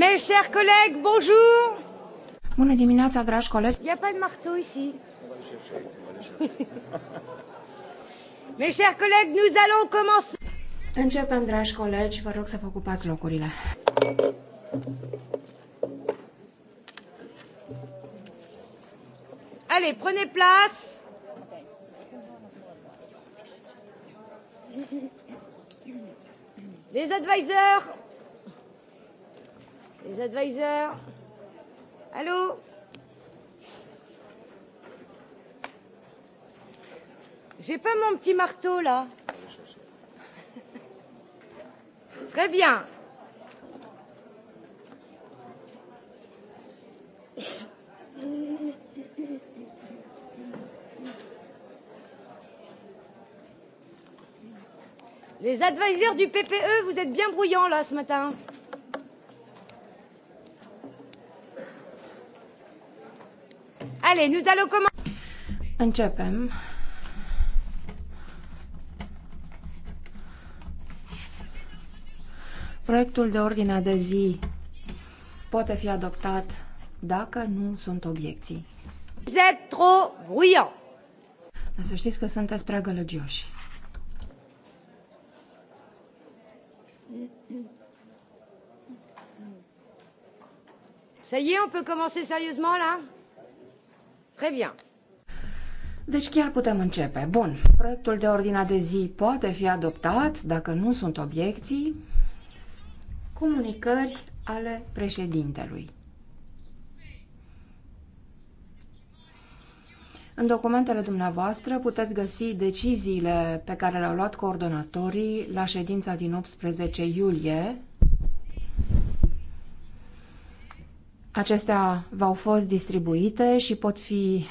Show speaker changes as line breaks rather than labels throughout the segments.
Mes chers collègues, bonjour!
Bună dimineața, dragi colegi!
Y a pas de marteau ici. Mes chers collègues, nous allons commencer.
Începem, dragi colegi, vă rog să vă ocupați locurile.
Allez, prenez place. Les advisors Les advisors Allô J'ai pas mon petit marteau là. Très bien. Les advisors du PPE, vous êtes bien brouillants là ce matin. Allez, nous allons commencer. Începem.
Proiectul de ordine de zi poate fi adoptat dacă nu sunt obiecții. Zet êtes trop bruyant. Dar să știți că sunteți prea gălăgioși.
Ça y est, on peut commencer sérieusement là Très bien.
Deci chiar putem începe. Bun, proiectul de ordine de zi poate fi adoptat dacă nu sunt obiecții. Comunicări ale președintelui. În documentele dumneavoastră puteți găsi deciziile pe care le-au luat coordonatorii la ședința din 18 iulie Acestea v-au fost distribuite și pot fi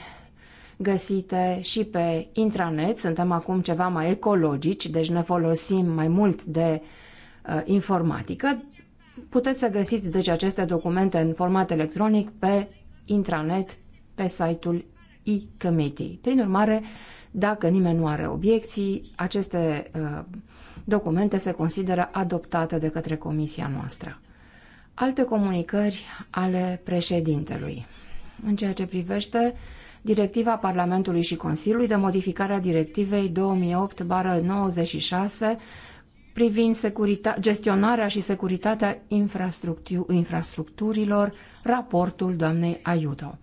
găsite și pe intranet. Suntem acum ceva mai ecologici, deci ne folosim mai mult de uh, informatică. Puteți să găsiți deci aceste documente în format electronic pe intranet, pe site-ul e-committee. Prin urmare, dacă nimeni nu are obiecții, aceste uh, documente se consideră adoptate de către comisia noastră. Alte comunicări ale președintelui. În ceea ce privește Directiva Parlamentului și Consiliului de modificare a Directivei 2008-96 privind gestionarea și securitatea infrastructurilor, raportul doamnei Ayuto.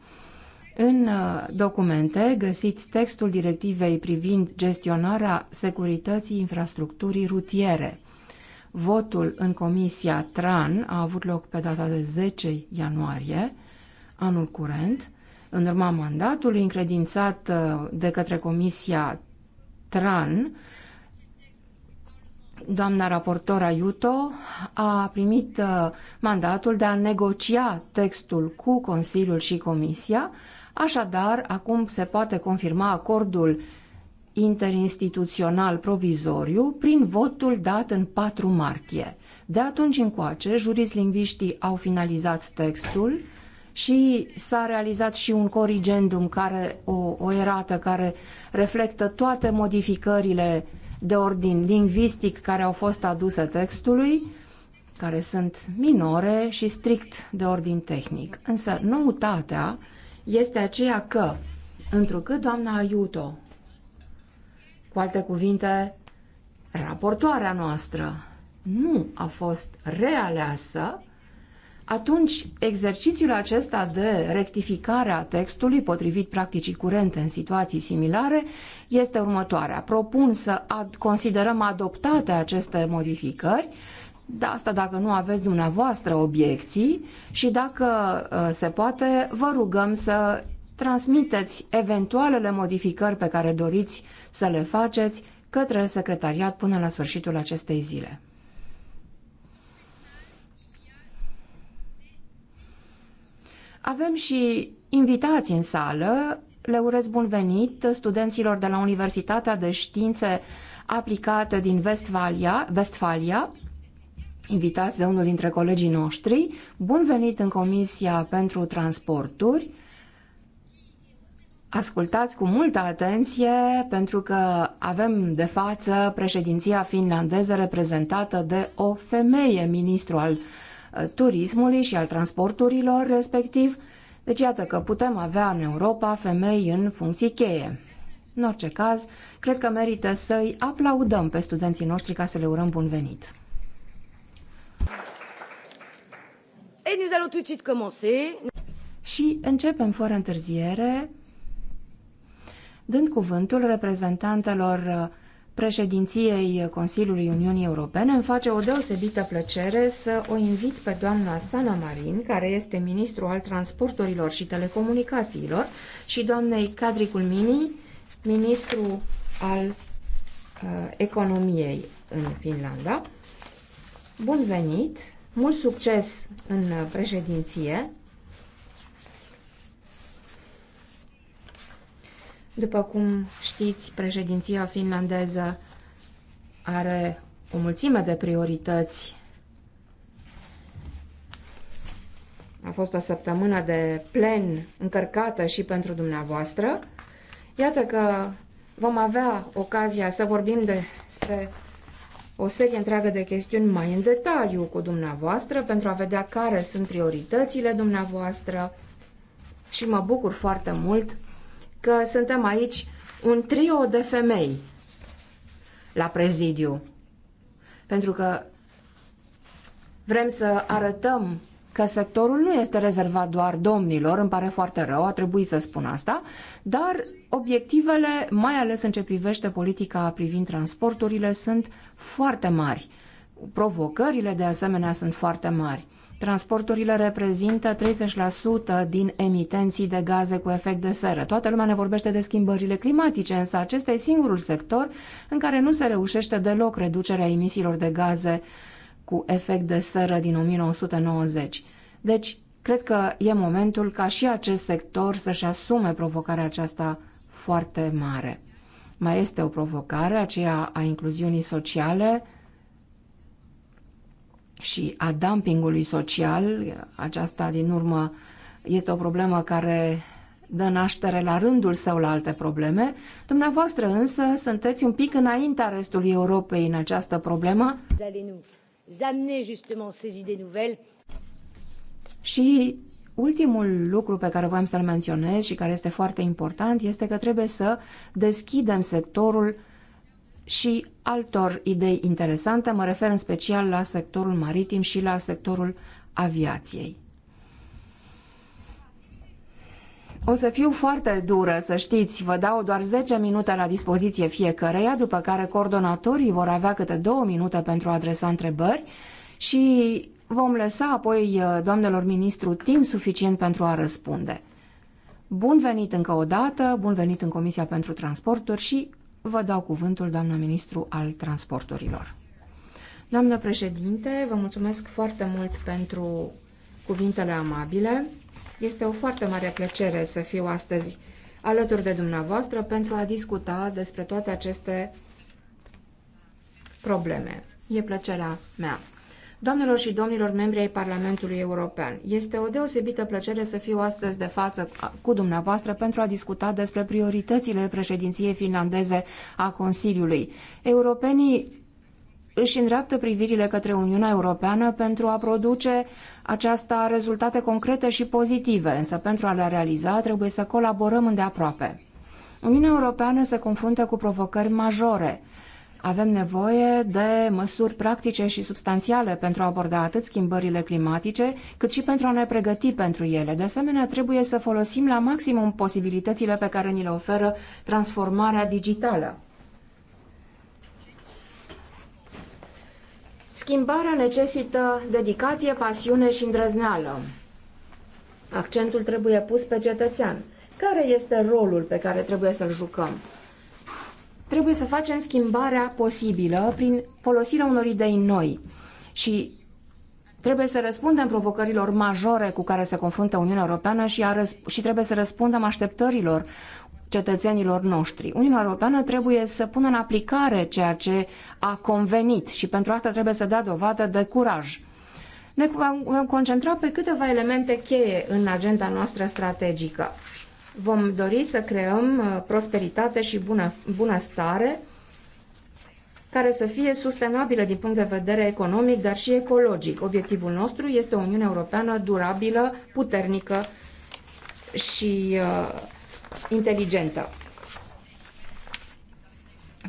În uh, documente găsiți textul directivei privind gestionarea securității infrastructurii rutiere – Votul în Comisia TRAN a avut loc pe data de 10 ianuarie, anul curent, în urma mandatului încredințat uh, de către Comisia TRAN, doamna raportor Aiuto a primit uh, mandatul de a negocia textul cu Consiliul și Comisia, așadar acum se poate confirma acordul interinstituțional provizoriu prin votul dat în 4 martie. De atunci încoace, jurislingviștii au finalizat textul și s-a realizat și un corigendum, care, o, o erată care reflectă toate modificările de ordin lingvistic care au fost aduse textului, care sunt minore și strict de ordin tehnic. Însă noutatea este aceea că, întrucât doamna Aiuto cu alte cuvinte, raportoarea noastră nu a fost realeasă, atunci exercițiul acesta de rectificare a textului potrivit practicii curente în situații similare este următoarea. Propun să ad- considerăm adoptate aceste modificări, de da, asta dacă nu aveți dumneavoastră obiecții și dacă uh, se poate, vă rugăm să transmiteți eventualele modificări pe care doriți să le faceți către secretariat până la sfârșitul acestei zile. Avem și invitați în sală. Le urez bun venit studenților de la Universitatea de Științe Aplicate din Vestfalia, Vestfalia invitați de unul dintre colegii noștri. Bun venit în Comisia pentru Transporturi ascultați cu multă atenție pentru că avem de față președinția finlandeză reprezentată de o femeie ministru al uh, turismului și al transporturilor respectiv. Deci iată că putem avea în Europa femei în funcții cheie. În orice caz, cred că merită să-i aplaudăm pe studenții noștri ca să le urăm bun venit.
Et nous allons tout de suite commencer.
Și începem fără întârziere dând cuvântul reprezentantelor uh, președinției Consiliului Uniunii Europene, îmi face o deosebită plăcere să o invit pe doamna Sana Marin, care este ministru al transporturilor și telecomunicațiilor, și doamnei Cadri Culmini, ministru al uh, economiei în Finlanda. Bun venit! Mult succes în uh, președinție După cum știți, președinția finlandeză are o mulțime de priorități. A fost o săptămână de plen încărcată și pentru dumneavoastră. Iată că vom avea ocazia să vorbim despre o serie întreagă de chestiuni mai în detaliu cu dumneavoastră pentru a vedea care sunt prioritățile dumneavoastră și mă bucur foarte mult că suntem aici un trio de femei la prezidiu. Pentru că vrem să arătăm că sectorul nu este rezervat doar domnilor, îmi pare foarte rău, a trebuit să spun asta, dar obiectivele, mai ales în ce privește politica privind transporturile, sunt foarte mari. Provocările, de asemenea, sunt foarte mari. Transporturile reprezintă 30% din emitenții de gaze cu efect de seră. Toată lumea ne vorbește de schimbările climatice, însă acesta e singurul sector în care nu se reușește deloc reducerea emisiilor de gaze cu efect de seră din 1990. Deci, cred că e momentul ca și acest sector să-și asume provocarea aceasta foarte mare. Mai este o provocare, aceea a incluziunii sociale, și a dumpingului social. Aceasta, din urmă, este o problemă care dă naștere la rândul său la alte probleme. Dumneavoastră însă sunteți un pic înaintea restului Europei în această problemă. Și ultimul lucru pe care voiam să-l menționez și care este foarte important este că trebuie să deschidem sectorul și altor idei interesante, mă refer în special la sectorul maritim și la sectorul aviației. O să fiu foarte dură, să știți, vă dau doar 10 minute la dispoziție fiecăreia, după care coordonatorii vor avea câte două minute pentru a adresa întrebări și vom lăsa apoi uh, doamnelor ministru timp suficient pentru a răspunde. Bun venit încă o dată, bun venit în Comisia pentru Transporturi și Vă dau cuvântul, doamnă ministru al transporturilor. Doamnă președinte, vă mulțumesc foarte mult pentru cuvintele amabile. Este o foarte mare plăcere să fiu astăzi alături de dumneavoastră pentru a discuta despre toate aceste probleme. E plăcerea mea. Doamnelor și domnilor membri ai Parlamentului European, este o deosebită plăcere să fiu astăzi de față cu dumneavoastră pentru a discuta despre prioritățile președinției finlandeze a Consiliului. Europenii își îndreaptă privirile către Uniunea Europeană pentru a produce aceasta rezultate concrete și pozitive, însă pentru a le realiza trebuie să colaborăm îndeaproape. Uniunea Europeană se confruntă cu provocări majore – avem nevoie de măsuri practice și substanțiale pentru a aborda atât schimbările climatice, cât și pentru a ne pregăti pentru ele. De asemenea, trebuie să folosim la maximum posibilitățile pe care ni le oferă transformarea digitală. Schimbarea necesită dedicație, pasiune și îndrăzneală. Accentul trebuie pus pe cetățean. Care este rolul pe care trebuie să-l jucăm? trebuie să facem schimbarea posibilă prin folosirea unor idei noi și trebuie să răspundem provocărilor majore cu care se confruntă Uniunea Europeană și, a și trebuie să răspundem așteptărilor cetățenilor noștri. Uniunea Europeană trebuie să pună în aplicare ceea ce a convenit și pentru asta trebuie să dea dovadă de curaj. Ne vom concentra pe câteva elemente cheie în agenda noastră strategică. Vom dori să creăm uh, prosperitate și bună, bunăstare care să fie sustenabilă din punct de vedere economic, dar și ecologic. Obiectivul nostru este o Uniune Europeană durabilă, puternică și uh, inteligentă.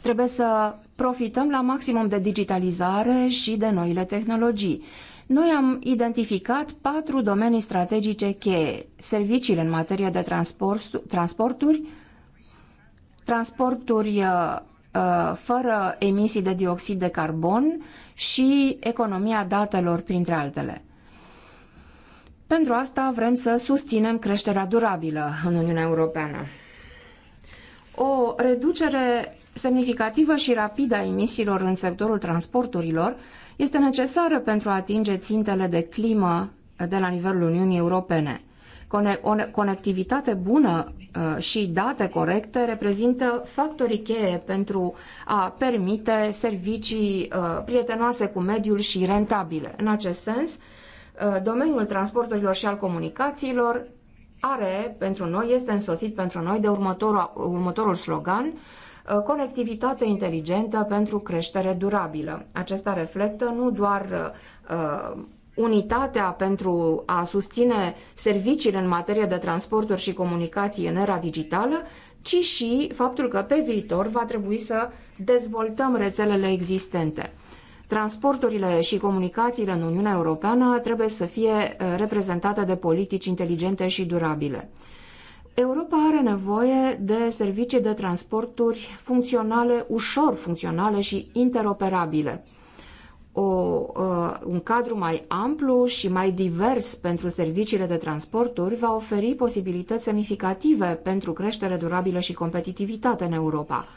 Trebuie să profităm la maximum de digitalizare și de noile tehnologii. Noi am identificat patru domenii strategice cheie. Serviciile în materie de transport, transporturi, transporturi uh, uh, fără emisii de dioxid de carbon și economia datelor, printre altele. Pentru asta vrem să susținem creșterea durabilă în Uniunea Europeană. O reducere semnificativă și rapidă a emisiilor în sectorul transporturilor este necesară pentru a atinge țintele de climă de la nivelul Uniunii Europene. Conectivitate bună uh, și date corecte reprezintă factorii cheie pentru a permite servicii uh, prietenoase cu mediul și rentabile. În acest sens, uh, domeniul transporturilor și al comunicațiilor are pentru noi, este însoțit pentru noi de următorul, următorul slogan Uh, conectivitate inteligentă pentru creștere durabilă. Acesta reflectă nu doar uh, unitatea pentru a susține serviciile în materie de transporturi și comunicații în era digitală, ci și faptul că pe viitor va trebui să dezvoltăm rețelele existente. Transporturile și comunicațiile în Uniunea Europeană trebuie să fie uh, reprezentate de politici inteligente și durabile. Europa are nevoie de servicii de transporturi funcționale, ușor funcționale și interoperabile. O, uh, un cadru mai amplu și mai divers pentru serviciile de transporturi va oferi posibilități semnificative pentru creștere durabilă și competitivitate în Europa.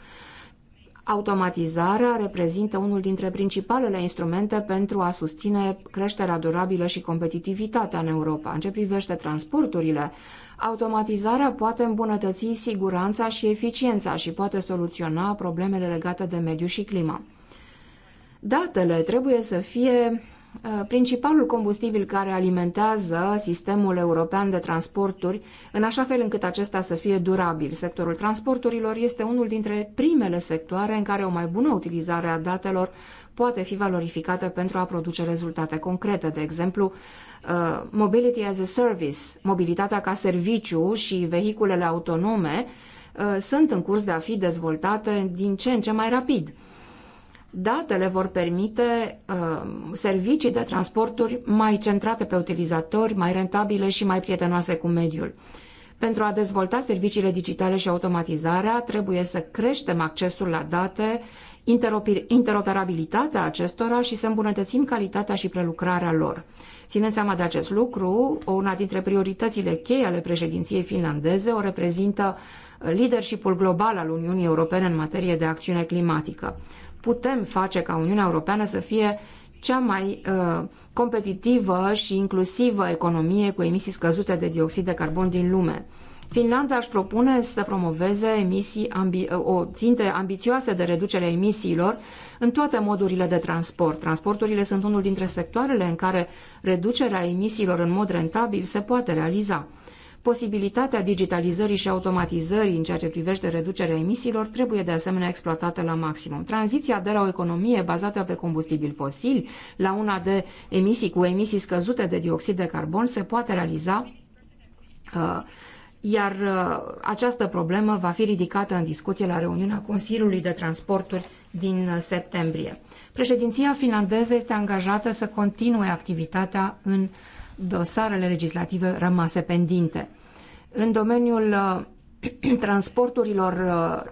Automatizarea reprezintă unul dintre principalele instrumente pentru a susține creșterea durabilă și competitivitatea în Europa. În ce privește transporturile, Automatizarea poate îmbunătăți siguranța și eficiența și poate soluționa problemele legate de mediu și climă. Datele trebuie să fie uh, principalul combustibil care alimentează sistemul european de transporturi, în așa fel încât acesta să fie durabil. Sectorul transporturilor este unul dintre primele sectoare în care o mai bună utilizare a datelor poate fi valorificată pentru a produce rezultate concrete, de exemplu, uh, Mobility as a Service, mobilitatea ca serviciu și vehiculele autonome uh, sunt în curs de a fi dezvoltate din ce în ce mai rapid. Datele vor permite uh, servicii de transporturi mai centrate pe utilizatori, mai rentabile și mai prietenoase cu mediul. Pentru a dezvolta serviciile digitale și automatizarea, trebuie să creștem accesul la date, interoperabilitatea acestora și să îmbunătățim calitatea și prelucrarea lor. Ținând seama de acest lucru, una dintre prioritățile cheie ale președinției finlandeze o reprezintă leadership-ul global al Uniunii Europene în materie de acțiune climatică. Putem face ca Uniunea Europeană să fie cea mai uh, competitivă și inclusivă economie cu emisii scăzute de dioxid de carbon din lume. Finlanda își propune să promoveze emisii ambi- o ținte ambițioasă de reducere a emisiilor în toate modurile de transport. Transporturile sunt unul dintre sectoarele în care reducerea emisiilor în mod rentabil se poate realiza. Posibilitatea digitalizării și automatizării în ceea ce privește reducerea emisiilor trebuie de asemenea exploatată la maximum. Tranziția de la o economie bazată pe combustibili fosili la una de emisii cu emisii scăzute de dioxid de carbon se poate realiza uh, iar uh, această problemă va fi ridicată în discuție la reuniunea Consiliului de Transporturi din uh, septembrie. Președinția finlandeză este angajată să continue activitatea în dosarele legislative rămase pendinte. În domeniul uh, transporturilor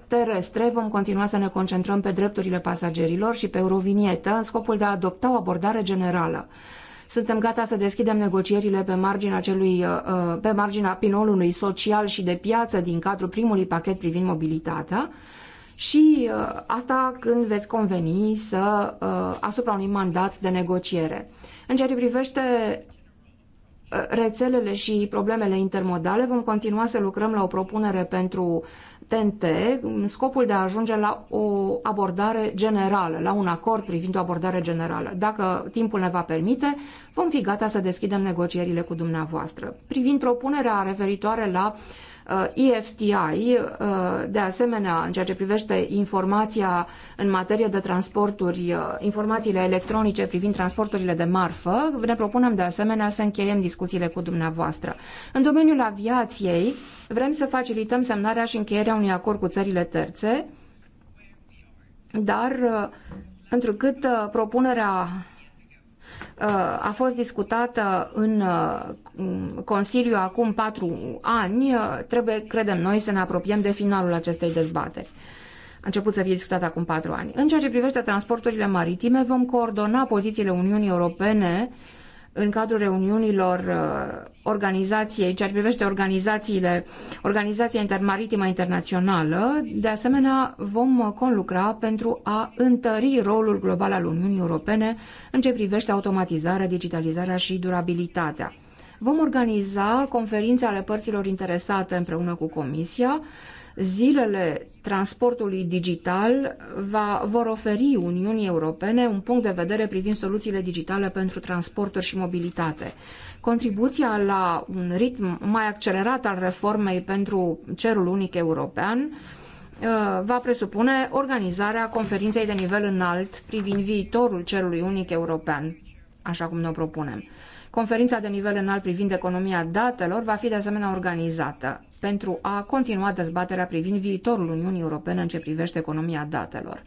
terestre vom continua să ne concentrăm pe drepturile pasagerilor și pe eurovinietă în scopul de a adopta o abordare generală suntem gata să deschidem negocierile pe marginea, celui, uh, uh, pe marginea pinolului social și de piață din cadrul primului pachet privind mobilitatea și uh, asta când veți conveni să asupra unui mandat de negociere. În ceea ce privește rețelele și problemele intermodale, vom continua să lucrăm la o propunere pentru TNT în scopul de a ajunge la o abordare generală, la un acord privind o abordare generală. Dacă timpul ne va permite, vom fi gata să deschidem negocierile cu dumneavoastră. Privind propunerea referitoare la uh, Uh, EFTI, uh, de asemenea, în ceea ce privește informația în materie de transporturi, uh, informațiile electronice privind transporturile de marfă, ne propunem de asemenea să încheiem discuțiile cu dumneavoastră. În domeniul aviației, vrem să facilităm semnarea și încheierea unui acord cu țările terțe, dar întrucât propunerea Uh, a fost discutată în uh, Consiliu acum patru ani, uh, trebuie, credem noi, să ne apropiem de finalul acestei dezbateri. A început să fie discutat acum patru ani. În ceea ce privește transporturile maritime, vom coordona pozițiile Uniunii Europene în cadrul reuniunilor organizației, ceea ce privește organizațiile, Organizația Intermaritimă Internațională, de asemenea vom conlucra pentru a întări rolul global al Uniunii Europene în ce privește automatizarea, digitalizarea și durabilitatea. Vom organiza conferințe ale părților interesate împreună cu Comisia, zilele transportului digital va, vor oferi Uniunii Europene un punct de vedere privind soluțiile digitale pentru transporturi și mobilitate. Contribuția la un ritm mai accelerat al reformei pentru cerul unic european uh, va presupune organizarea conferinței de nivel înalt privind viitorul cerului unic european, așa cum ne-o propunem. Conferința de nivel înalt privind economia datelor va fi de asemenea organizată pentru a continua dezbaterea privind viitorul Uniunii Europene în ce privește economia datelor.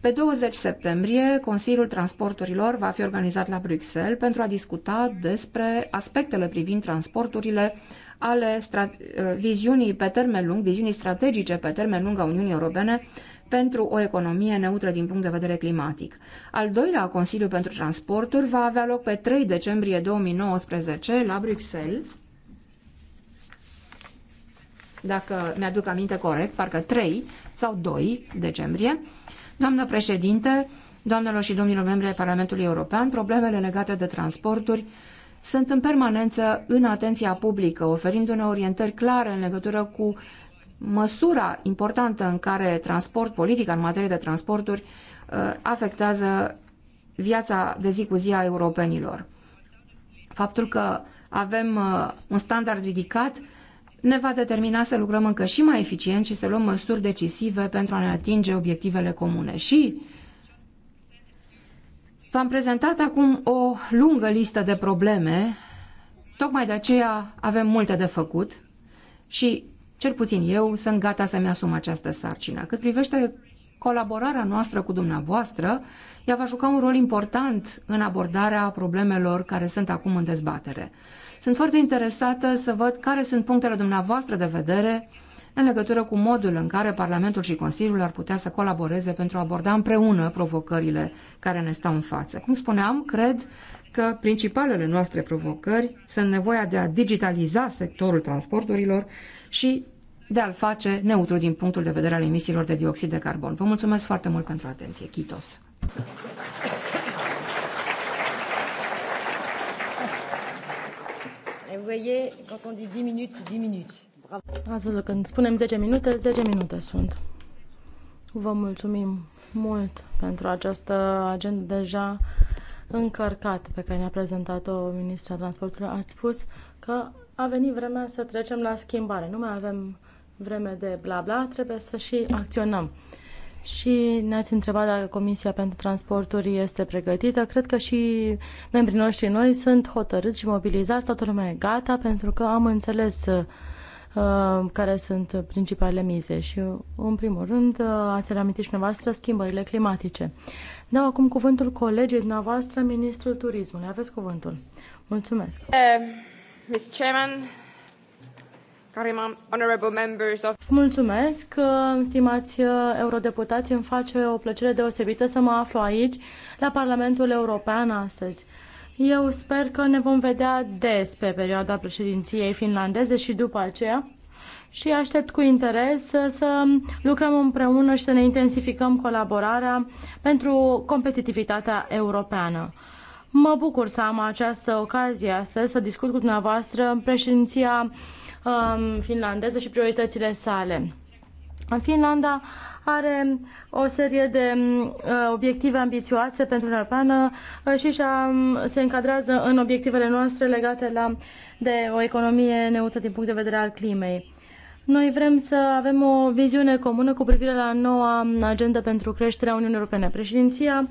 Pe 20 septembrie, Consiliul Transporturilor va fi organizat la Bruxelles pentru a discuta despre aspectele privind transporturile ale eh, viziunii pe termen lung, viziunii strategice pe termen lung a Uniunii Europene pentru o economie neutră din punct de vedere climatic. Al doilea Consiliu pentru Transporturi va avea loc pe 3 decembrie 2019 la Bruxelles dacă mi-aduc aminte corect, parcă 3 sau 2 decembrie. Doamnă președinte, doamnelor și domnilor membri ai Parlamentului European, problemele legate de transporturi sunt în permanență în atenția publică, oferindu-ne orientări clare în legătură cu măsura importantă în care transport, politica în materie de transporturi uh, afectează viața de zi cu zi a europenilor. Faptul că avem uh, un standard ridicat ne va determina să lucrăm încă și mai eficient și să luăm măsuri decisive pentru a ne atinge obiectivele comune. Și v-am prezentat acum o lungă listă de probleme, tocmai de aceea avem multe de făcut și cel puțin eu sunt gata să-mi asum această sarcină. Cât privește colaborarea noastră cu dumneavoastră, ea va juca un rol important în abordarea problemelor care sunt acum în dezbatere. Sunt foarte interesată să văd care sunt punctele dumneavoastră de vedere în legătură cu modul în care Parlamentul și Consiliul ar putea să colaboreze pentru a aborda împreună provocările care ne stau în față. Cum spuneam, cred că principalele noastre provocări sunt nevoia de a digitaliza sectorul transporturilor și de a-l face neutru din punctul de vedere al emisiilor de dioxid de carbon. Vă mulțumesc foarte mult pentru atenție. Chitos!
voyez,
quand on dit 10 minutes, 10 minutes. Bravo. Ați când spunem 10 minute, 10 minute sunt. Vă mulțumim mult pentru această agenda deja încărcată pe care ne-a prezentat-o ministra transportului. Ați spus că a venit vremea să trecem la schimbare. Nu mai avem vreme de bla bla, trebuie să și acționăm și ne-ați întrebat dacă Comisia pentru Transporturi este pregătită. Cred că și membrii noștri noi sunt hotărâți și mobilizați, toată lumea e gata pentru că am înțeles uh, care sunt principalele mize și, în primul rând, uh, ați reamintit și dumneavoastră schimbările climatice. Dau acum cuvântul colegii dumneavoastră, Ministrul Turismului. Aveți cuvântul. Mulțumesc. Uh,
Ms. Chairman,
Mulțumesc, uh, stimați uh, eurodeputați, îmi face o plăcere deosebită să mă aflu aici, la Parlamentul European astăzi. Eu sper că ne vom vedea des pe perioada președinției finlandeze și după aceea și aștept cu interes să lucrăm împreună și să ne intensificăm colaborarea pentru competitivitatea europeană. Mă bucur să am această ocazie astăzi să discut cu dumneavoastră președinția um, finlandeză și prioritățile sale. În Finlanda are o serie de uh, obiective ambițioase pentru Europeană uh, și și um, se încadrează în obiectivele noastre legate la, de o economie neutră din punct de vedere al climei. Noi vrem să avem o viziune comună cu privire la noua um, agenda pentru creșterea Uniunii Europene. Președinția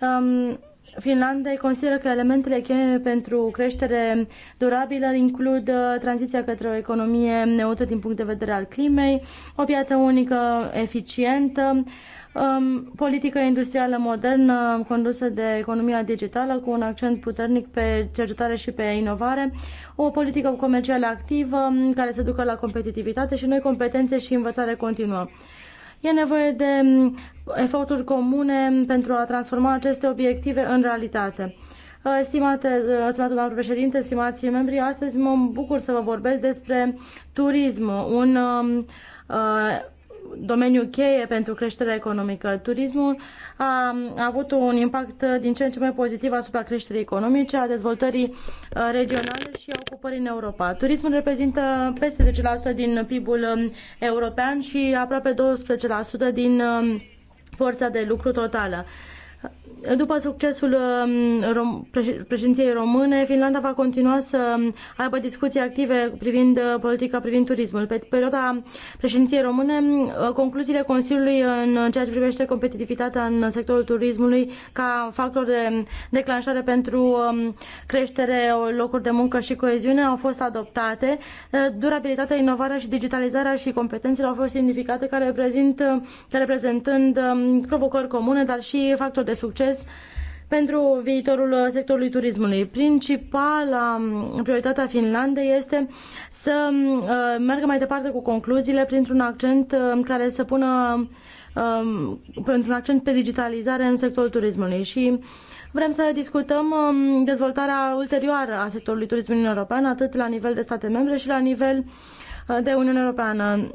um, Finlanda consideră că elementele cheie pentru creștere durabilă includ uh, tranziția către o economie neutră din punct de vedere al climei, o piață unică eficientă, um, politică industrială modernă condusă de economia digitală cu un accent puternic pe cercetare și pe inovare, o politică comercială activă um, care să ducă la competitivitate și noi competențe și învățare continuă. E nevoie de eforturi comune pentru a transforma aceste obiective în realitate. Uh, stimate, uh, stimate doamnă președinte, stimați membri, astăzi mă bucur să vă vorbesc despre turism, un um, uh, domeniul cheie pentru creșterea economică. Turismul a, avut un impact din ce în ce mai pozitiv asupra creșterii economice, a dezvoltării uh, regionale și a ocupării în Europa. Turismul reprezintă peste 10% din PIB-ul um, european și aproape 12% din um, forța de lucru totală. După succesul um, președinției române, Finlanda va continua să um, aibă discuții active privind uh, politica privind turismul. Pe perioada președinției române, um, concluziile Consiliului în ceea ce privește competitivitatea în sectorul turismului ca factor de declanșare pentru creștere, locuri de muncă și coeziune au fost adoptate. Uh, durabilitatea, inovarea și digitalizarea și competențele au fost identificate care reprezintă uh, ca reprezentând provocări comune, dar și factori de succes succes pentru viitorul uh, sectorului turismului. Principala um, prioritate a Finlandei este să um, uh, meargă mai departe cu concluziile printr-un accent um, care să pună pentru un accent pe digitalizare în sectorul turismului și Vrem să discutăm dezvoltarea ulterioară a sectorului turismului european, atât la nivel de state membre și la nivel uh, de Uniunea Europeană.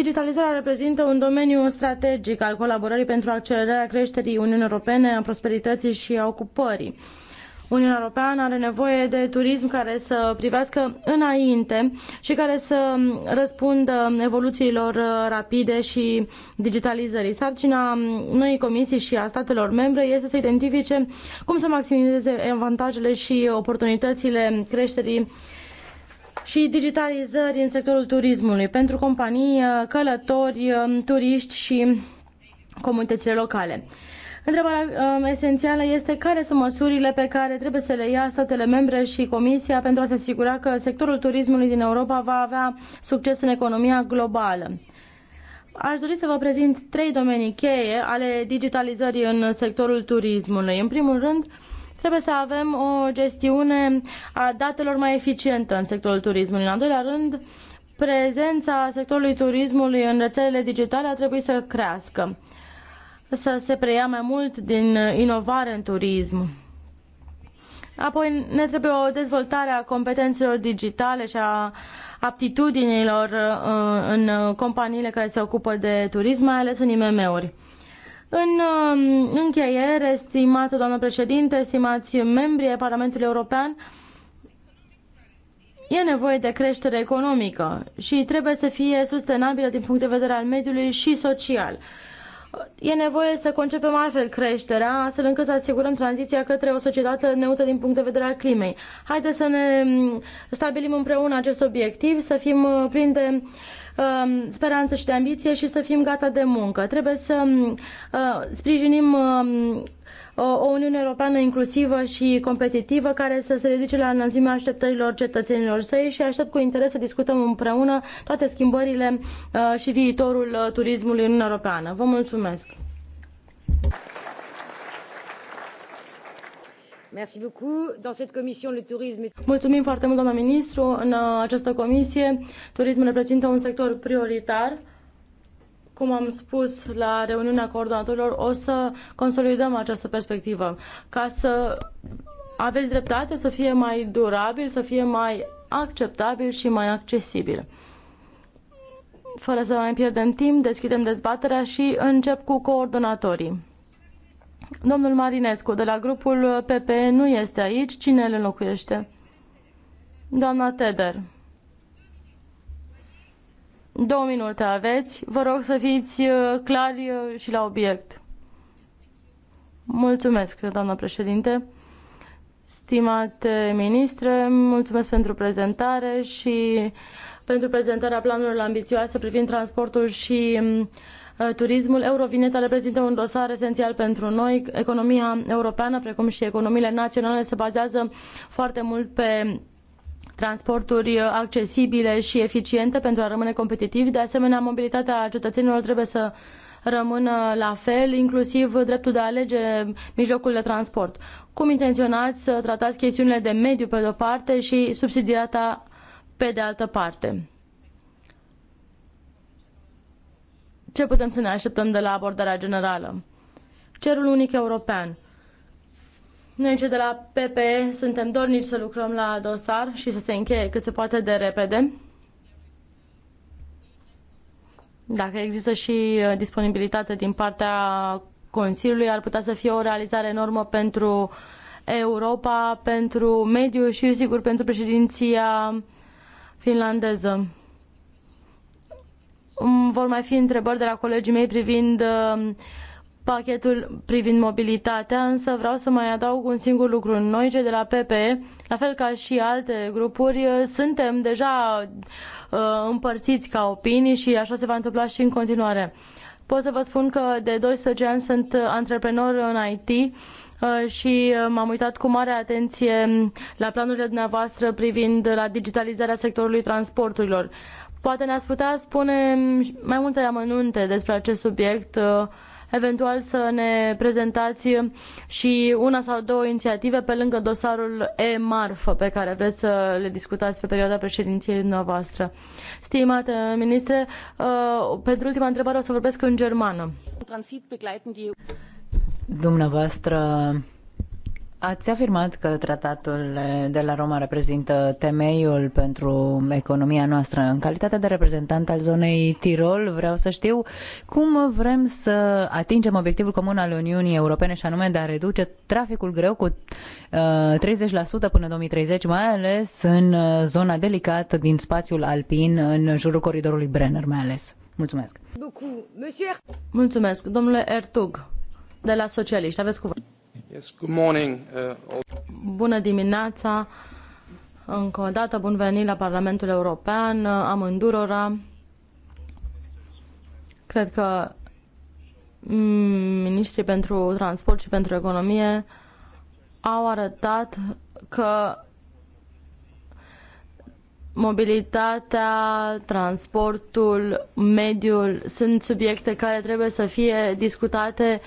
Digitalizarea reprezintă un domeniu strategic al colaborării pentru accelerarea creșterii Uniunii Europene, a prosperității și a ocupării. Uniunea Europeană are nevoie de turism care să privească înainte și care să răspundă evoluțiilor uh, rapide și digitalizării. Sarcina um, noii comisii și a statelor membre este să identifice cum să maximizeze avantajele și oportunitățile creșterii și digitalizări în sectorul turismului pentru companii, uh, călători, um, turiști și comunitățile locale. Întrebarea um, esențială este care sunt măsurile pe care trebuie să le ia statele membre și Comisia pentru a se asigura că sectorul turismului din Europa va avea succes în economia globală. Aș dori să vă prezint trei domenii cheie ale digitalizării în sectorul turismului. În primul rând, Trebuie să avem o gestiune a datelor mai eficientă în sectorul turismului. În al doilea rând, prezența sectorului turismului în rețelele digitale ar trebui să crească, să se preia mai mult din inovare în turism. Apoi ne trebuie o dezvoltare a competențelor digitale și a aptitudinilor uh, în companiile care se ocupă de turism, mai ales în IMM-uri. În um, încheiere, stimată doamnă președinte, stimați membrii ai Parlamentului European, E nevoie de creștere economică și trebuie să fie sustenabilă din punct de vedere al mediului și social. E nevoie să concepem altfel creșterea, astfel încât să asigurăm tranziția către o societate neutră din punct de vedere al climei. Haideți să ne um, stabilim împreună acest obiectiv, să fim uh, plini Um, speranță și de ambiție și să fim gata de muncă. Trebuie să um, uh, sprijinim um, o Uniune Europeană inclusivă și competitivă care să se ridice la înălțimea așteptărilor cetățenilor săi și aștept cu interes să discutăm împreună toate schimbările uh, și viitorul uh, turismului în Uniunea Europeană. Vă mulțumesc! Mulțumim foarte mult, doamna ministru. În uh, această comisie, turismul reprezintă un sector prioritar. Cum am spus la reuniunea coordonatorilor, o să consolidăm această perspectivă ca să aveți dreptate să fie mai durabil, să fie mai acceptabil și mai accesibil. Fără să mai pierdem timp, deschidem dezbaterea și încep cu coordonatorii. Domnul Marinescu de la grupul PPE nu este aici. Cine îl înlocuiește? Doamna Teder. Două minute aveți. Vă rog să fiți uh, clari uh, și la obiect. Mulțumesc, doamna președinte. Stimate ministre, mulțumesc pentru prezentare și pentru prezentarea planurilor ambițioase privind transportul și uh, Eh, turismul Eurovineta reprezintă un dosar esențial pentru noi. Economia europeană, precum și economiile naționale, se bazează foarte mult pe transporturi accesibile și eficiente pentru a rămâne competitivi. De asemenea, mobilitatea cetățenilor trebuie să rămână la fel, inclusiv dreptul de a alege mijlocul de transport. Cum intenționați să tratați chestiunile de mediu pe de-o parte și subsidiarea pe de altă parte? Ce putem să ne așteptăm de la abordarea generală? Cerul unic european. Noi cei de la PPE suntem dornici să lucrăm la dosar și să se încheie cât se poate de repede. Dacă există și uh, disponibilitate din partea Consiliului, ar putea să fie o realizare enormă pentru Europa, pentru mediu și, sigur, pentru președinția finlandeză. Vor mai fi întrebări de la colegii mei privind uh, pachetul privind mobilitatea, însă vreau să mai adaug un singur lucru. Noi, cei de la PPE, la fel ca și alte grupuri, uh, suntem deja uh, împărțiți ca opinii și așa se va întâmpla și în continuare. Pot să vă spun că de 12 ani sunt antreprenor în IT uh, și m-am uitat cu mare atenție la planurile dumneavoastră privind la digitalizarea sectorului transporturilor. Poate ne-ați putea spune mai multe amănunte despre acest subiect, uh, eventual să ne prezentați și una sau două inițiative pe lângă dosarul e-marfă pe care vreți să le discutați pe perioada președinției noastre. Stimate ministre, uh, pentru ultima întrebare o să vorbesc în germană.
Dumneavoastră Ați afirmat că tratatul de la Roma reprezintă temeiul pentru economia noastră. În calitate de reprezentant al zonei Tirol, vreau să știu cum vrem să atingem obiectivul comun al Uniunii Europene și anume de a reduce traficul greu cu 30% uh, până 2030, mai ales în uh, zona delicată din spațiul alpin, în jurul coridorului Brenner mai ales. Mulțumesc!
Mulțumesc, domnule Ertug, de la Socialiști. Aveți cuvântul.
Uh,
Bună dimineața! Încă o dată, bun venit la Parlamentul European, uh, amândurora. Cred că mm, ministrii pentru transport și pentru economie au arătat că mobilitatea, transportul, mediul sunt subiecte care trebuie să fie discutate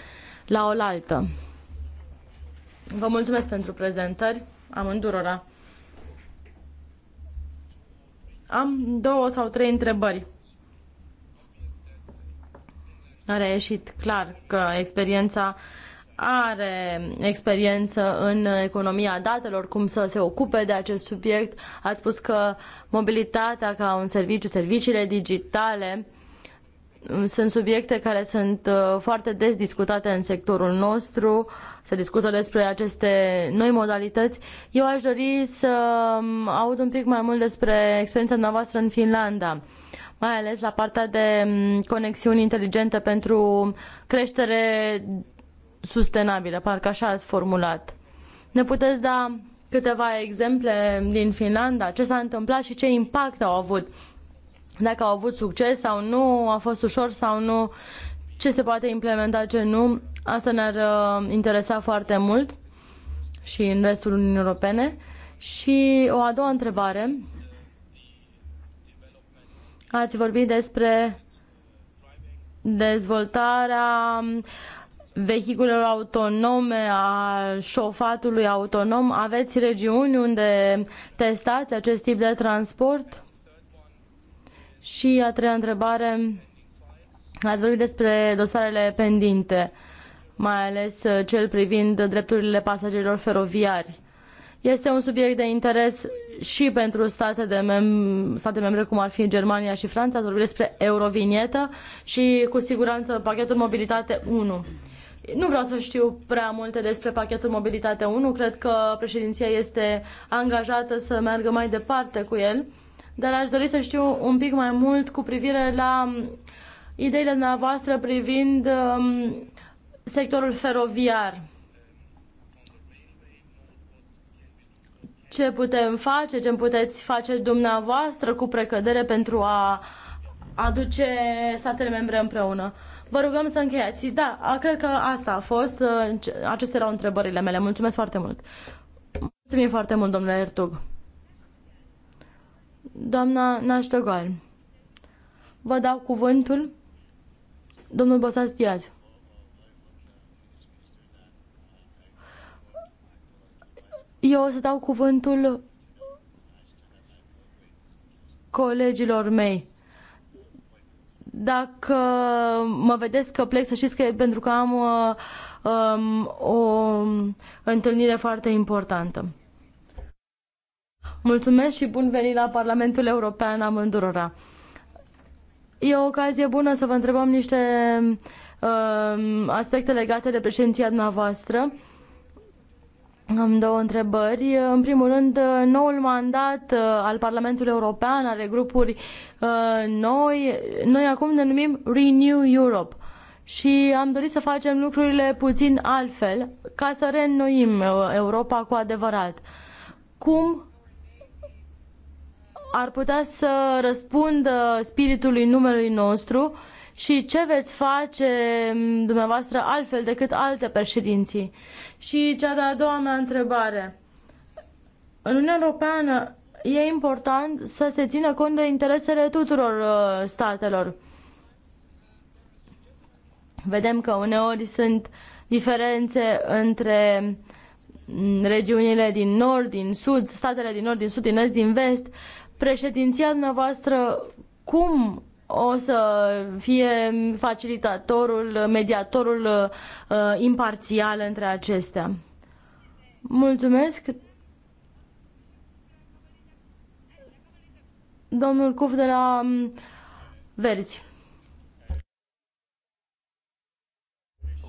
la oaltă. Vă mulțumesc pentru prezentări, amândurora. Am două sau trei întrebări. A reieșit clar că experiența are experiență în economia datelor, cum să se ocupe de acest subiect. Ați spus că mobilitatea ca un serviciu, serviciile digitale mm, sunt subiecte care sunt uh, foarte des discutate în sectorul nostru se discută despre aceste noi modalități. Eu aș dori să um, aud un pic mai mult despre experiența noastră în Finlanda mai ales la partea de um, conexiuni inteligente pentru creștere sustenabilă, parcă așa ați formulat. Ne puteți da câteva exemple din Finlanda, ce s-a întâmplat și ce impact au avut, dacă au avut succes sau nu, a fost ușor sau nu, ce se poate implementa, ce nu. Asta ne-ar uh, interesa foarte mult și în restul Uniunii Europene. Și o a doua întrebare. Ați vorbit despre dezvoltarea vehiculelor autonome, a șofatului autonom. Aveți regiuni unde testați acest tip de transport? Și a treia întrebare, ați vorbit despre dosarele pendinte mai ales uh, cel privind drepturile pasagerilor feroviari. Este un subiect de interes și pentru state, de mem- state membre cum ar fi Germania și Franța, vorbim despre Eurovinietă și cu siguranță pachetul Mobilitate 1. Nu vreau să știu prea multe despre pachetul Mobilitate 1, cred că președinția este angajată să meargă mai departe cu el, dar aș dori să știu un pic mai mult cu privire la um, ideile dumneavoastră privind um, sectorul feroviar. Ce putem face, ce puteți face dumneavoastră cu precădere pentru a aduce statele membre împreună? Vă rugăm să încheiați. Da, cred că asta a fost. Uh, acestea erau întrebările mele. Mulțumesc foarte mult. Mulțumim foarte mult, domnule Ertug. Doamna Naștogal, vă dau cuvântul. Domnul Bosas Eu o să dau cuvântul colegilor mei. Dacă mă vedeți că plec, să știți că pentru că am uh, um, o întâlnire foarte importantă. Mulțumesc și bun venit la Parlamentul European amândurora. E o ocazie bună să vă întrebăm niște uh, aspecte legate de președinția dumneavoastră. Am două întrebări. În primul rând, uh, noul mandat uh, al Parlamentului European, are grupuri uh, noi, noi acum ne numim Renew Europe și am dorit să facem lucrurile puțin altfel, ca să reînnoim Europa cu adevărat. Cum ar putea să răspundă spiritului numelui nostru și ce veți face mm, dumneavoastră altfel decât alte președinții? Și cea de-a doua mea întrebare. În Uniunea Europeană e important să se țină cont de interesele tuturor uh, statelor. Vedem că uneori sunt diferențe între mm, regiunile din nord, din sud, statele din nord, din sud, din est, din vest. Președinția dumneavoastră cum o să fie facilitatorul, mediatorul uh, imparțial între acestea. Mulțumesc! Domnul Cuf de la um, Verzi.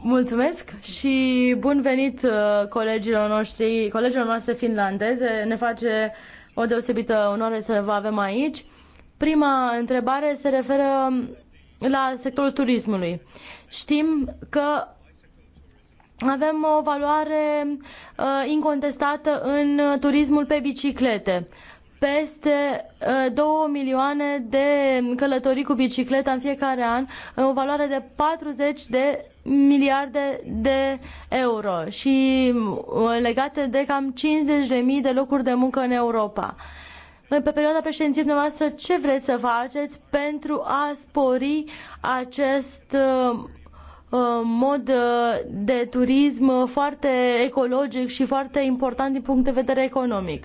Mulțumesc și bun venit uh, colegilor noștri, colegilor noastre finlandeze. Ne face o deosebită onoare să vă avem aici. Prima întrebare se referă la sectorul turismului. Știm că avem o valoare uh, incontestată în turismul pe biciclete. Peste uh, 2 milioane de călătorii cu bicicletă în fiecare an, uh, o valoare de 40 de miliarde de euro și uh, legate de cam 50.000 de locuri de muncă în Europa. Uh, pe perioada președinției noastre, ce vreți să faceți pentru a spori acest uh, uh, mod uh, de turism foarte ecologic și foarte important din punct de vedere economic.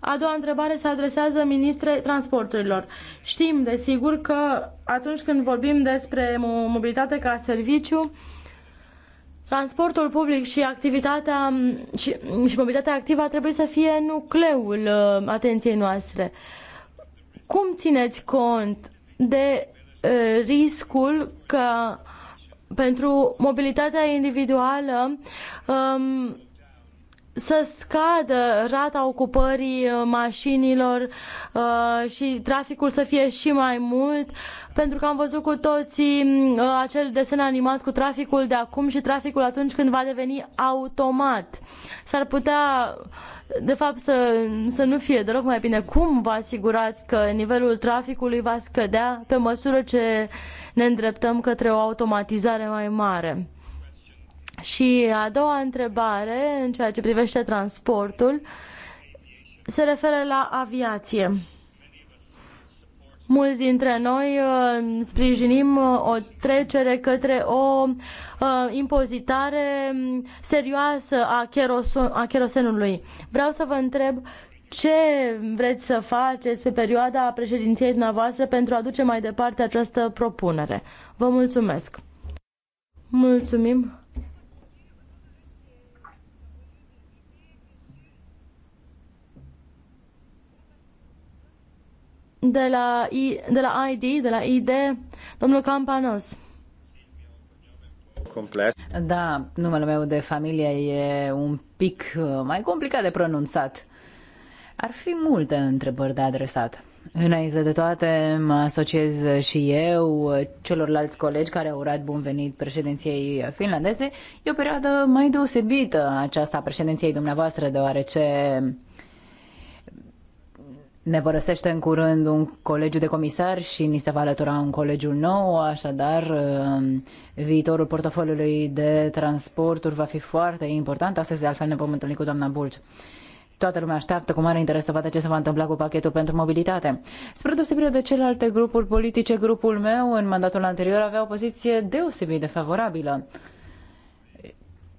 A doua întrebare se adresează ministre transporturilor. Știm, desigur, că atunci când vorbim despre mobilitate ca serviciu, Transportul public și activitatea și, și mobilitatea activă ar trebui să fie nucleul uh, atenției noastre. Cum țineți cont de uh, riscul că pentru mobilitatea individuală um, să scadă rata ocupării uh, mașinilor uh, și traficul să fie și mai mult, pentru că am văzut cu toții mm, uh, acel desen animat cu traficul de acum și traficul atunci când va deveni automat. S-ar putea, de fapt, să, să nu fie deloc mai bine. Cum vă asigurați că nivelul traficului va scădea pe măsură ce ne îndreptăm către o automatizare mai mare? Și a doua întrebare, în ceea ce privește transportul, se referă la aviație. Mulți dintre noi uh, sprijinim uh, o trecere către o uh, impozitare um, serioasă a, a cherosenului. Vreau să vă întreb ce vreți să faceți pe perioada președinției dumneavoastră pentru a duce mai departe această propunere. Vă mulțumesc! Mulțumim! de la, I, de la ID, de la ID, domnul Campanos.
Complet. Da, numele meu de familie e un pic uh, mai complicat de pronunțat. Ar fi multe întrebări de adresat. Înainte de toate, mă asociez și eu celorlalți colegi care au urat bun venit președinției finlandeze. E o perioadă mai deosebită aceasta a președinției dumneavoastră, deoarece ne părăsește în curând un colegiu de comisar și ni se va alătura un colegiu nou, așadar um, viitorul portofoliului de transporturi va fi foarte important. Astăzi, de altfel, ne vom întâlni cu doamna Bulci. Toată lumea așteaptă cu mare interes să vadă ce se va întâmpla cu pachetul pentru mobilitate. Spre deosebire de celelalte grupuri politice, grupul meu în mandatul anterior avea o poziție deosebit de favorabilă.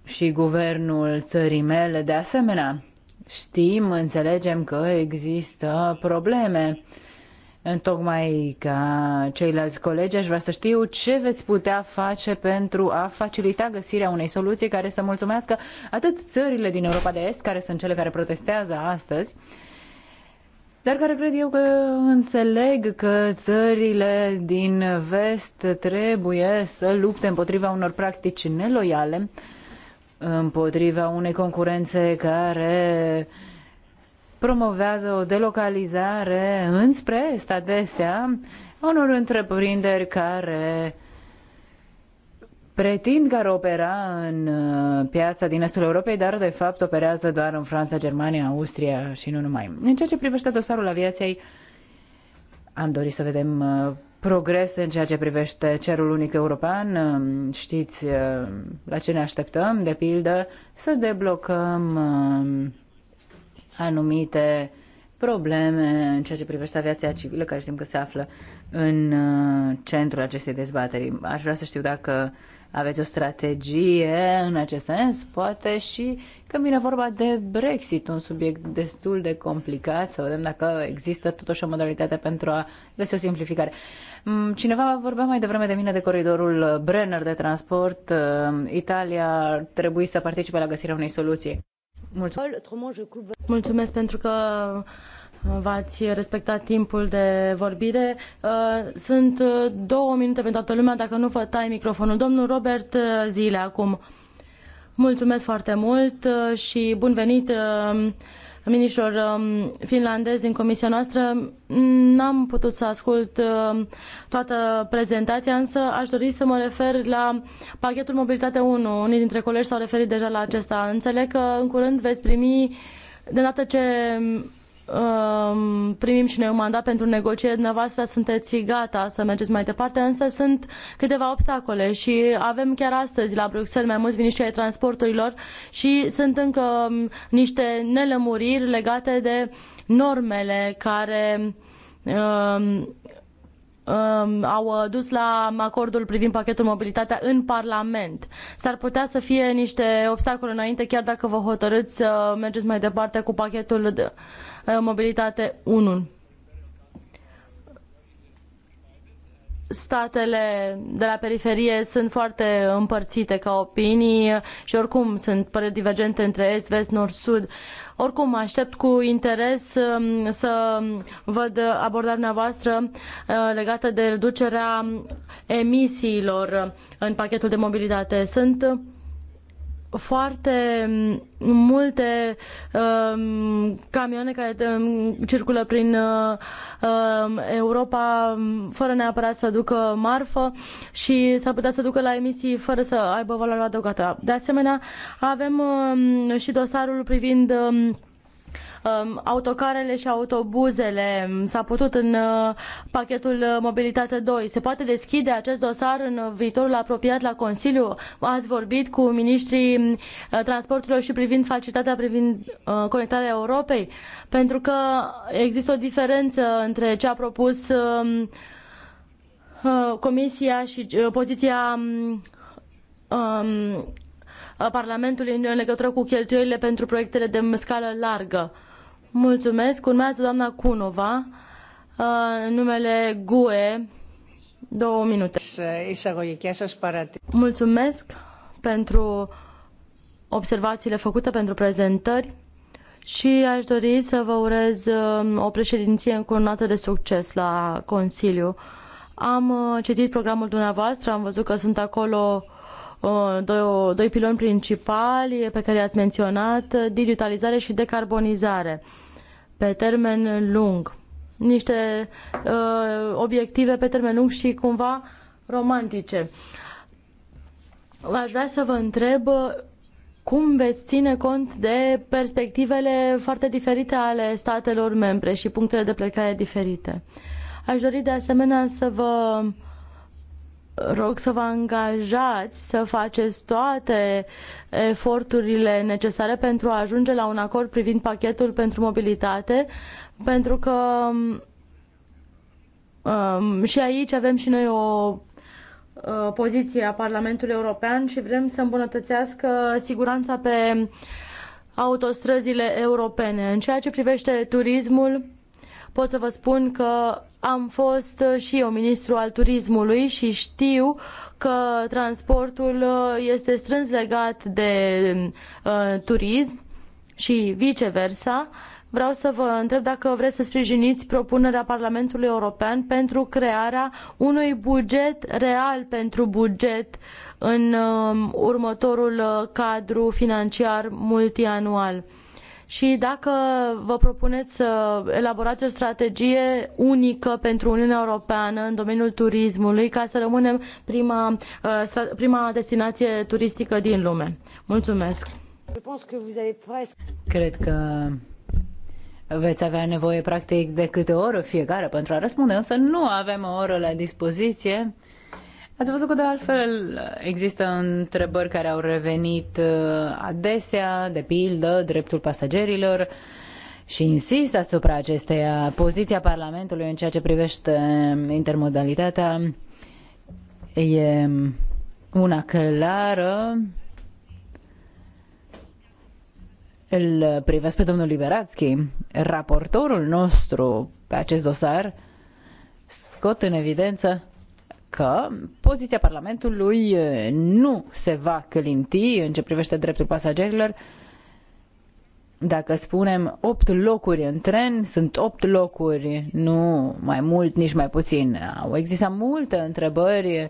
Și guvernul țării mele de asemenea. Știm, înțelegem că există probleme. Tocmai ca ceilalți colegi, aș vrea să știu ce veți putea face pentru a facilita găsirea unei soluții care să mulțumească atât țările din Europa de Est, care sunt cele care protestează astăzi, dar care cred eu că înțeleg că țările din vest trebuie să lupte împotriva unor practici neloiale, împotriva unei concurențe care promovează o delocalizare înspre stadesea unor întreprinderi care pretind că ar opera în uh, piața din estul Europei, dar de fapt operează doar în Franța, Germania, Austria și nu numai. În ceea ce privește dosarul aviației, am dorit să vedem uh, progrese în ceea ce privește cerul unic european. Știți la ce ne așteptăm, de pildă, să deblocăm anumite probleme în ceea ce privește aviația civilă, care știm că se află în uh, centrul acestei dezbateri. Aș vrea să știu dacă uh, aveți o strategie în acest sens, poate și când vine vorba de Brexit, un subiect destul de complicat, să vedem dacă există totuși o modalitate pentru a găsi o simplificare. Mm, cineva vorbea mai devreme de mine de coridorul Brenner de transport. Mm, Italia trebuie să participe la găsirea unei soluții.
Mulțumesc, Mulțumesc pentru că v-ați respectat timpul de vorbire. Uh, sunt uh, două minute pentru toată lumea, dacă nu vă tai microfonul. Domnul Robert uh, Zile, acum. Mulțumesc foarte mult și bun venit ministrul um, finlandezi în comisia noastră. N-am putut să ascult toată prezentația, însă aș dori să mă refer la pachetul Mobilitate 1. Unii dintre colegi s-au referit deja la acesta. Înțeleg că în curând veți primi de dată ce Um, primim și noi un mandat pentru negociere, dumneavoastră sunteți gata să mergeți mai departe, însă sunt câteva obstacole și avem chiar astăzi la Bruxelles mai mulți miniștri ai transporturilor și sunt încă um, niște nelămuriri legate de normele care um, Um, au uh, dus la acordul privind pachetul mobilitatea în Parlament. S-ar putea să fie niște obstacole înainte, chiar dacă vă hotărâți să uh, mergeți mai departe cu pachetul de uh, mobilitate 1. statele de la periferie sunt foarte împărțite ca opinii și oricum sunt păreri divergente între est, vest, nord, sud. Oricum, aștept cu interes um, să văd abordarea noastră uh, legată de reducerea emisiilor în pachetul de mobilitate. Sunt foarte mm, multe um, camioane care um, circulă prin uh, Europa fără neapărat să ducă marfă și s-ar putea să ducă la emisii fără să aibă valoare adăugată. De asemenea, avem um, și dosarul privind um, Um, autocarele și autobuzele. Um, s-a putut în uh, pachetul uh, Mobilitate 2. Se poate deschide acest dosar în viitorul apropiat la Consiliu? Ați vorbit cu ministrii um, transporturilor și privind facilitatea privind uh, conectarea Europei? Pentru că există o diferență între ce a propus Comisia și poziția Parlamentului în legătură cu cheltuielile pentru proiectele de scală largă. Mulțumesc. Urmează doamna Cunova, numele GUE, două minute. Mulțumesc pentru observațiile făcute pentru prezentări și aș dori să vă urez o președinție încoronată de succes la Consiliu. Am citit programul dumneavoastră, am văzut că sunt acolo doi, doi piloni principali pe care i-ați menționat, digitalizare și decarbonizare pe termen lung. Niște uh, obiective pe termen lung și cumva romantice. Aș vrea să vă întreb cum veți ține cont de perspectivele foarte diferite ale statelor membre și punctele de plecare diferite. Aș dori de asemenea să vă rog să vă angajați să faceți toate eforturile necesare pentru a ajunge la un acord privind pachetul pentru mobilitate, pentru că um, și aici avem și noi o uh, poziție a Parlamentului European și vrem să îmbunătățească siguranța pe autostrăzile europene. În ceea ce privește turismul, pot să vă spun că am fost și eu ministru al turismului și știu că transportul uh, este strâns legat de uh, turism și viceversa. Vreau să vă întreb dacă vreți să sprijiniți propunerea Parlamentului European pentru crearea unui buget real pentru buget în um, uh, următorul cadru financiar multianual și dacă vă propuneți să elaborați o strategie unică pentru Uniunea Europeană în domeniul turismului ca să rămânem prima, uh, prima destinație turistică din lume. Mulțumesc! Cred că
veți avea nevoie practic de câte o oră fiecare pentru a răspunde, însă nu avem o oră la dispoziție. Ați văzut că de altfel există întrebări care au revenit uh, adesea, de pildă, dreptul pasagerilor și insist asupra acesteia. Poziția Parlamentului în ceea ce privește intermodalitatea e una clară. Îl privesc pe domnul Liberațchi raportorul nostru pe acest dosar, scot în evidență că poziția Parlamentului eh, nu se va călinti în ce privește dreptul pasagerilor dacă spunem 8 locuri în tren, sunt 8 locuri, nu mai mult, nici mai puțin. Au existat multe întrebări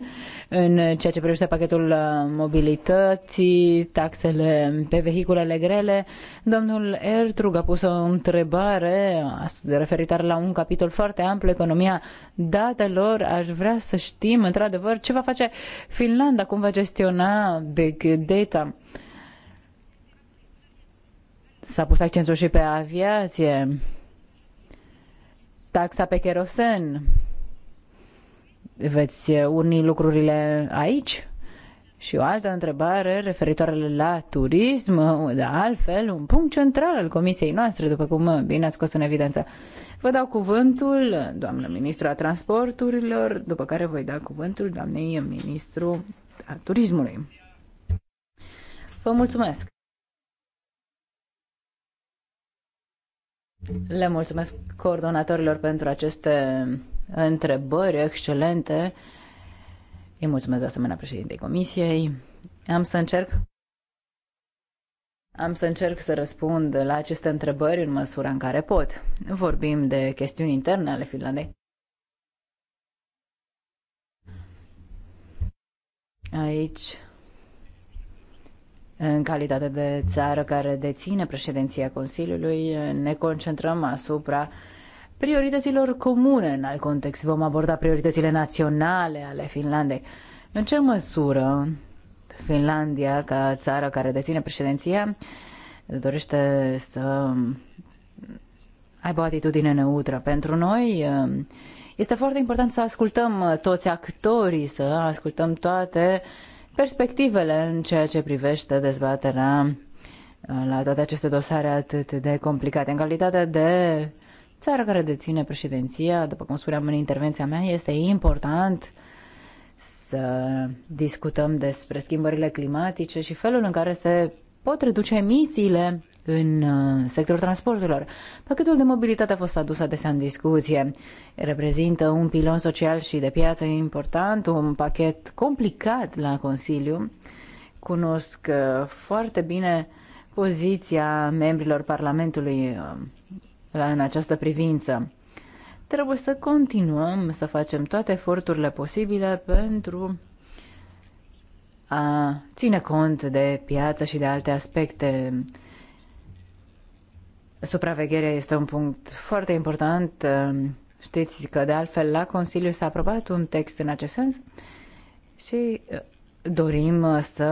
în ceea ce privește pachetul uh, mobilității, taxele pe vehiculele grele. Domnul Ertrug a pus o întrebare referitoare la un capitol foarte amplu, economia datelor. Aș vrea să știm, într-adevăr, ce va face Finlanda, cum va gestiona big data S-a pus accentul și pe aviație, taxa pe kerosen. Veți urni lucrurile aici? Și o altă întrebare referitoare la turism, de altfel, un punct central al comisiei noastre, după cum bine ați scos în evidență. Vă dau cuvântul, doamnă ministru a transporturilor, după care voi da cuvântul doamnei ministru a turismului. Vă mulțumesc! Le mulțumesc coordonatorilor pentru aceste întrebări excelente. Îi mulțumesc de asemenea președintei comisiei. Am să încerc am să încerc să răspund la aceste întrebări în măsura în care pot. Vorbim de chestiuni interne ale Finlandei. Aici în calitate de țară care deține președinția Consiliului, ne concentrăm asupra priorităților comune în alt context. Vom aborda prioritățile naționale ale Finlandei. În ce măsură Finlandia, ca țară care deține președinția, dorește să aibă o atitudine neutră. Pentru noi este foarte important să ascultăm toți actorii, să ascultăm toate uh, perspectivele în ceea ce privește dezbaterea uh, la toate aceste dosare atât de complicate. În calitate de țară care deține președinția, după cum spuneam în intervenția mea, este important să discutăm despre schimbările climatice și felul în care se pot reduce emisiile în uh, sectorul transporturilor. Pachetul de mobilitate a fost adus adesea în discuție. Reprezintă un pilon social și de piață important, un pachet complicat la Consiliu. Cunosc uh, foarte bine poziția membrilor Parlamentului uh, în această privință. Trebuie să continuăm să facem toate eforturile posibile pentru a ține cont de piață și de alte aspecte Supravegherea este un punct foarte important. Ehm, știți că, de altfel, la Consiliu s-a aprobat un text în acest sens și eh, dorim eh, să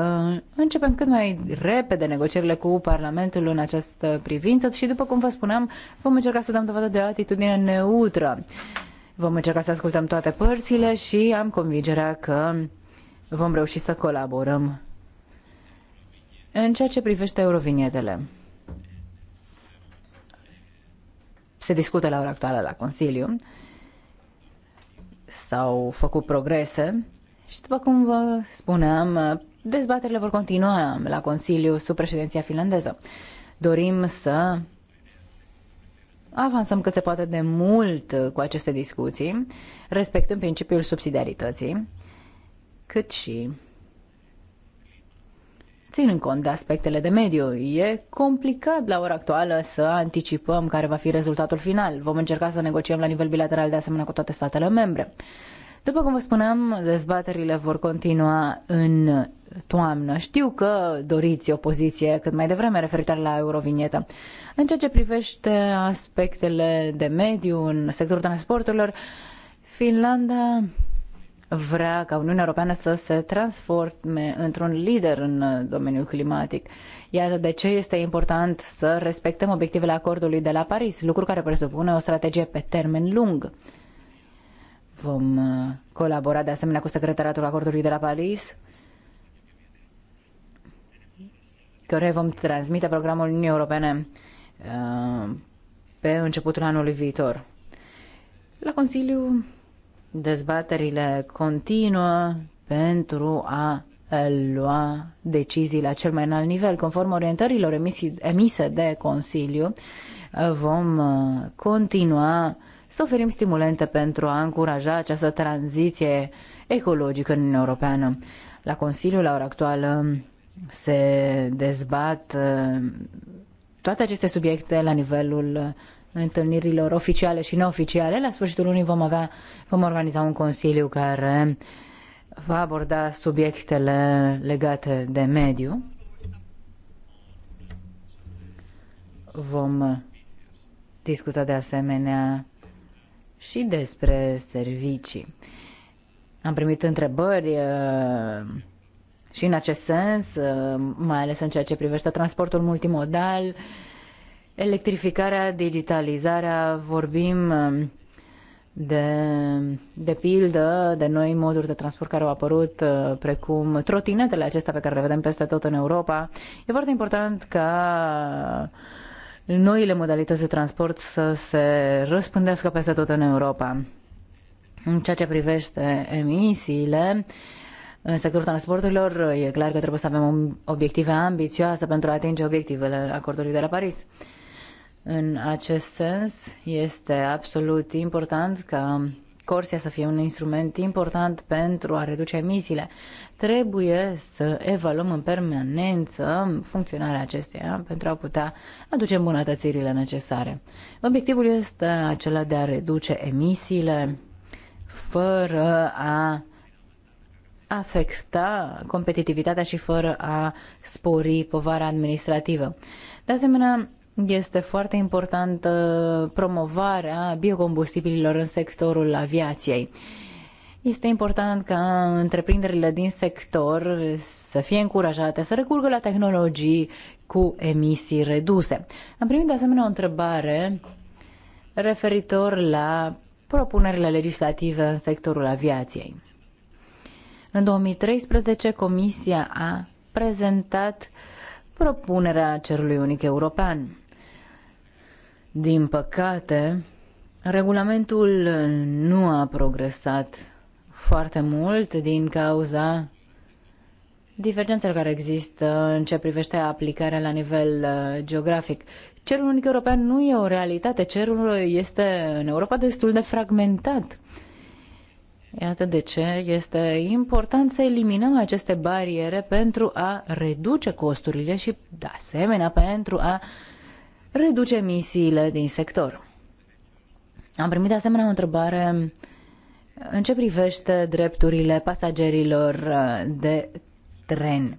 începem cât mai repede negocierile cu Parlamentul în această privință și, după cum vă spuneam, vom încerca să dăm dovadă de atitudine neutră. Vom încerca să ascultăm toate părțile și am convingerea că vom reuși să colaborăm. În ceea ce privește eurovinietele, se discută la ora actuală la Consiliu. S-au făcut progrese și, după cum vă spuneam, dezbaterile vor continua la Consiliu sub președinția finlandeză. Dorim să avansăm cât se poate de mult cu aceste discuții, respectând principiul subsidiarității, cât și ținând cont de aspectele de mediu. E complicat la ora actuală să anticipăm care va fi rezultatul final. Vom încerca să negociem la nivel bilateral de asemenea cu toate statele membre. După cum vă spuneam, dezbaterile vor continua în toamnă. Știu că doriți o poziție cât mai devreme referitoare la Eurovinietă. În ceea ce privește aspectele de mediu în sectorul transporturilor, Finlanda vrea ca Uniunea Europeană să se transforme într-un lider în uh, domeniul climatic. Iată de ce este important să respectăm obiectivele acordului de la Paris, lucru care presupune o strategie pe termen lung. Vom uh, colabora de asemenea cu secretariatul acordului de la Paris, care vom transmite programul Uniunii Europene uh, pe începutul anului viitor. La Consiliu Dezbaterile continuă pentru a lua decizii la cel mai înalt nivel. Conform orientărilor emisi, emise de Consiliu, vom continua să oferim stimulente pentru a încuraja această tranziție ecologică în Uniunea Europeană. La Consiliu, la ora actuală, se dezbat toate aceste subiecte la nivelul întâlnirilor oficiale și neoficiale. La sfârșitul lunii vom avea, vom organiza un consiliu care va aborda subiectele legate de mediu. Vom discuta de asemenea și despre servicii. Am primit întrebări uh, și în acest sens, uh, mai ales în ceea ce privește transportul multimodal, electrificarea, digitalizarea, vorbim um, de, de pildă, de noi moduri de transport care au apărut, uh, precum trotinetele acestea pe care le vedem peste tot în Europa. E foarte important ca noile modalități de transport să se răspândească peste tot în Europa. În ceea ce privește emisiile, în sectorul transporturilor, e clar că trebuie să avem obiective ambițioase pentru a atinge obiectivele acordului de la Paris. În acest sens, este absolut important ca Corsia să fie un instrument important pentru a reduce emisiile. Trebuie să evaluăm în permanență funcționarea acesteia pentru a putea aduce îmbunătățirile necesare. Obiectivul este acela de a reduce emisiile fără a afecta competitivitatea și fără a spori povara administrativă. De asemenea, este foarte importantă promovarea biocombustibililor în sectorul aviației. Este important ca întreprinderile din sector să fie încurajate să recurgă la tehnologii cu emisii reduse. Am primit de asemenea o întrebare referitor la propunerile legislative în sectorul aviației. În 2013, Comisia a prezentat propunerea cerului unic european. Din păcate, regulamentul nu a progresat foarte mult din cauza divergențelor care există în ce privește aplicarea la nivel uh, geografic. Cerul unic european nu e o realitate, cerul este în Europa destul de fragmentat. Iată de ce este important să eliminăm aceste bariere pentru a reduce costurile și, de asemenea, pentru a uh, reduce emisiile din sector. Am primit de asemenea o întrebare în ce privește drepturile pasagerilor uh, de tren.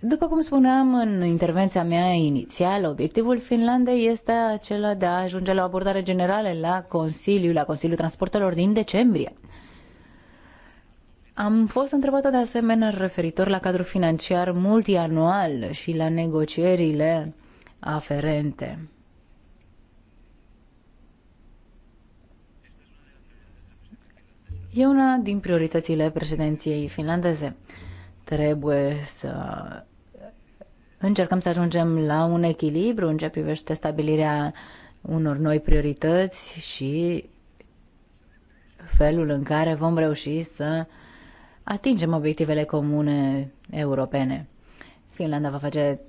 După cum spuneam în intervenția mea inițială, obiectivul Finlandei este acela de a ajunge la o abordare generală la Consiliu, la Consiliul Transportelor din decembrie. Am fost întrebată de asemenea referitor la cadrul financiar multianual și la negocierile aferente. E una din prioritățile președinției finlandeze. Trebuie să încercăm să ajungem la un echilibru în ce privește stabilirea unor noi priorități și felul în care vom reuși să atingem obiectivele comune europene. Finlanda va face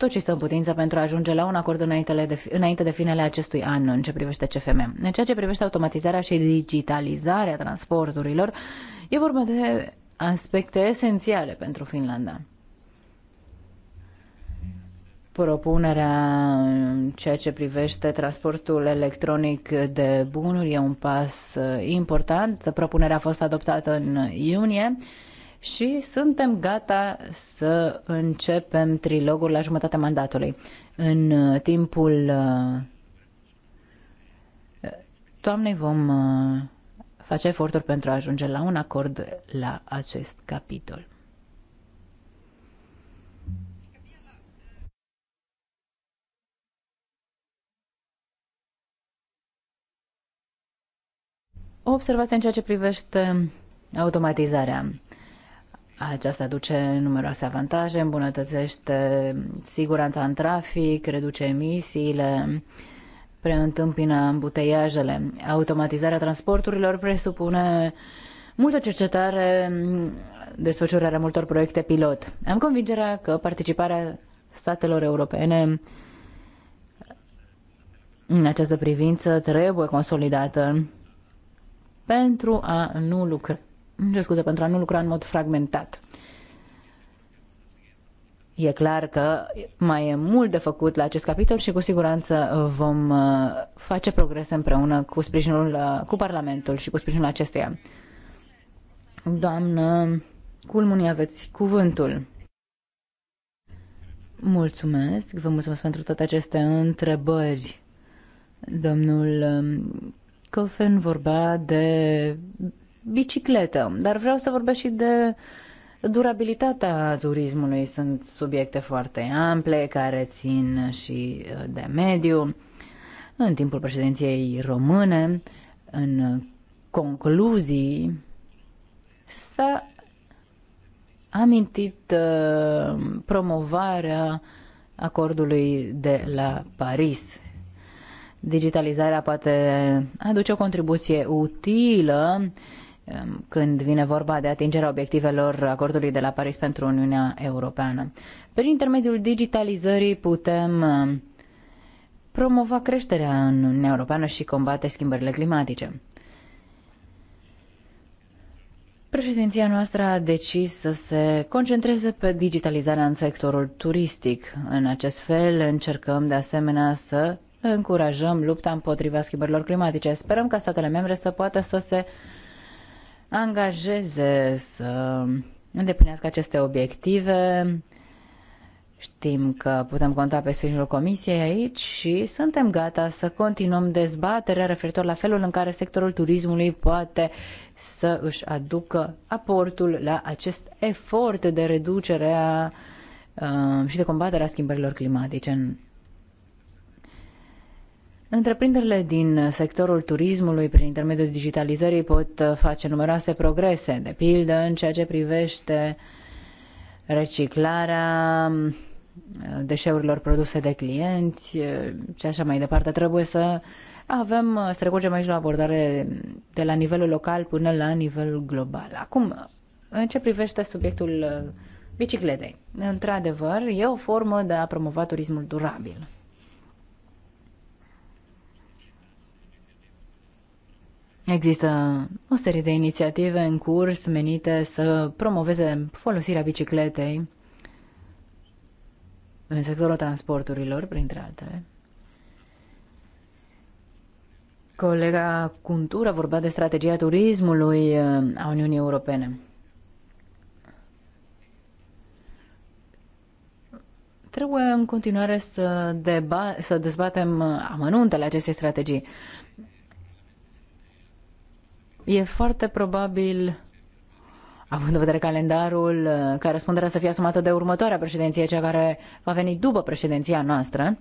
tot ce stă în putință pentru a ajunge la un acord înainte de, înainte de finele acestui an în ce privește CFM. În ceea ce privește automatizarea și digitalizarea transporturilor, e vorba de aspecte esențiale pentru Finlanda. Propunerea în ceea ce privește transportul electronic de bunuri e un pas uh, important. Propunerea a fost adoptată în iunie și suntem gata să începem trilogul la jumătatea mandatului. În uh, timpul uh, toamnei vom uh, face eforturi pentru a ajunge la un acord la acest capitol. O observație în ceea ce privește automatizarea. Aceasta aduce numeroase avantaje, îmbunătățește siguranța în trafic, reduce emisiile, preîntâmpină îmbuteiajele. Automatizarea transporturilor presupune multă cercetare, desfășurarea multor proiecte pilot. Am convingerea că participarea statelor europene în această privință trebuie consolidată pentru a nu lucra îmi scuze, pentru a nu lucra în mod fragmentat. E clar că mai e mult de făcut la acest capitol și cu siguranță vom uh, face progrese împreună cu sprijinul uh, cu Parlamentul și cu sprijinul acestuia. Doamnă Culmuni, aveți cuvântul. Mulțumesc, vă mulțumesc pentru toate aceste întrebări. Domnul um, Cofen vorbea de bicicletă, dar vreau să vorbesc și de durabilitatea turismului. Sunt subiecte foarte ample care țin și uh, de mediu. În timpul președinției române, în concluzii, s-a amintit uh, promovarea acordului de la Paris. Digitalizarea poate aduce o contribuție utilă Um, când vine vorba de atingerea obiectivelor acordului de la Paris pentru Uniunea Europeană. Prin intermediul digitalizării putem um, promova creșterea în Uniunea Europeană și combate schimbările climatice. Președinția noastră a decis să se concentreze pe digitalizarea în sectorul turistic. În acest fel încercăm de asemenea să încurajăm lupta împotriva schimbărilor climatice. Sperăm ca statele membre să poată să se angajeze să îndeplinească aceste obiective. Știm că putem conta pe sprijinul Comisiei aici și suntem gata să continuăm dezbaterea referitor la felul în care sectorul turismului poate să își aducă aportul la acest efort de reducere a, uh, și de combaterea schimbărilor climatice în Întreprinderile din sectorul turismului, prin intermediul digitalizării, pot uh, face numeroase progrese, de pildă în ceea ce privește reciclarea mm, uh, deșeurilor produse de clienți uh, și așa mai departe. Trebuie să avem, să recurgem aici la abordare de la nivelul local până la nivelul global. Acum, în ce privește subiectul bicicletei, într-adevăr, e o formă de a promova turismul durabil. Există o serie de inițiative în curs menite să promoveze folosirea bicicletei în sectorul transporturilor, printre altele. Colega Cuntura vorbea de strategia turismului uh, a Uniunii Europene. Trebuie în continuare să, deba- să dezbatem uh, amănuntele acestei strategii. E foarte probabil, având în vedere calendarul, uh, ca răspunderea să fie asumată de următoarea președinție, cea care va veni după președinția noastră,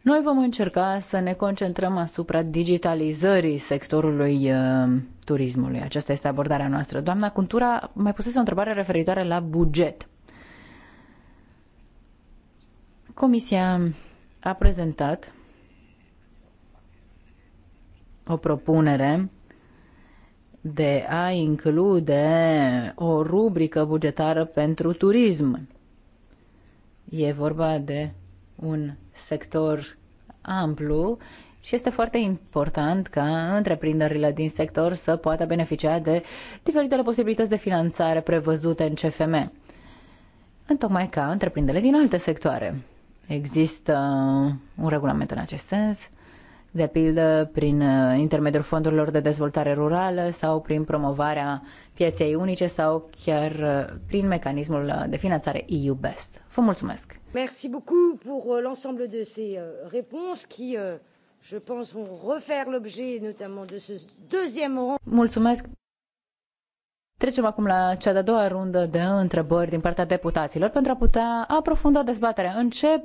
noi vom încerca să ne concentrăm asupra digitalizării sectorului uh, turismului. Aceasta este abordarea noastră. Doamna Cuntura mai pusese o întrebare referitoare la buget. Comisia a prezentat o propunere de a include o rubrică bugetară pentru turism. E vorba de un sector amplu și este foarte important ca întreprinderile din sector să poată beneficia de diferitele posibilități de finanțare prevăzute în CFM. Întocmai ca întreprinderile din alte sectoare. Există un regulament în acest sens de pildă prin uh, intermediul fondurilor de dezvoltare rurală sau prin promovarea pieței unice sau chiar uh, prin mecanismul uh, de finanțare EU Best. Vă mulțumesc!
Merci beaucoup pour euh, l'ensemble de ces euh, réponses qui, euh, je pense, vont refaire l'objet notamment de ce deuxième rang.
Mulțumesc Trecem acum la cea de-a doua rundă de întrebări din partea deputaților pentru a putea aprofunda dezbaterea. Încep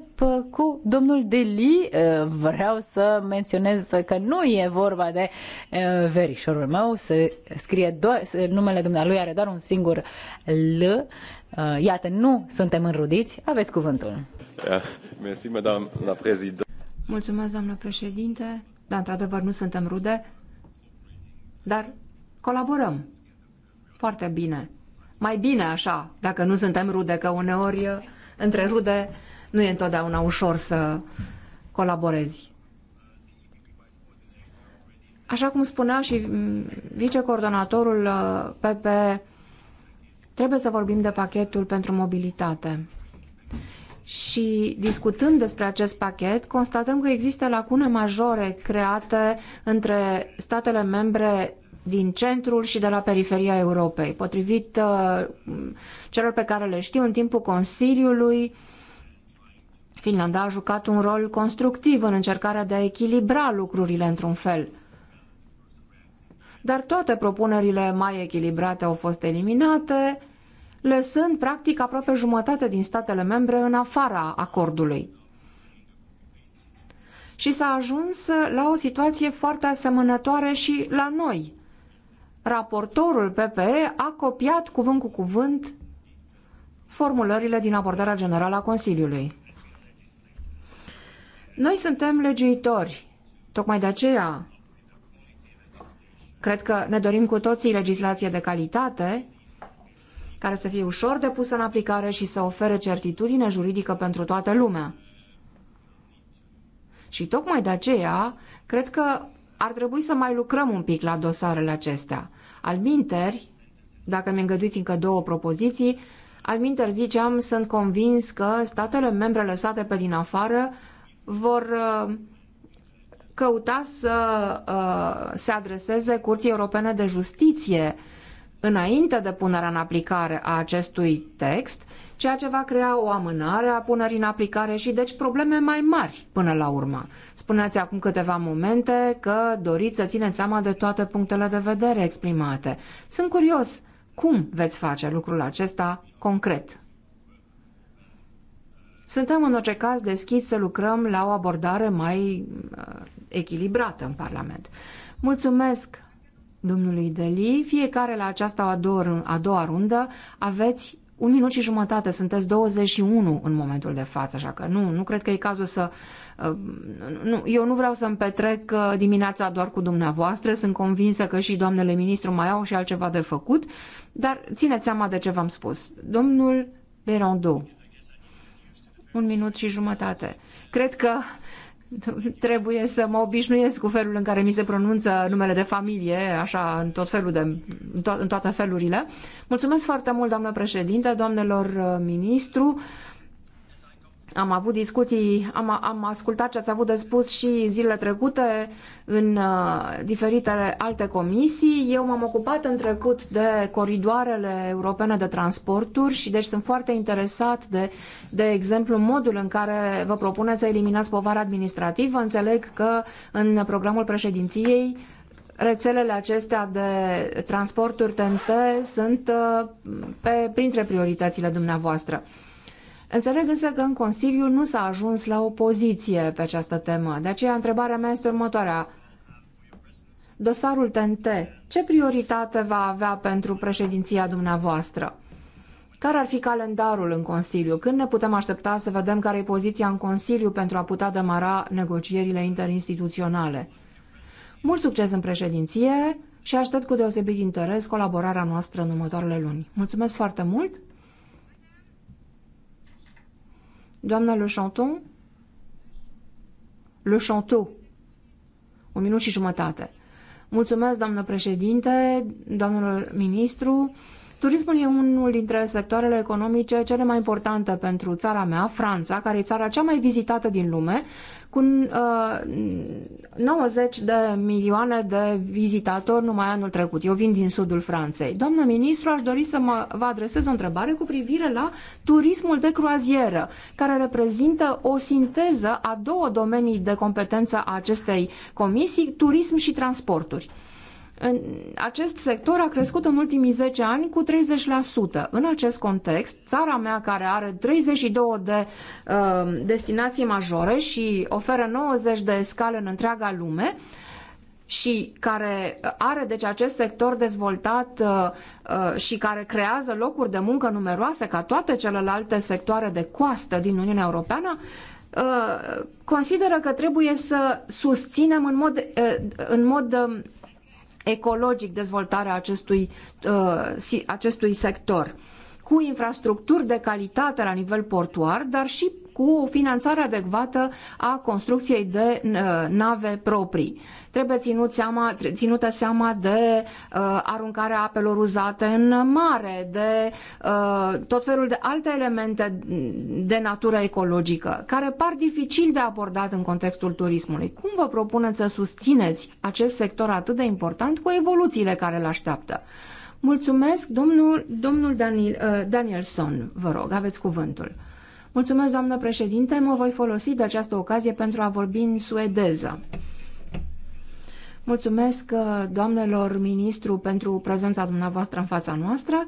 cu domnul Deli. Eh, vreau să menționez că nu e vorba de eh, verișorul meu. Se scrie do- numele dumnealui are doar un singur L. Eh, iată,
nu suntem înrudiți. Aveți cuvântul.
Mersi, la
Mulțumesc, doamnă președinte. Da, într-adevăr, nu suntem rude, dar colaborăm foarte bine. Mai bine așa, dacă nu suntem rude, că uneori uh, între rude nu e întotdeauna ușor să colaborezi. Așa cum spunea și mm, vicecoordonatorul uh, PP, trebuie să vorbim de pachetul pentru mobilitate. Și discutând despre acest pachet, constatăm că există lacune majore create între statele membre din centrul și de la periferia Europei. Potrivit uh, celor pe care le știu, în timpul Consiliului, Finlanda a jucat un rol constructiv în încercarea de a echilibra lucrurile într-un fel. Dar toate propunerile mai echilibrate au fost eliminate, lăsând practic aproape jumătate din statele membre în afara acordului. Și s-a ajuns la o situație foarte asemănătoare și la noi, raportorul PPE a copiat cuvânt cu cuvânt formulările din abordarea generală a Consiliului. Noi suntem legiuitori. Tocmai de aceea cred că ne dorim cu toții legislație de calitate care să fie ușor de pusă în aplicare și să ofere certitudine juridică pentru toată lumea. Și tocmai de aceea cred că ar trebui să mai lucrăm un pic la dosarele acestea. Al minteri, dacă mi îngăduiți încă două propoziții, al minteri ziceam, sunt convins că statele membre lăsate pe din afară vor uh, căuta să uh, se adreseze Curții Europene de Justiție înainte de punerea în aplicare a acestui text ceea ce va crea o amânare a punerii în aplicare și deci probleme mai mari până la urmă. Spuneați acum câteva momente că doriți să țineți seama de toate punctele de vedere exprimate. Sunt curios, cum veți face lucrul acesta concret? Suntem în orice caz deschiși să lucrăm la o abordare mai uh, echilibrată în Parlament. Mulțumesc domnului Deli. Fiecare la aceasta a doua, a doua rundă aveți un minut și jumătate, sunteți 21 în momentul de față, așa că nu, nu cred că e cazul să... Uh, nu, eu nu vreau să-mi petrec uh, dimineața doar cu dumneavoastră, sunt convinsă că și doamnele ministru mai au și altceva de făcut, dar țineți seama de ce v-am spus. Domnul Berondu, un minut și jumătate. Cred că Trebuie să mă obișnuiesc cu felul în care mi se pronunță numele de familie, așa, în tot felul de, în, to- în toate felurile. Mulțumesc foarte mult, doamnă președinte, doamnelor uh, ministru. Am avut discuții, am, am ascultat ce ați avut de spus și zilele trecute în uh, diferite alte comisii. Eu m-am ocupat în trecut de coridoarele europene de transporturi și deci sunt foarte interesat de, de exemplu, modul în care vă propuneți să eliminați povara administrativă. Înțeleg că în programul președinției rețelele acestea de transporturi TNT sunt uh, pe, printre prioritățile dumneavoastră. Înțeleg însă că în Consiliu nu s-a ajuns la o poziție pe această temă. De aceea, întrebarea mea este următoarea. Dosarul TNT, ce prioritate va avea pentru președinția dumneavoastră? Care ar fi calendarul în Consiliu? Când ne putem aștepta să vedem care e poziția în Consiliu pentru a putea demara negocierile interinstituționale? Mult succes în președinție și aștept cu deosebit interes colaborarea noastră în următoarele luni. Mulțumesc foarte mult! Doamna Le Chanton? Le Chanteau. Un minut și jumătate. Mulțumesc, doamnă președinte, domnul ministru. Turismul e unul dintre sectoarele economice cele mai importante pentru țara mea, Franța, care e țara cea mai vizitată din lume cu uh, 90 de milioane de vizitatori numai anul trecut. Eu vin din sudul Franței. Doamnă ministru, aș dori să mă, vă adresez o întrebare cu privire la turismul de croazieră, care reprezintă o sinteză a două domenii de competență a acestei comisii, turism și transporturi acest sector a crescut în ultimii 10 ani cu 30%. În acest context, țara mea, care are 32 de uh, destinații majore și oferă 90 de scale în întreaga lume, și care are deci acest sector dezvoltat uh, uh, și care creează locuri de muncă numeroase ca toate celelalte sectoare de coastă din Uniunea Europeană, uh, consideră că trebuie să susținem în mod, uh, în mod um, ecologic dezvoltarea acestui, uh, acestui sector cu infrastructuri de calitate la nivel portuar, dar și cu finanțare adecvată a construcției de uh, nave proprii trebuie ținut seama, ținută seama de uh, aruncarea apelor uzate în mare, de uh, tot felul de alte elemente de natură ecologică, care par dificil de abordat în contextul turismului. Cum vă propuneți să susțineți acest sector atât de important cu evoluțiile care îl așteaptă? Mulțumesc, domnul, domnul Daniel, uh, Danielson, vă rog, aveți cuvântul. Mulțumesc, doamnă președinte, mă voi folosi de această ocazie pentru a vorbi în suedeză. Mulțumesc uh, doamnelor ministru pentru prezența dumneavoastră în fața noastră.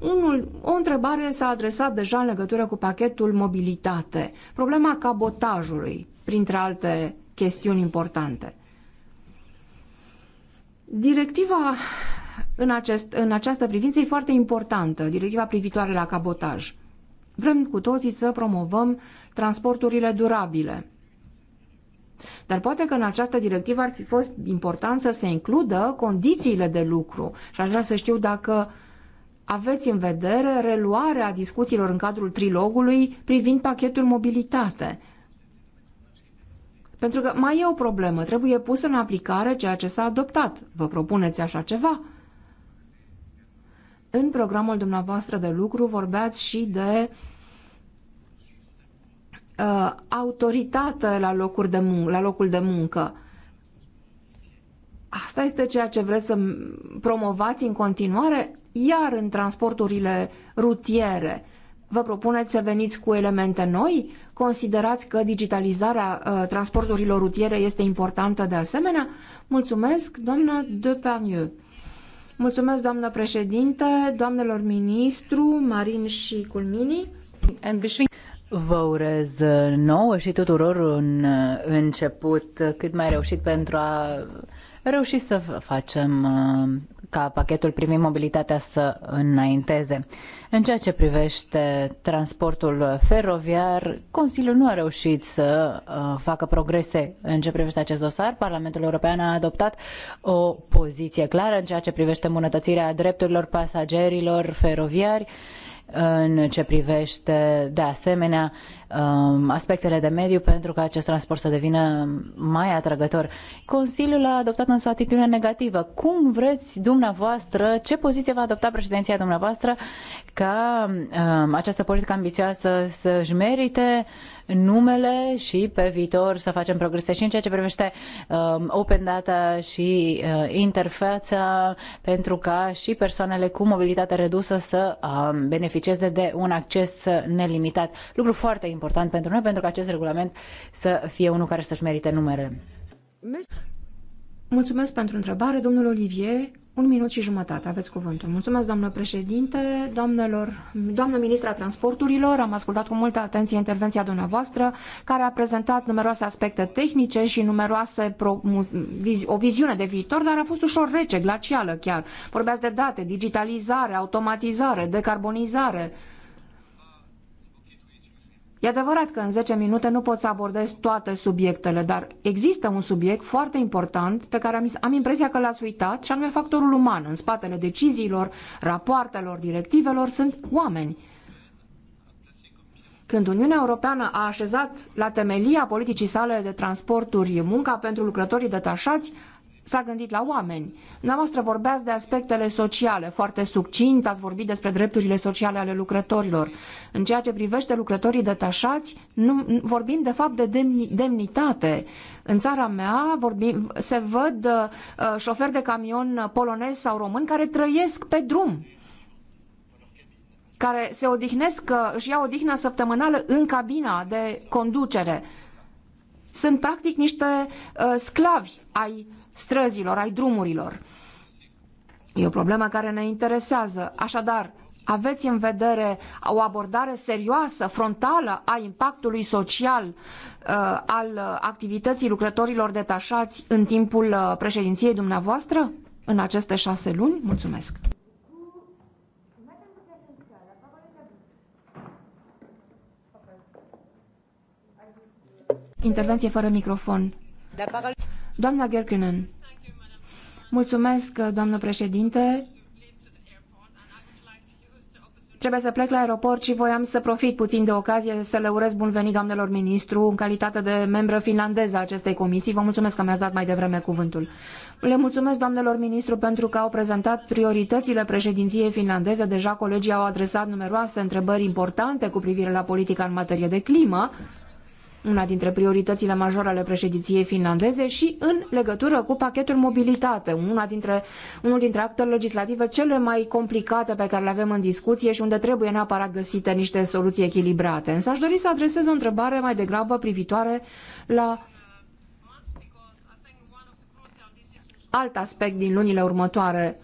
Unul, o întrebare s-a adresat deja în legătură cu pachetul mobilitate, problema cabotajului, printre alte chestiuni importante. Directiva în, acest, în această privință e foarte importantă, directiva privitoare la cabotaj. Vrem cu toții să promovăm transporturile durabile. Dar poate că în această directivă ar fi fost important să se includă condițiile de lucru și aș vrea să știu dacă aveți în vedere reluarea discuțiilor în cadrul trilogului privind pachetul mobilitate. Pentru că mai e o problemă, trebuie pus în aplicare ceea ce s-a adoptat. Vă propuneți așa ceva? În programul dumneavoastră de lucru vorbeați și de uh, uh, autoritate la, locuri de mun- la locul de muncă. Asta este ceea ce vreți să promovați în continuare, iar în transporturile rutiere. Vă propuneți să veniți cu elemente noi? Considerați că digitalizarea uh, transporturilor rutiere este importantă de asemenea? Mulțumesc, doamna Deparnieu. Mulțumesc, doamnă președinte, doamnelor ministru, Marin și Culmini.
Vă urez nouă și tuturor un uh, început cât mai reușit pentru a reuși să facem uh, ca pachetul privind mobilitatea să înainteze. În ceea ce privește transportul feroviar, Consiliul nu a reușit să uh, facă progrese în ce privește acest dosar. Parlamentul European a adoptat o poziție clară în ceea ce privește îmbunătățirea drepturilor pasagerilor feroviari în ce privește, de asemenea, um, aspectele de mediu pentru ca acest transport să devină mai atrăgător. Consiliul a adoptat însă o atitudine negativă. Cum vreți dumneavoastră, ce poziție va adopta președinția dumneavoastră ca um, această politică ambițioasă să-și merite numele și pe viitor să facem progrese și în ceea ce privește uh, open data și uh, interfața pentru ca și persoanele cu mobilitate redusă să uh, beneficieze de un acces nelimitat. Lucru foarte important pentru noi pentru că acest regulament să fie unul care să-și merite
numere. Mulțumesc pentru întrebare, domnul Olivier. Un minut și jumătate, aveți cuvântul. Mulțumesc, doamnă președinte, doamnelor, doamnă ministra transporturilor, am ascultat cu multă atenție intervenția dumneavoastră, care a prezentat numeroase aspecte tehnice și numeroase pro, o viziune de viitor, dar a fost ușor rece, glacială chiar. Vorbeați de date, digitalizare, automatizare, decarbonizare. E adevărat că în 10 minute nu pot să abordez toate subiectele, dar există un subiect foarte important pe care am, am impresia că l-ați uitat și anume factorul uman. În spatele deciziilor, rapoartelor, directivelor sunt oameni. Când Uniunea Europeană a așezat la temelia politicii sale de transporturi munca pentru lucrătorii detașați, s-a gândit la oameni. Dumneavoastră vorbeați de aspectele sociale, foarte succint ați vorbit despre drepturile sociale ale lucrătorilor. În ceea ce privește lucrătorii detașați, nu, vorbim de fapt de demni, demnitate. În țara mea vorbim, se văd uh, șoferi de camion polonez sau român care trăiesc pe drum care se odihnesc, uh, își ia odihna săptămânală în cabina de conducere. Sunt practic niște uh, sclavi ai străzilor, ai drumurilor. E o problemă care ne interesează. Așadar, aveți în vedere o abordare serioasă, frontală a impactului social uh, al activității lucrătorilor detașați în timpul uh, președinției dumneavoastră în aceste șase luni? Mulțumesc! Intervenție fără microfon. Doamna Gherkinen, mulțumesc, doamnă președinte. Trebuie să plec la aeroport și voiam să profit puțin de ocazie să le urez bun venit doamnelor ministru în calitate de membră finlandeză a acestei comisii. Vă mulțumesc că mi-ați dat mai devreme cuvântul. Le mulțumesc doamnelor ministru pentru că au prezentat prioritățile președinției finlandeze. Deja colegii au adresat numeroase întrebări importante cu privire la politica în materie de climă una dintre prioritățile majore ale președinției finlandeze și în legătură cu pachetul mobilitate, una dintre, unul dintre actele legislative cele mai complicate pe care le avem în discuție și unde trebuie neapărat găsite niște soluții echilibrate. Însă aș dori să adresez o întrebare mai degrabă privitoare la alt aspect din lunile următoare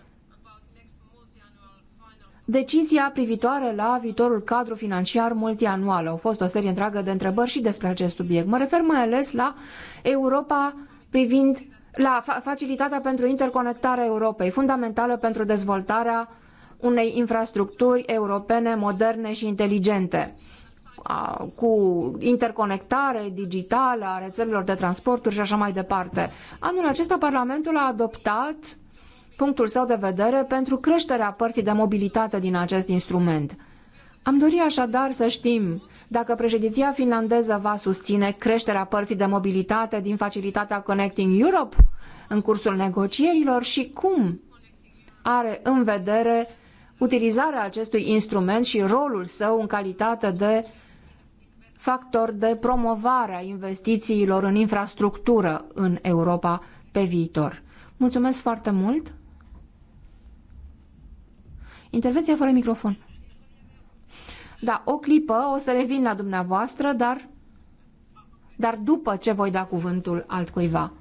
Decizia privitoare la viitorul cadru financiar multianual. Au fost o serie întreagă de întrebări și despre acest subiect. Mă refer mai ales la Europa privind la facilitatea pentru interconectarea Europei, fundamentală pentru dezvoltarea unei infrastructuri europene moderne și inteligente cu interconectare digitală a rețelelor de transporturi și așa mai departe. Anul acesta Parlamentul a adoptat punctul său de vedere pentru creșterea părții de mobilitate din acest instrument. Am dori așadar să știm dacă președinția finlandeză va susține creșterea părții de mobilitate din facilitatea Connecting Europe în cursul negocierilor și cum are în vedere utilizarea acestui instrument și rolul său în calitate de factor de promovare a investițiilor în infrastructură în Europa pe viitor. Mulțumesc foarte mult! Intervenția fără microfon. Da, o clipă, o să revin la dumneavoastră, dar, dar după ce voi da cuvântul altcuiva,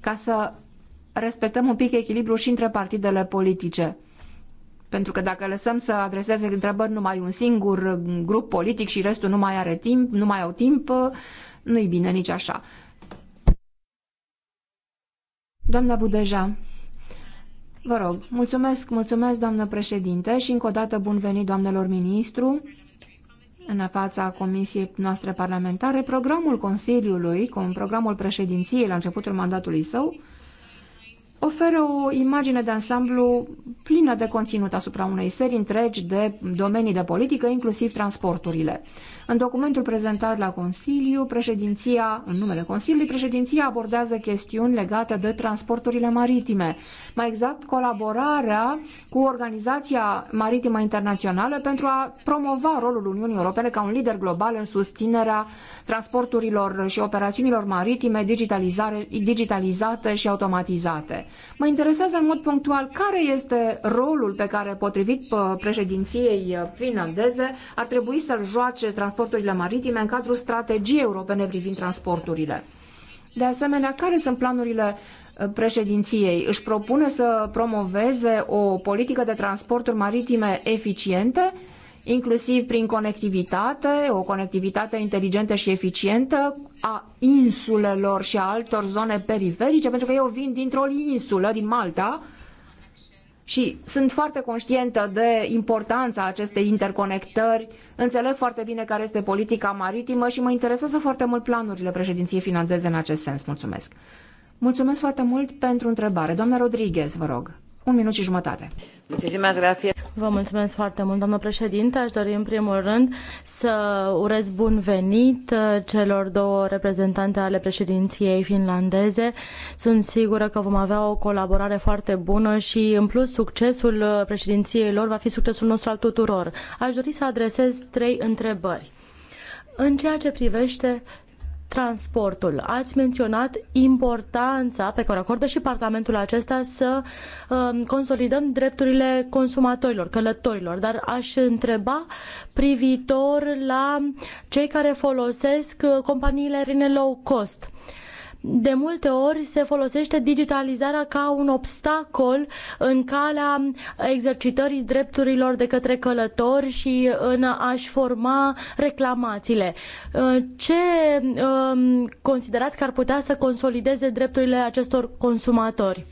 ca să respectăm un pic echilibru și între partidele politice. Pentru că dacă lăsăm să adreseze întrebări numai un singur grup politic și restul nu mai are timp, nu mai au timp, nu-i bine nici așa. Doamna Budeja, Vă rog, mulțumesc, mulțumesc, doamnă președinte, și încă o dată bun venit, doamnelor ministru, în fața comisiei noastre parlamentare. Programul Consiliului, cum programul președinției la începutul mandatului său, oferă o imagine de ansamblu plină de conținut asupra unei serii întregi de domenii de politică, inclusiv transporturile. În documentul prezentat la Consiliu, președinția, în numele Consiliului, președinția abordează chestiuni legate de transporturile maritime, mai exact colaborarea cu Organizația Maritimă Internațională pentru a promova rolul Uniunii Europene ca un lider global în susținerea transporturilor și operațiunilor maritime digitalizate și automatizate. Mă interesează în mod punctual care este rolul pe care, potrivit uh, președinției uh, finlandeze, ar trebui să-l joace trans transporturile maritime în cadrul strategiei europene privind transporturile. De asemenea, care sunt planurile uh, președinției? Își propune să promoveze o politică de transporturi maritime eficiente, inclusiv prin conectivitate, o conectivitate inteligentă și eficientă a insulelor și a altor zone periferice, pentru că eu vin dintr-o insulă, din Malta, și sunt foarte conștientă de importanța acestei interconectări, înțeleg foarte bine care este politica maritimă și mă interesează foarte mult planurile președinției finlandeze în acest sens. Mulțumesc!
Mulțumesc foarte mult pentru întrebare. Doamna Rodriguez, vă rog. Un minut și jumătate. Mulțumesc, grație. Vă mulțumesc foarte mult, doamnă președinte. Aș dori în primul rând să urez bun venit uh, celor două reprezentante ale președinției finlandeze. Sunt sigură că vom avea o colaborare foarte bună și, în plus, succesul uh, președinției lor va fi succesul nostru al tuturor. Aș dori să adresez trei întrebări. În ceea ce privește transportul. Ați menționat importanța pe care o acordă și Parlamentul acesta să um, consolidăm drepturile consumatorilor, călătorilor, dar aș întreba privitor la cei care folosesc uh, companiile rine low cost. Uh, de multe ori se folosește digitalizarea ca un obstacol în calea exercitării drepturilor de către călători și în a-și forma reclamațiile. Uh, ce um, considerați că ar putea să consolideze drepturile acestor consumatori?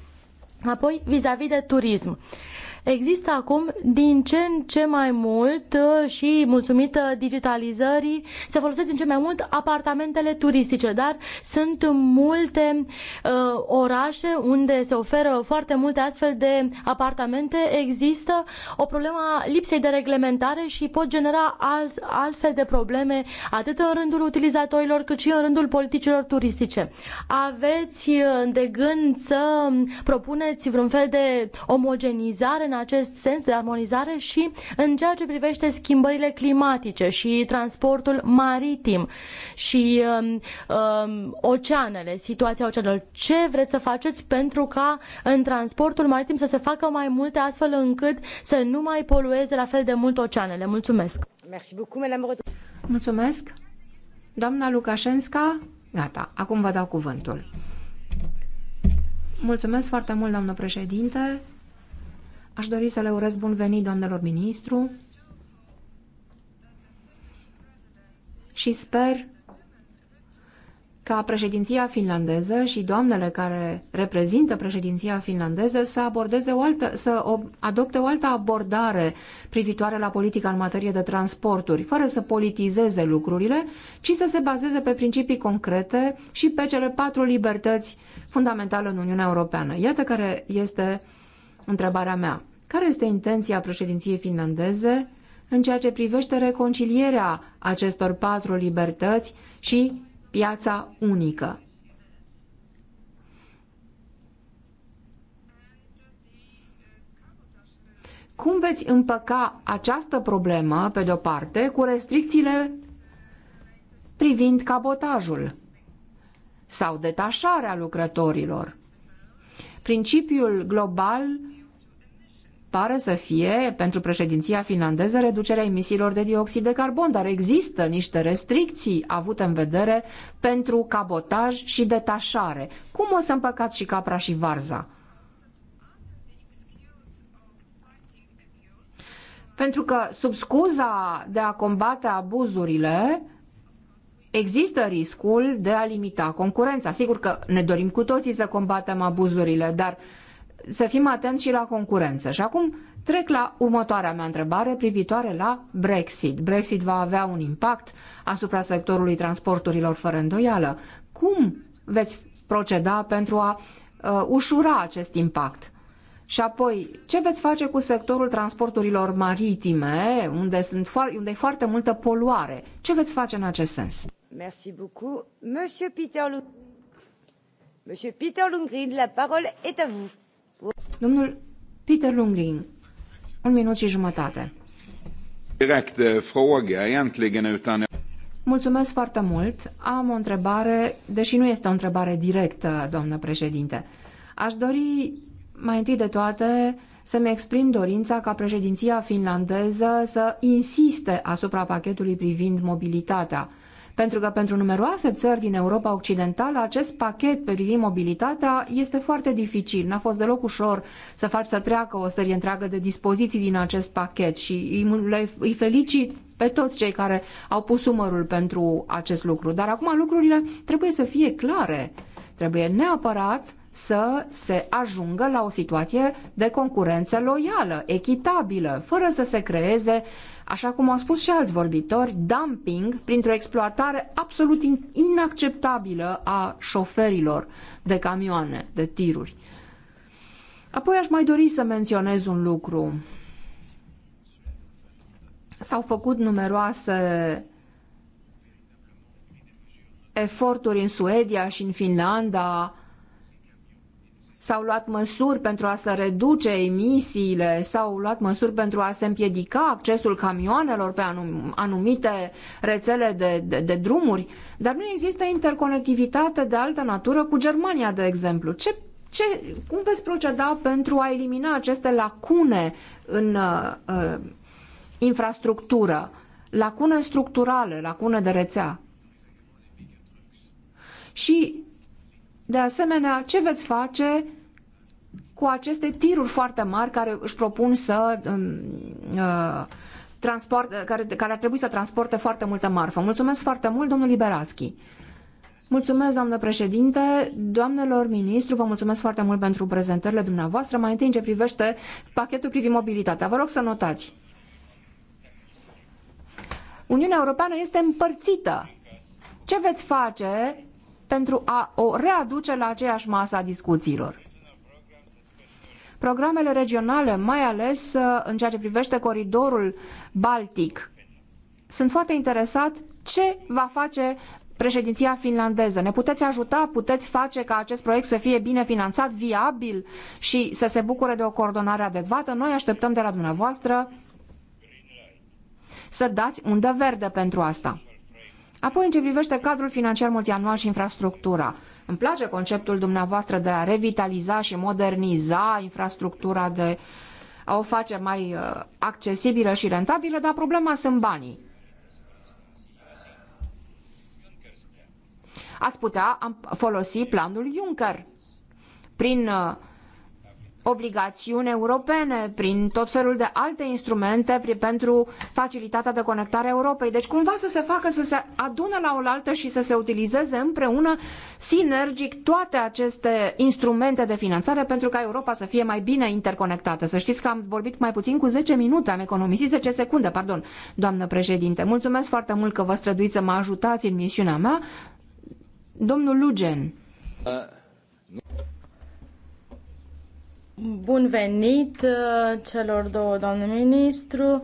Apoi, vis-a-vis de turism. Uh, Există acum din ce în ce mai mult uh, și mulțumită digitalizării se folosesc din ce mai mult apartamentele turistice, dar sunt multe uh, orașe unde se oferă foarte multe astfel de apartamente. Există o problemă a lipsei de reglementare și pot genera alt, altfel de probleme atât în rândul utilizatorilor cât și în rândul politicilor turistice. Aveți uh, de gând să um, propuneți vreun fel de omogenizare în acest sens de armonizare și în ceea ce privește schimbările climatice și transportul maritim și um, um, oceanele, situația oceanelor. Ce vreți să faceți pentru ca în transportul maritim să se facă mai multe astfel încât să nu mai polueze la fel de mult oceanele? Mulțumesc! Mulțumesc! Doamna Lucașenska, gata, acum vă dau
cuvântul. Mulțumesc foarte mult, doamnă președinte. Aș dori să le urez bun venit, doamnelor ministru, și sper ca președinția finlandeză și doamnele care reprezintă președinția finlandeză să abordeze o altă, să adopte o altă abordare privitoare la politica în materie de transporturi, fără să politizeze lucrurile, ci să se bazeze pe principii concrete și pe cele patru libertăți fundamentale în Uniunea Europeană. Iată care este uh, Întrebarea mea, care este intenția președinției finlandeze în ceea ce privește reconcilierea acestor patru libertăți și piața unică? Cum veți împăca această problemă, pe de-o parte, cu restricțiile privind cabotajul sau detașarea lucrătorilor? Principiul global pare să fie, pentru președinția finlandeză, reducerea emisiilor de dioxid de carbon, dar există niște restricții avute în vedere pentru cabotaj și detașare. Cum o să împăcați și capra și varza? Pentru că, sub scuza de a combate abuzurile, există riscul de a limita concurența. Sigur că ne dorim cu toții să combatem abuzurile, dar uh, să fim atenți și la concurență. Și acum trec la următoarea mea întrebare privitoare la Brexit. Brexit va avea un impact asupra sectorului transporturilor fără îndoială. Cum veți proceda pentru a uh, ușura acest impact? Și apoi, ce veți face cu sectorul transporturilor maritime, unde, sunt foar- unde e foarte multă poluare? Ce veți face în acest sens?
Merci beaucoup. Monsieur Peter, Lung... Monsieur Peter Lundgren, la parole est à vous. Domnul Peter Lundgren,
un minut și jumătate.
Direct eh, frage, egentligen
utan
Mulțumesc foarte mult. Am o întrebare, deși nu este o întrebare directă, domnă președinte. Aș dori mai întâi de toate să-mi exprim dorința ca președinția finlandeză să insiste asupra pachetului privind mobilitatea pentru că pentru numeroase țări din Europa Occidentală, acest pachet privind mobilitatea este foarte dificil. N-a fost deloc ușor să faci să treacă o serie întreagă de dispoziții din acest pachet și îi felicit pe toți cei care au pus umărul pentru acest lucru. Dar acum lucrurile trebuie să fie clare. Trebuie neapărat să se ajungă la o situație de concurență loială, echitabilă, fără să se creeze așa cum au spus și alți vorbitori, dumping printr-o exploatare absolut inacceptabilă a șoferilor de camioane, de tiruri. Apoi aș mai dori să menționez un lucru. S-au făcut numeroase eforturi în Suedia și în Finlanda s-au luat măsuri pentru a se reduce emisiile, s-au luat măsuri pentru a se împiedica accesul camioanelor pe anumite rețele de, de, de drumuri, dar nu există interconectivitate de altă natură cu Germania, de exemplu. Ce, ce, cum veți proceda pentru a elimina aceste lacune în uh, uh infrastructură, lacune structurale, lacune de rețea? Și de asemenea, ce veți face cu aceste tiruri foarte mari care își propun să um, uh, transporte, care, care ar trebui să transporte foarte multă marfă. Mulțumesc foarte mult, domnul Liberațchi. Mulțumesc, doamnă președinte, doamnelor ministru, vă mulțumesc foarte mult pentru prezentările dumneavoastră. Mai întâi în ce privește pachetul privind mobilitatea. Vă rog să notați. Uniunea Europeană este împărțită. Ce veți face pentru a o readuce la aceeași masă a discuțiilor. Programele regionale, mai ales uh, în ceea ce privește coridorul Baltic, sunt foarte interesat ce va face președinția finlandeză. Ne puteți ajuta, puteți face ca acest proiect să fie bine finanțat, viabil și să se bucure de o coordonare adecvată. Noi așteptăm de la dumneavoastră să dați undă verde pentru asta. Apoi, în ce privește cadrul financiar multianual și infrastructura, îmi place conceptul dumneavoastră de a revitaliza și moderniza infrastructura, de a o face mai uh, accesibilă și rentabilă, dar problema sunt banii. Ați putea folosi planul Juncker prin uh, obligațiuni europene, prin tot felul de alte instrumente pentru facilitatea de conectare a Europei. Deci cumva să se facă, să se adune la oaltă și să se utilizeze împreună sinergic toate aceste instrumente de finanțare pentru ca Europa să fie mai bine interconectată. Să știți că am vorbit mai puțin cu 10 minute, am economisit 10 secunde, pardon, doamnă președinte. Mulțumesc foarte mult că vă străduiți să mă ajutați în misiunea mea. Domnul Lugen.
Uh.
Bun venit uh, celor două doamne ministru.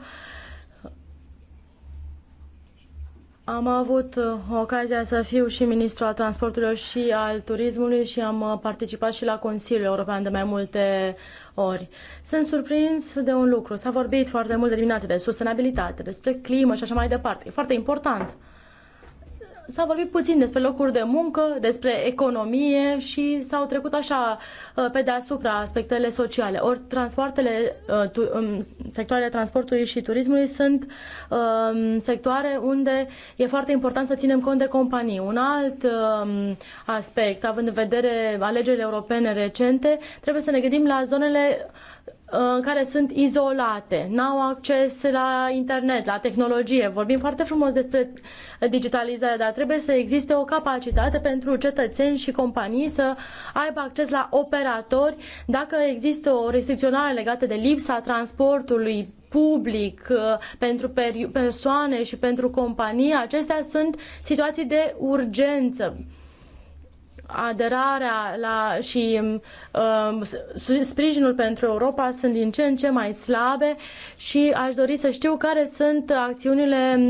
Am avut uh, ocazia să fiu și ministru al transporturilor și al turismului și am uh, participat și la Consiliul European de mai multe ori. Sunt surprins de un lucru. S-a vorbit foarte mult de dimineață de sustenabilitate, despre climă și așa mai departe. E foarte important s-a vorbit puțin despre locuri de muncă, despre economie și s-au trecut așa uh, pe deasupra aspectele sociale. Ori transportele, uh, um, sectoarele transportului și turismului sunt um, sectoare unde e foarte important să ținem cont de companii. Un alt um, aspect, având în vedere alegerile europene recente, trebuie să ne gândim la zonele Uh, care sunt izolate, n-au acces la internet, la tehnologie. Vorbim foarte frumos despre digitalizare, dar trebuie să existe o capacitate pentru cetățeni și companii să aibă acces la operatori dacă există o restricționare legată de lipsa transportului public, uh, pentru persoane și pentru companii, acestea sunt situații de urgență aderarea la, și uh, sprijinul pentru Europa sunt din ce în ce mai slabe și aș dori să știu care sunt acțiunile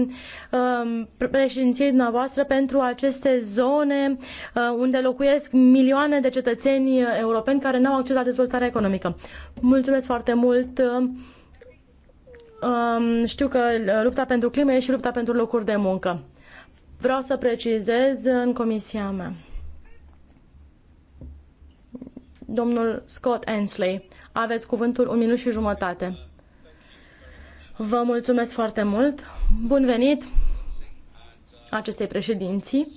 uh, președinției dumneavoastră pentru aceste zone uh, unde locuiesc milioane de cetățeni europeni care nu au acces la dezvoltarea economică. Mulțumesc foarte mult! Um, știu că lupta pentru climă e și lupta pentru locuri de muncă. Vreau să precizez în comisia mea domnul Scott Ansley. Aveți cuvântul un minut și jumătate. Vă mulțumesc foarte mult. Bun venit acestei președinții.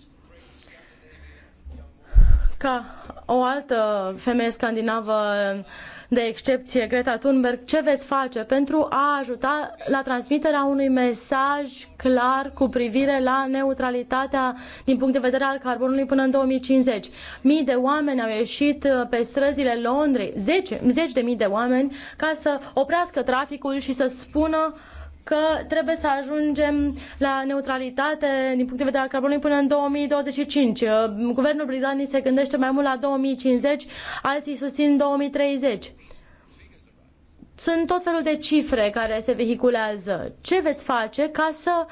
Ca o altă femeie scandinavă de excepție Greta Thunberg, ce veți face pentru a ajuta la transmiterea unui mesaj clar cu privire la neutralitatea din punct de vedere al carbonului până în 2050. Mii de oameni au ieșit uh, pe străzile Londrei, zeci, zeci de mii de oameni, ca să oprească traficul și să spună că trebuie să ajungem la neutralitate din punct de vedere al carbonului până în 2025. Uh, guvernul britanic se gândește mai mult la 2050, alții susțin 2030. Sunt tot felul de cifre care se vehiculează. Ce veți face ca să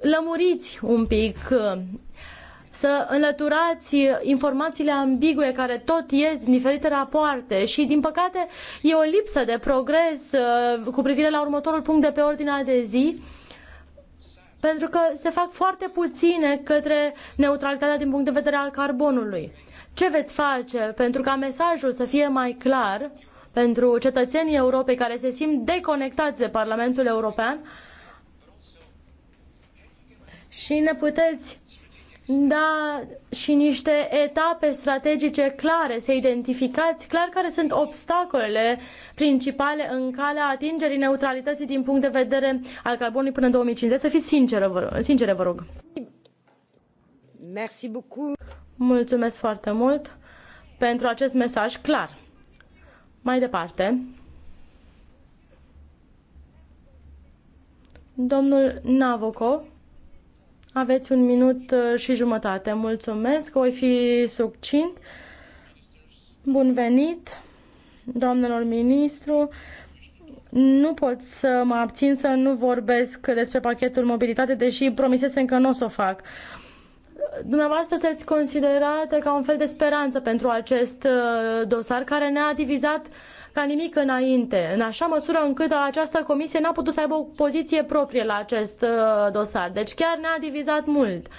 lămuriți un pic, să înlăturați informațiile ambigue care tot ies din diferite rapoarte și, din păcate, e o lipsă de progres uh, cu privire la următorul punct de pe ordinea de zi pentru că se fac foarte puține către neutralitatea din punct de vedere al carbonului. Ce veți face pentru ca mesajul să fie mai clar pentru cetățenii Europei care se simt deconectați de Parlamentul European și ne puteți da și niște etape strategice clare, să identificați clar care sunt obstacolele principale în calea atingerii neutralității din punct de vedere al carbonului până în 2050. Să fiți sinceră, vă rog, sincere, vă rog. Mulțumesc foarte mult pentru acest mesaj clar. Mai departe, domnul Navoco, aveți un minut uh, și jumătate. Mulțumesc, voi fi succint. Bun venit, doamnelor ministru. Nu pot să mă abțin să nu vorbesc despre pachetul mobilitate, deși promisesem că nu o să o fac. Uh, dumneavoastră sunteți considerate ca un fel de speranță pentru acest uh, dosar care ne-a divizat ca nimic înainte, în așa măsură încât această comisie n-a putut să aibă o poziție proprie la acest uh, dosar. Deci chiar ne-a divizat mult. Uh,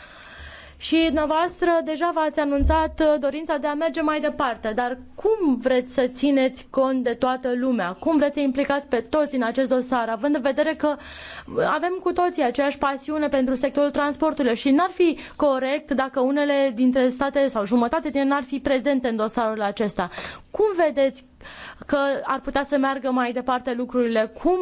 și dumneavoastră deja v-ați anunțat uh, dorința de a merge mai departe, dar cum vreți să țineți cont de toată lumea? Cum vreți să implicați pe toți în acest dosar, având în vedere că uh, avem cu toții aceeași pasiune pentru sectorul transporturilor și n-ar fi corect dacă unele dintre state sau jumătate din n-ar fi prezente în dosarul acesta. Cum vedeți că ar putea să meargă mai departe lucrurile? Cum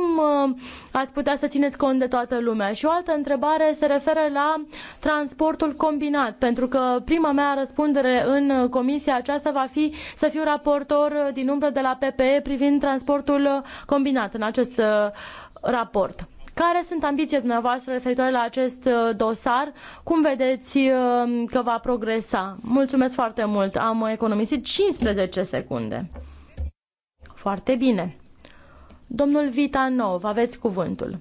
uh, ați putea să țineți cont de toată lumea? Și o altă întrebare se referă la transportul combinat, pentru că prima mea răspundere în comisia aceasta va fi să fiu raportor din umbră de la PPE privind transportul combinat în acest uh, raport. Care sunt ambițiile dumneavoastră referitoare la acest uh, dosar? Cum vedeți că va progresa? Mulțumesc foarte mult. Am economisit 15 secunde. Foarte bine. Domnul Vitanov, aveți cuvântul.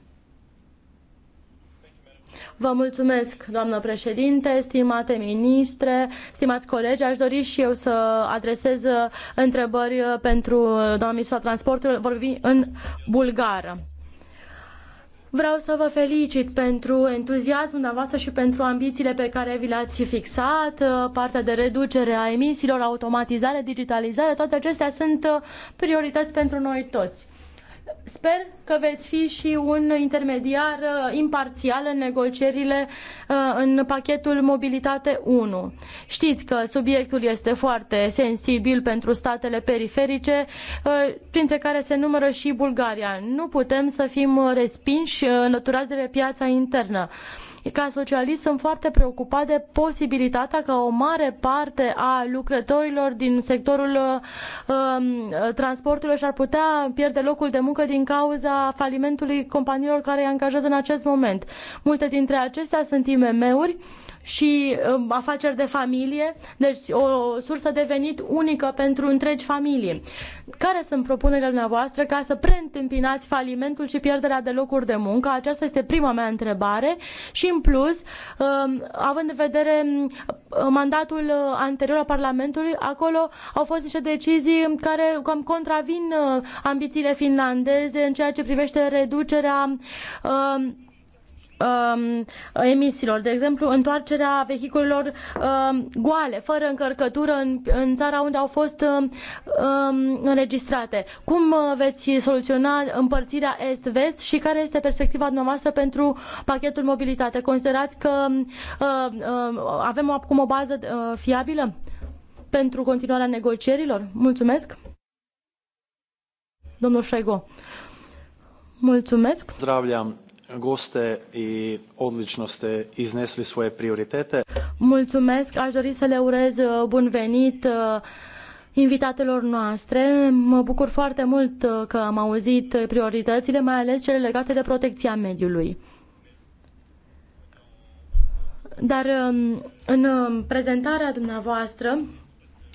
Vă mulțumesc, doamnă președinte, stimate ministre, stimați colegi. Aș dori și eu să adresez uh, întrebări uh, pentru uh, doamna ministra transportului. Vorbi în bulgară. Vreau să vă felicit pentru entuziasmul dumneavoastră și pentru ambițiile pe care vi le-ați fixat, uh, partea de reducere a emisiilor, automatizare, digitalizare, toate acestea sunt uh, priorități pentru noi toți. Sper că veți fi și un intermediar uh, imparțial în negocierile uh, în pachetul Mobilitate 1. Știți că subiectul este foarte sensibil pentru statele periferice, uh, printre care se numără și Bulgaria. Nu putem să fim respinși, înlăturați de pe piața internă. Ca socialist sunt foarte preocupat de posibilitatea ca o mare parte a lucrătorilor din sectorul um, transporturilor și-ar putea pierde locul de muncă din cauza falimentului companiilor care îi angajează în acest moment. Multe dintre acestea sunt IMM-uri și um, afaceri de familie, deci o sursă de venit unică pentru întregi familii. Care sunt propunerile dumneavoastră ca să preîntâmpinați falimentul și pierderea de locuri de muncă? Aceasta este prima mea întrebare și în plus, um, având în vedere um, mandatul uh, anterior al Parlamentului, acolo au fost niște decizii care cam contravin uh, ambițiile finlandeze în ceea ce privește reducerea um, emisiilor. De exemplu, întoarcerea vehiculelor um, goale, fără încărcătură în, în țara unde au fost um, um înregistrate. Cum uh, veți soluționa împărțirea est-vest și care este perspectiva dumneavoastră pentru pachetul mobilitate? Considerați că um, um, avem acum o bază uh, fiabilă pentru continuarea negocierilor? Mulțumesc! Domnul Șaigo. Mulțumesc.
Zdravia goste și odlično ste iznesli svoje prioritete.
Mulțumesc, aș dori să le urez uh, bun venit uh, invitatelor noastre. Mă bucur foarte mult uh, că am auzit prioritățile, mai ales cele legate de protecția mediului. Dar um, în um, prezentarea dumneavoastră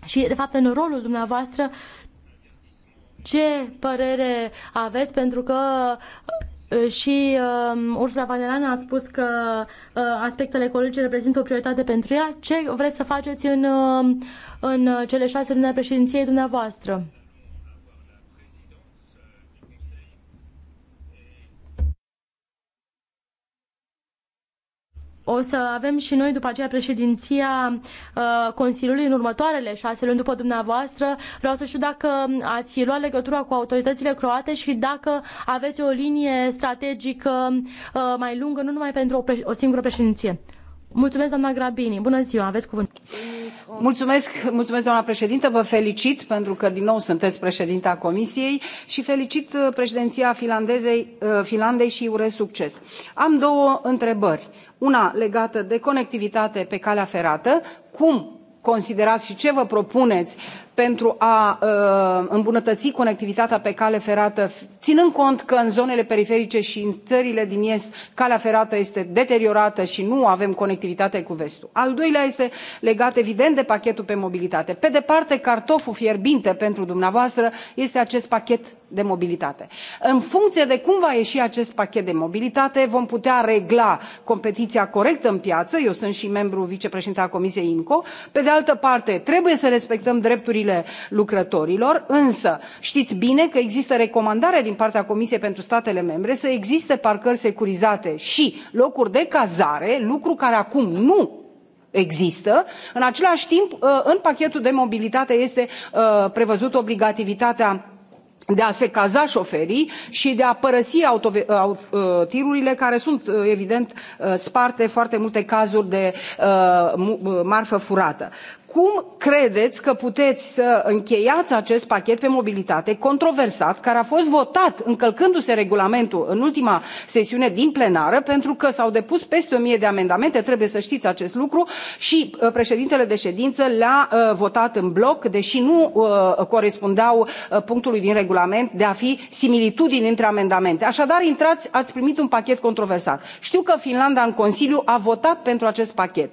și, de fapt, în rolul dumneavoastră, ce părere aveți? Pentru că și uh, Ursula von der Leyen a spus că uh, aspectele ecologice reprezintă o prioritate pentru ea. Ce vreți să faceți în, uh, în cele șase luni ale președinției dumneavoastră? o să avem și noi după aceea președinția uh, Consiliului în următoarele șase luni după dumneavoastră. Vreau să știu dacă ați luat legătura cu autoritățile croate și dacă aveți o linie strategică uh, mai lungă, nu numai pentru o, o singură președinție. Mulțumesc, doamna Grabini. Bună ziua, aveți cuvânt. Mulțumesc,
mulțumesc, doamna președintă. Vă felicit pentru că, din nou, sunteți președinta Comisiei și felicit uh, președinția finlandezei, uh, Finlandei și urez succes. Am două întrebări. Una legată de conectivitate pe calea ferată. Cum considerați și ce vă propuneți pentru a uh, îmbunătăți conectivitatea pe cale ferată ținând cont că în zonele periferice și în țările din est calea ferată este deteriorată și nu avem conectivitate cu vestul. al doilea este legat evident de pachetul pe mobilitate. pe de parte cartoful fierbinte pentru dumneavoastră este acest pachet de mobilitate. în funcție de cum va ieși acest pachet de mobilitate vom putea regla competiția corectă în piață eu sunt și membru vicepreședinte al comisiei imco pe de altă parte trebuie să respectăm drepturile drepturile lucrătorilor însă știți bine că există recomandarea din partea comisiei pentru statele membre să existe parcări securizate și locuri de cazare lucru care acum nu există în același timp ă, în pachetul de mobilitate este ă, prevăzută obligativitatea de a se caza șoferii și de a părăsi ă, tirurile care sunt evident sparte foarte multe cazuri de marfă furată cum credeți că puteți să încheiați acest pachet pe mobilitate controversat care a fost votat încălcându se regulamentul în ultima sesiune din plenară pentru că s au depus peste o mie de amendamente trebuie să știți acest lucru și uh, președintele de ședință le a uh, votat în bloc deși nu uh, corespundeau punctului din regulament de a fi similitudini între amendamente. așadar intrați ați primit un pachet controversat. știu că finlanda în consiliu a votat pentru acest pachet.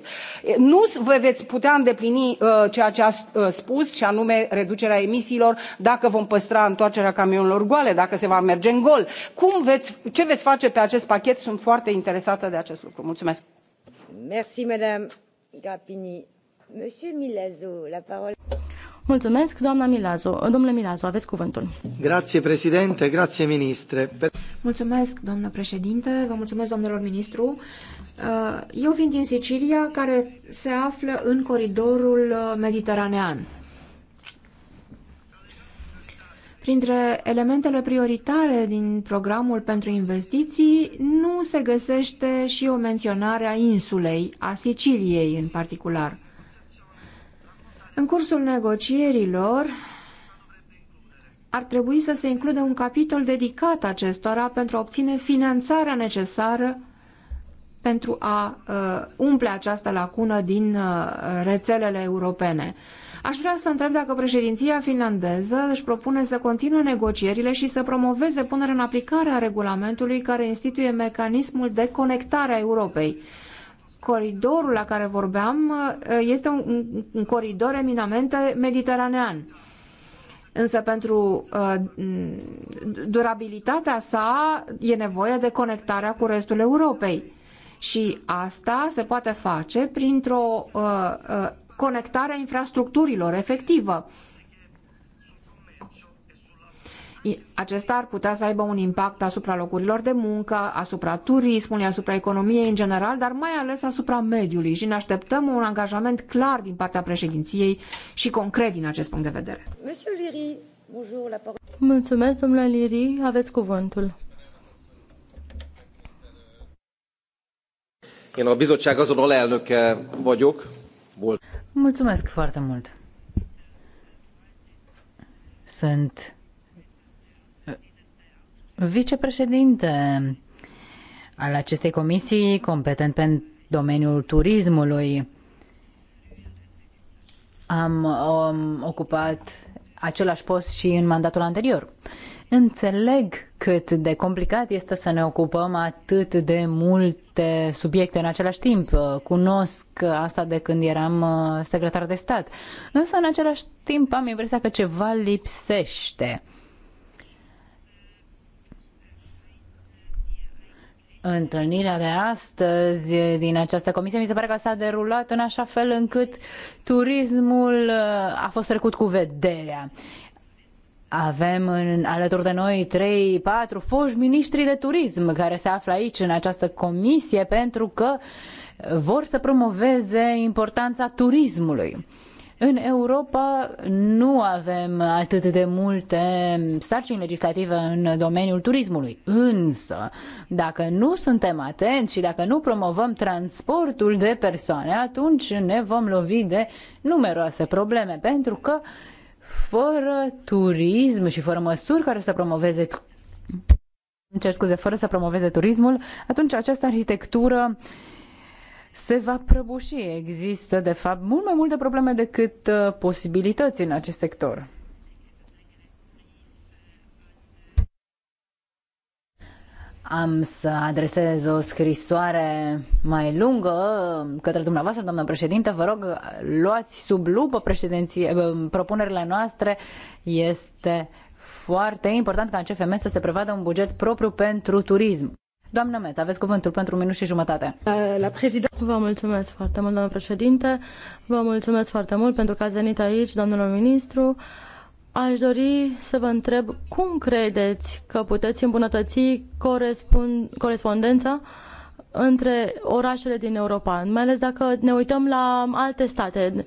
nu vă veți putea îndeplini Uh, ceea ce a uh, spus și anume reducerea emisiilor dacă vom păstra întoarcerea camioanelor goale dacă se va merge în gol cum veți, ce veți face pe acest pachet sunt foarte interesată de acest lucru. mulțumesc.
Mulțumesc, doamna Milazo. Domnule Milazo, aveți cuvântul.
Grație, președinte, grație, ministre.
Mulțumesc, doamnă președinte, vă mulțumesc, domnilor ministru.
Uh, eu vin din Sicilia, care se află în coridorul uh, mediteranean. Printre elementele prioritare din programul pentru investiții nu se găsește și o menționare a insulei, a Siciliei în particular. În cursul negocierilor ar trebui să se includă un capitol dedicat acestora pentru a obține finanțarea necesară pentru a uh, umple această lacună din uh, rețelele europene. Aș vrea să întreb dacă președinția finlandeză își propune să continue negocierile și să promoveze punerea în aplicare a regulamentului care instituie mecanismul de conectare a Europei. Coridorul la care vorbeam uh, este un, un coridor eminamente mediteranean. Însă pentru uh, durabilitatea sa e nevoie de conectarea cu restul Europei. Și asta se poate face printr-o uh, uh, conectare a infrastructurilor efectivă. Acesta ar putea să aibă un impact asupra locurilor de muncă, asupra turismului, asupra economiei în general, dar mai ales asupra mediului și ne așteptăm un angajament clar din partea președinției
și concret din acest punct de vedere. Mulțumesc, domnule Liri, aveți cuvântul.
Én a bizottság azon alelnöke vagyok. Volt.
Mulțumesc foarte mult.
Sunt uh, vicepreședinte al acestei comisii competent pentru domeniul turismului. Am um, ocupat același post și în mandatul anterior. Înțeleg cât de complicat este să ne ocupăm atât de multe subiecte în același timp. Cunosc asta de când eram uh, secretar de stat. Însă, în același timp, am impresia că ceva lipsește. Întâlnirea de astăzi din această comisie mi se pare că s-a derulat în așa fel încât turismul uh, a fost trecut cu vederea. Avem în, alături de noi trei, patru foști miniștri de turism care se află aici în această comisie pentru că vor să promoveze importanța turismului. În Europa nu avem atât de multe sarcini legislative în domeniul turismului, însă dacă nu suntem atenți și dacă nu promovăm transportul de persoane, atunci ne vom lovi de numeroase probleme, pentru că uh, fără turism și fără măsuri care să promoveze cer scuze, fără să promoveze turismul, atunci această arhitectură se va prăbuși. Există, de fapt, mult mai multe probleme decât uh, posibilități în acest sector. am să adresez o scrisoare mai lungă către dumneavoastră, doamnă președinte. Vă rog, luați sub lupă președinție, ă, propunerile noastre. Este foarte important ca în CFM să se prevadă un buget propriu pentru turism. Doamnă Meț, aveți cuvântul pentru un minut și jumătate.
La prezident. Vă mulțumesc foarte mult, doamnă președinte. Vă mulțumesc foarte mult pentru că ați venit aici, domnul ministru. Aș dori să vă întreb cum credeți că puteți îmbunătăți corespondența între orașele din Europa, mai ales dacă ne uităm la alte state.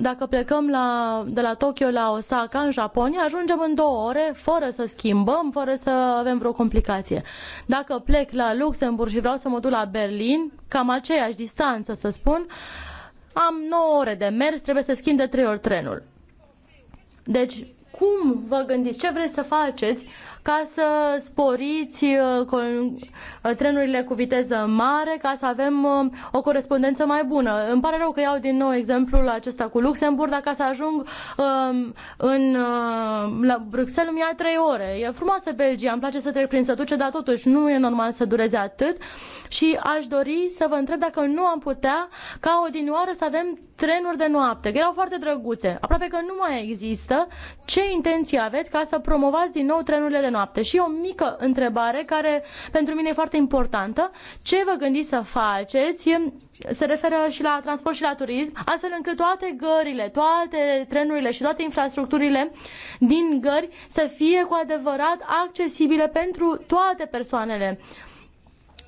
Dacă plecăm la, de la Tokyo la Osaka, în Japonia, ajungem în două ore, fără să schimbăm, fără să avem vreo complicație. Dacă plec la Luxemburg și vreau să mă duc la Berlin, cam aceeași distanță, să spun, am 9 ore de mers, trebuie să schimb de 3 ori trenul. Deci, cum vă gândiți, ce vreți să faceți ca să sporiți uh, uh, trenurile cu viteză mare, ca să avem uh, o corespondență mai bună. Îmi pare rău că iau din nou exemplul acesta cu Luxemburg, dar ca să ajung um, în, la Bruxelles îmi ia trei ore. E frumoasă Belgia, îmi place să trec prin sătuce, dar totuși nu e normal să dureze atât și aș dori să vă întreb dacă nu am putea ca odinioară să avem trenuri de noapte, că erau foarte drăguțe. Aproape că nu mai există. Ce intenții aveți ca să promovați din nou trenurile de noapte? noapte. Și o mică întrebare care pentru mine e foarte importantă. Ce vă gândiți să faceți se referă și la transport și la turism, astfel încât toate gările, toate trenurile și toate infrastructurile din gări să fie cu adevărat accesibile pentru toate persoanele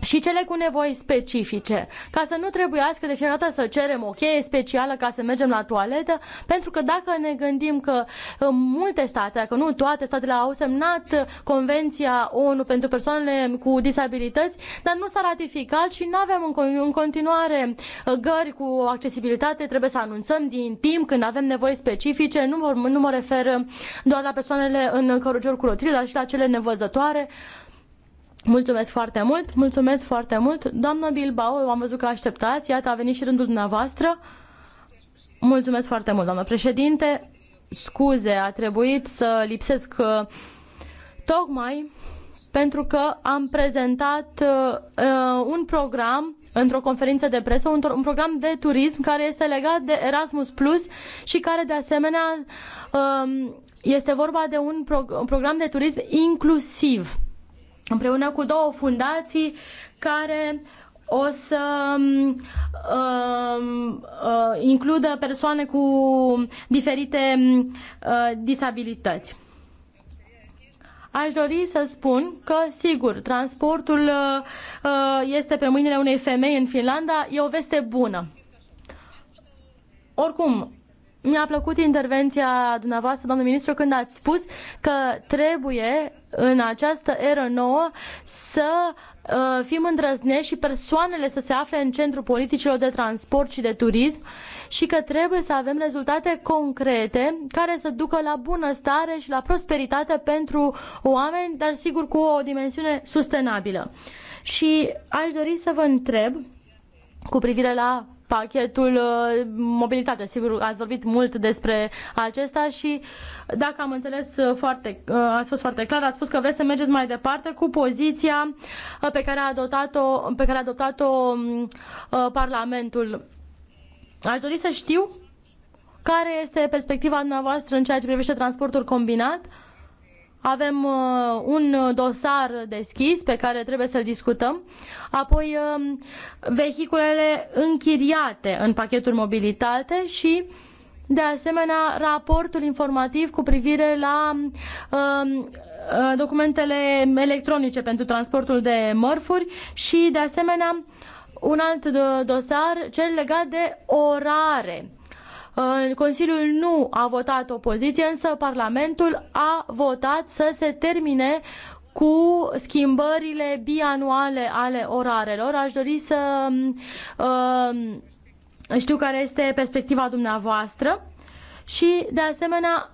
și cele cu nevoi specifice, ca să nu trebuiască de fiecare dată să cerem o cheie specială ca să mergem la toaletă, pentru că dacă ne gândim că uh, multe state, dacă nu toate statele au semnat uh, Convenția ONU pentru persoanele cu disabilități, dar nu s-a ratificat și nu avem în continuare uh, gări cu accesibilitate, trebuie să anunțăm din timp când avem nevoi specifice, nu, mă, nu mă refer doar la persoanele în cărucior cu rotile, dar și la cele nevăzătoare. Mulțumesc foarte mult, mulțumesc foarte mult. Doamna Bilbao, am văzut că așteptați, iată a venit și rândul dumneavoastră. Mulțumesc foarte mult, doamnă președinte. Scuze, a trebuit să lipsesc uh, tocmai pentru că am prezentat uh, uh, un program într-o conferință de presă, un, un program de turism care este legat de Erasmus Plus și care de asemenea uh, este vorba de un, pro- un program de turism inclusiv împreună cu două fundații care o să uh, uh, includă persoane cu diferite um, uh, disabilități. Aș dori să spun că, sigur, transportul uh, uh, este pe mâinile unei femei în Finlanda, e o veste bună. Oricum, mi-a plăcut intervenția dumneavoastră, domnul ministru, când ați spus că trebuie în această eră nouă să uh, fim îndrăznești și persoanele să se afle în centrul politicilor de transport și de turism și că trebuie să avem rezultate concrete care să ducă la bunăstare și la prosperitate pentru oameni, dar sigur cu o dimensiune sustenabilă. Și aș dori să vă întreb cu privire la pachetul uh, mobilitate. Sigur, ați vorbit mult despre acesta și dacă am înțeles uh, foarte, uh, ați fost foarte clar, ați spus că vreți să mergeți mai departe cu poziția pe care a adoptat-o, pe care a adoptat-o um, Parlamentul. Aș dori să știu care este perspectiva noastră în ceea ce privește transportul combinat. Uh, avem uh, un dosar deschis pe care trebuie să-l discutăm, apoi uh, vehiculele închiriate în pachetul mobilitate și de asemenea raportul informativ cu privire la um, uh, documentele electronice pentru transportul de mărfuri și de asemenea un alt dosar, cel legat de orare Consiliul nu a votat opoziție, însă Parlamentul a votat să se termine cu schimbările bianuale ale orarelor. Aș dori să uh, știu care este perspectiva dumneavoastră și, de asemenea,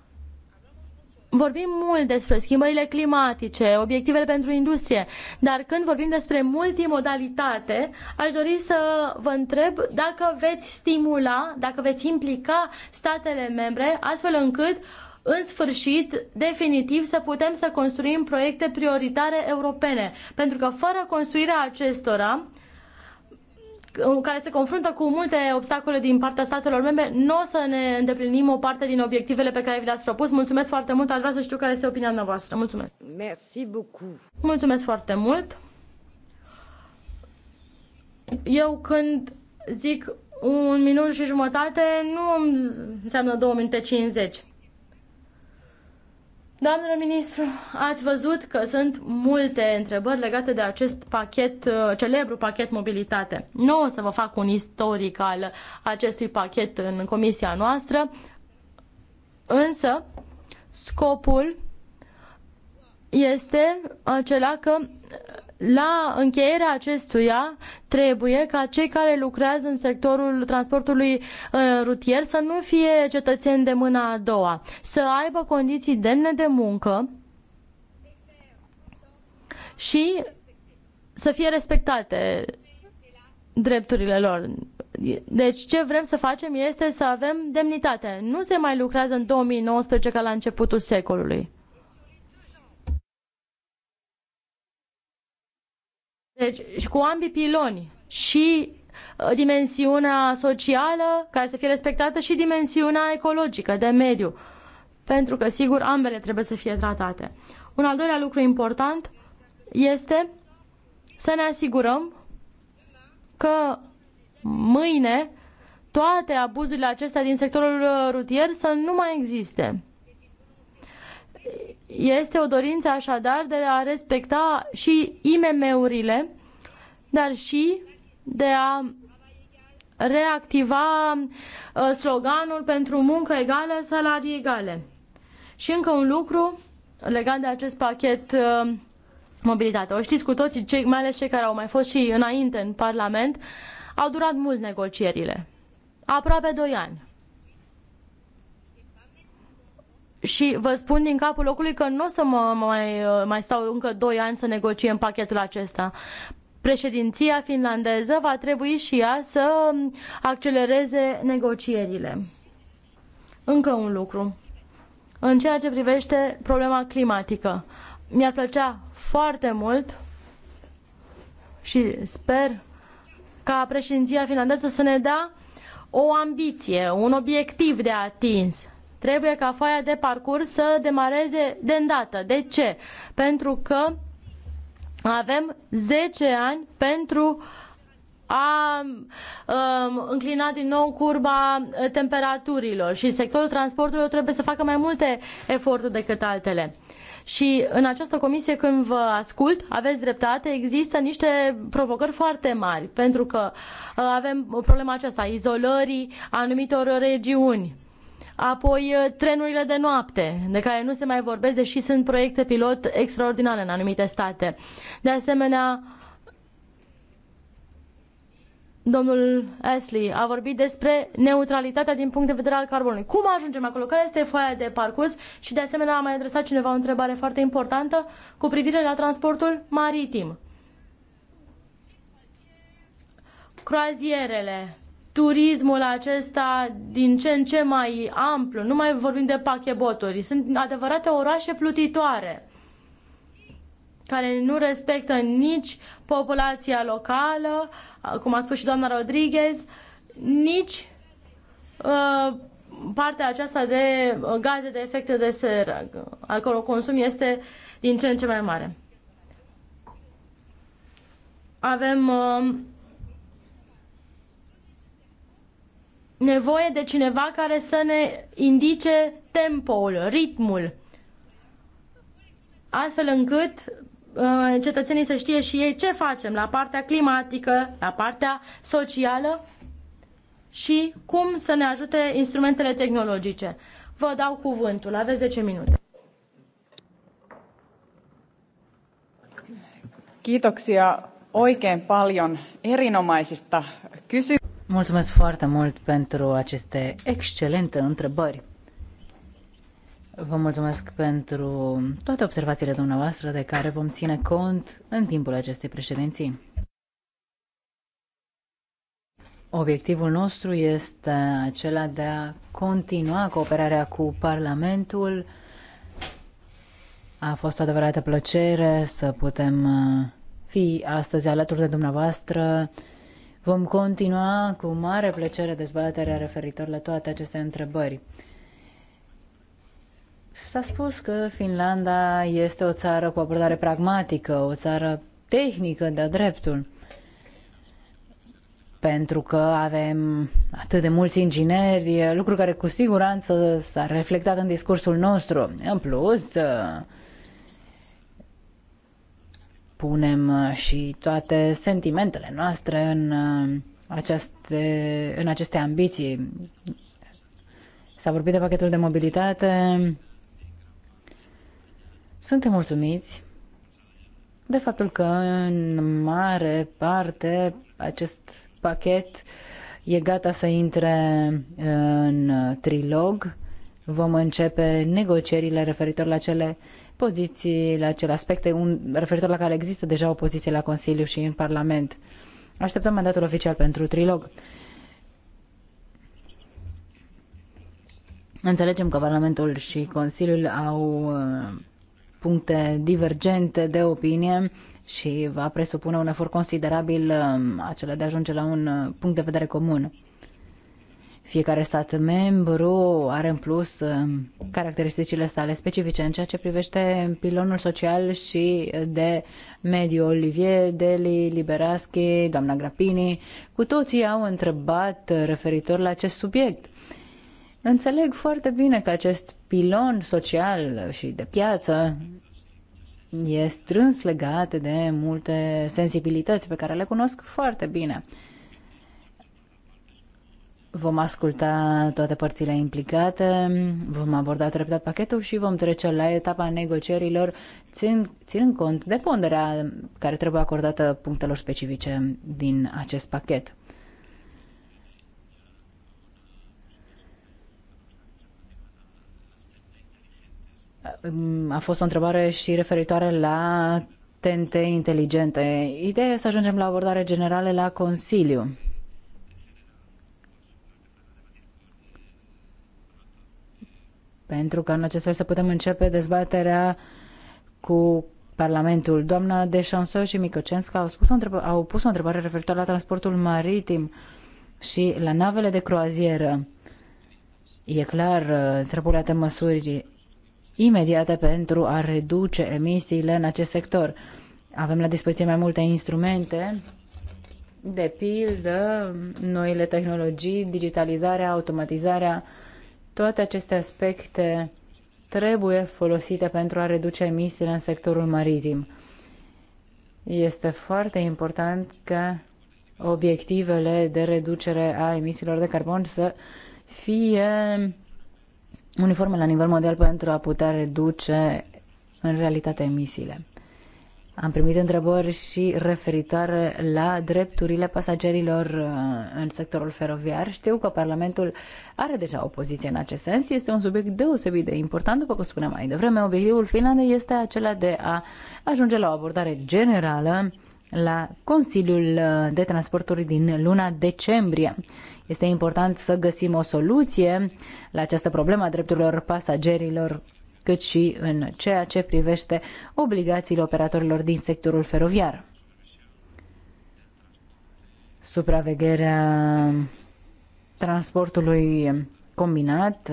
Vorbim mult despre schimbările climatice, obiectivele pentru industrie, dar când vorbim despre multimodalitate, aș dori să vă întreb dacă veți stimula, dacă veți implica statele membre astfel încât în sfârșit, definitiv, să putem să construim proiecte prioritare europene. Pentru că fără construirea acestora, care se confruntă cu multe obstacole din partea statelor membre, nu o să ne îndeplinim o parte din obiectivele pe care vi le-ați propus. Mulțumesc foarte mult, aș vrea să știu care este opinia noastră. Mulțumesc. Merci beaucoup. Mulțumesc foarte mult. Eu când zic un minut și jumătate, nu înseamnă 2 minute 50. Doamnă ministru, ați văzut că sunt multe întrebări legate de acest pachet, uh, celebru pachet mobilitate. Nu o să vă fac un istoric al acestui pachet în comisia noastră, însă scopul este acela că la încheierea acestuia trebuie ca cei care lucrează în sectorul transportului uh, rutier să nu fie cetățeni de mâna a doua, să aibă condiții demne de muncă și să fie respectate drepturile lor. Deci ce vrem să facem este să avem demnitate. Nu se mai lucrează în 2019 ca la începutul secolului. Deci, și cu ambii piloni și uh, dimensiunea socială care să fie respectată și dimensiunea ecologică, de mediu. Pentru că, sigur, ambele trebuie să fie tratate. Un al doilea lucru important este să ne asigurăm că mâine toate abuzurile acestea din sectorul uh, rutier să nu mai existe. Este o dorință așadar de a respecta și IMM-urile, dar și de a reactiva uh, sloganul pentru muncă egală, salarii egale. Și încă un lucru legat de acest pachet uh, mobilitate. O știți cu toții, cei, mai ales cei care au mai fost și înainte în Parlament, au durat mult negocierile. Aproape 2 ani. Și vă spun din capul locului că nu o să mă mai, uh, mai stau încă 2 ani să negociem pachetul acesta. Președinția finlandeză va trebui și ea să accelereze negocierile. Încă un lucru. În ceea ce privește problema climatică, mi-ar plăcea foarte mult și sper ca președinția finlandeză să ne dea o ambiție, un obiectiv de atins Trebuie ca foaia de parcurs să demareze de îndată. De ce? Pentru că avem 10 ani pentru a um, înclina din nou curba uh, temperaturilor și sectorul transportului trebuie să facă mai multe eforturi decât altele. Și în această comisie, când vă ascult, aveți dreptate, există niște provocări foarte mari, pentru că uh, avem problema aceasta, izolării anumitor regiuni Apoi uh, trenurile de noapte, de care nu se mai vorbesc, deși sunt proiecte pilot extraordinare în anumite state. De asemenea, domnul Ashley a vorbit despre neutralitatea din punct de vedere al carbonului. Cum ajungem acolo? Care este foaia de parcurs? Și de asemenea a mai adresat cineva o întrebare foarte importantă cu privire la transportul maritim. Croazierele turismul acesta din ce în ce mai amplu, nu mai vorbim de pacheboturi, sunt adevărate orașe plutitoare care nu respectă nici populația locală, cum a spus și doamna Rodriguez, nici uh, partea aceasta de uh, gaze de efecte de seră, al căror consum este din ce în ce mai mare. Avem uh, nevoie de cineva care să ne indice tempoul, ritmul, astfel încât uh, cetățenii să știe și ei ce facem la partea climatică, la partea socială și cum să ne ajute instrumentele tehnologice. Vă dau cuvântul, aveți 10 minute.
Kiitoksia oikein paljon erinomaisista kysymyksistä.
Mulțumesc foarte mult pentru aceste excelente întrebări. Vă mulțumesc pentru toate observațiile dumneavoastră de care vom ține cont în timpul acestei președinții. Obiectivul nostru este acela de a continua cooperarea cu Parlamentul. A fost o adevărată plăcere să putem uh, fi astăzi alături de dumneavoastră Vom continua cu mare plăcere dezbaterea referitor la toate aceste întrebări. S-a spus că Finlanda este o țară cu abordare pragmatică, o țară tehnică de dreptul. Pentru că avem atât de mulți ingineri, lucru care cu siguranță s-a reflectat în discursul nostru. În plus, punem uh, și toate sentimentele noastre în uh, aceste, în aceste ambiții. S-a vorbit de pachetul de mobilitate. Suntem mulțumiți de faptul că în mare parte acest pachet e gata să intre uh, în trilog. Vom începe negocierile referitor la cele poziții la acel aspecte un, referitor la care există deja o poziție la Consiliu și în Parlament. Așteptăm mandatul oficial pentru trilog. Înțelegem că Parlamentul și Consiliul au uh, puncte divergente de opinie și va presupune un efort considerabil uh, acela de a ajunge la un uh, punct de vedere comun. Fiecare stat membru are în plus uh, caracteristicile sale specifice în ceea ce privește pilonul social și de mediu. Olivier, Deli, Liberaschi, doamna Grapini, cu toții au întrebat referitor la acest subiect. Înțeleg foarte bine că acest pilon social și de piață e strâns legat de multe sensibilități pe care le cunosc foarte bine. Vom asculta toate părțile implicate, vom aborda treptat pachetul și vom trece la etapa negocierilor, țin, ținând cont de ponderea care trebuie acordată punctelor specifice din acest pachet. A fost o întrebare și referitoare la TNT inteligente. Ideea e să ajungem la abordare generală la Consiliu. pentru că în acest fel să putem începe dezbaterea cu Parlamentul. Doamna Deșanso și Micocenska au, spus o întrebare, au pus o întrebare referitoare la transportul maritim și la navele de croazieră. E clar, trebuie luate măsuri imediate pentru a reduce emisiile în acest sector. Avem la dispoziție mai multe instrumente, de pildă, noile tehnologii, digitalizarea, automatizarea, toate aceste aspecte trebuie folosite pentru a reduce emisiile în sectorul maritim. Este foarte important ca obiectivele de reducere a emisiilor de carbon să fie uniforme la nivel mondial pentru a putea reduce în realitate emisiile. Am primit întrebări și referitoare la drepturile pasagerilor uh, în sectorul feroviar. Știu că Parlamentul are deja o poziție în acest sens. Este un subiect deosebit de important, după cum spuneam mai devreme. Obiectivul Finlandei este acela de a ajunge la o abordare generală la Consiliul uh, de Transporturi din luna decembrie. Este important să găsim o soluție la această problemă a drepturilor pasagerilor cât și în ceea ce privește obligațiile operatorilor din sectorul feroviar. Supravegherea transportului combinat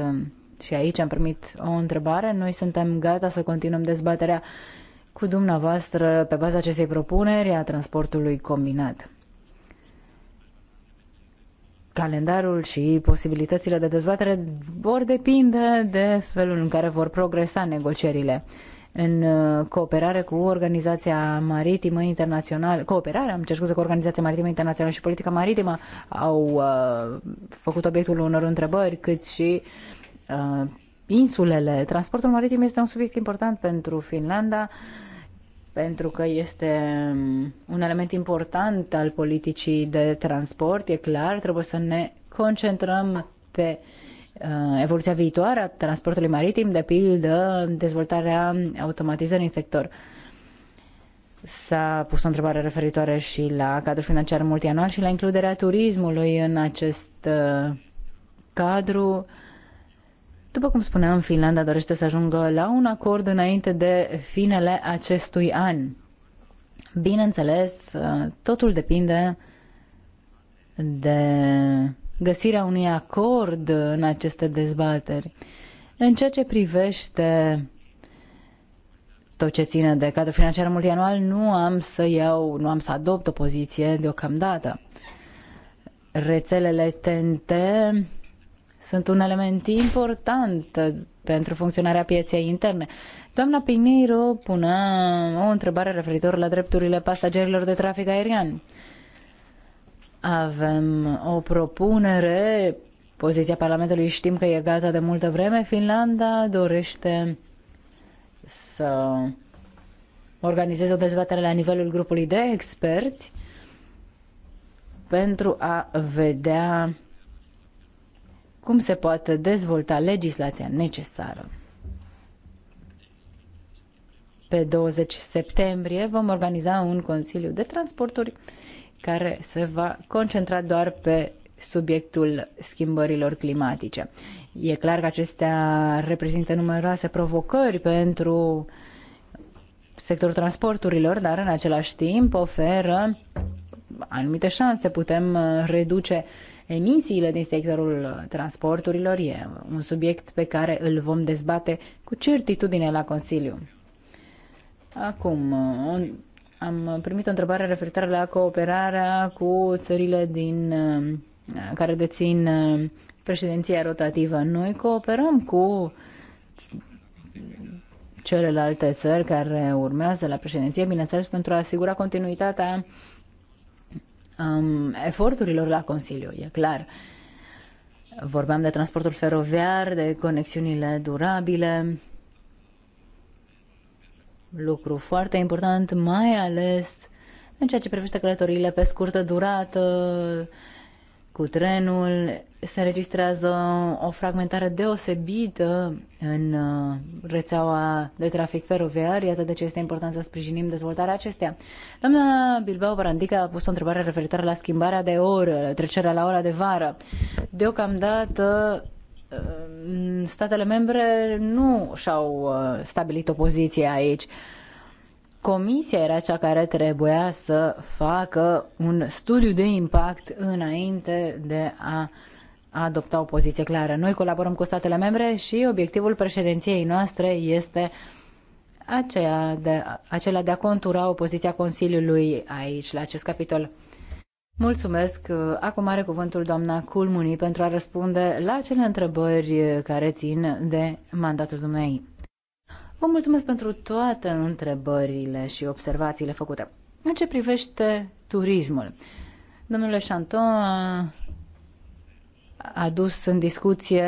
și aici am primit o întrebare. Noi suntem gata să continuăm dezbaterea cu dumneavoastră pe baza acestei propuneri a transportului combinat calendarul și posibilitățile de dezbatere vor depinde de felul în care vor progresa negocierile în uh, cooperare cu Organizația Maritimă Internațională, cooperare, am cerut cu Organizația Maritimă Internațională și Politica Maritimă au uh, făcut obiectul unor întrebări, cât și uh, insulele. Transportul maritim este un subiect important pentru Finlanda. Uh, pentru că este um, un element important al politicii de transport, e clar, trebuie să ne concentrăm pe uh, evoluția viitoare a transportului maritim, de pildă dezvoltarea automatizării în sector. S-a pus o întrebare referitoare și la cadrul financiar multianual și la includerea turismului în acest uh, cadru. Uh, după cum spuneam, Finlanda dorește să ajungă la un acord înainte de finele acestui an. Bineînțeles, totul depinde de găsirea unui acord în aceste dezbateri. În ceea ce privește tot ce ține de cadrul financiar multianual, nu am să iau, nu am să adopt o poziție deocamdată. Rețelele TNT sunt un element important pentru funcționarea pieței interne. Doamna Pinero pune o întrebare referitor la drepturile pasagerilor de trafic aerian. Avem o propunere, poziția Parlamentului știm că e gata de multă vreme, Finlanda dorește să organizeze o dezbatere la nivelul grupului de experți pentru a vedea cum se poate dezvolta legislația necesară. Pe 20 septembrie vom organiza un Consiliu de Transporturi care se va concentra doar pe subiectul schimbărilor climatice. E clar că acestea reprezintă numeroase provocări pentru sectorul transporturilor, dar în același timp oferă anumite șanse. Putem uh, reduce emisiile din sectorul uh, transporturilor. E un subiect pe care îl vom dezbate cu certitudine la Consiliu. Acum, uh, am primit o întrebare referitoare la cooperarea cu țările din, uh, care dețin președinția rotativă. Noi cooperăm cu celelalte țări care urmează la președinție, bineînțeles, pentru a asigura continuitatea um, eforturilor la Consiliu, e clar. Vorbeam de transportul feroviar, de conexiunile durabile, lucru foarte important, mai ales în ceea ce privește călătoriile pe scurtă durată, cu trenul, se înregistrează o fragmentare deosebită în uh, rețeaua de trafic feroviar, iată de ce este important să sprijinim dezvoltarea acesteia. Doamna Bilbao Barandica a pus o întrebare referitoare la schimbarea de oră, trecerea la ora de vară. Deocamdată uh, statele membre nu și-au uh, stabilit o poziție aici. Comisia era cea care trebuia să facă un studiu de impact înainte de a adopta o poziție clară. Noi colaborăm cu statele membre și obiectivul președinției noastre este aceea de, acela de a contura o a Consiliului aici, la acest capitol. Mulțumesc. Acum are cuvântul doamna Culmuni pentru a răspunde la cele întrebări care țin de mandatul dumneavoastră. Vă mulțumesc pentru toate întrebările și observațiile făcute. În ce privește turismul, domnule Chanton a dus în discuție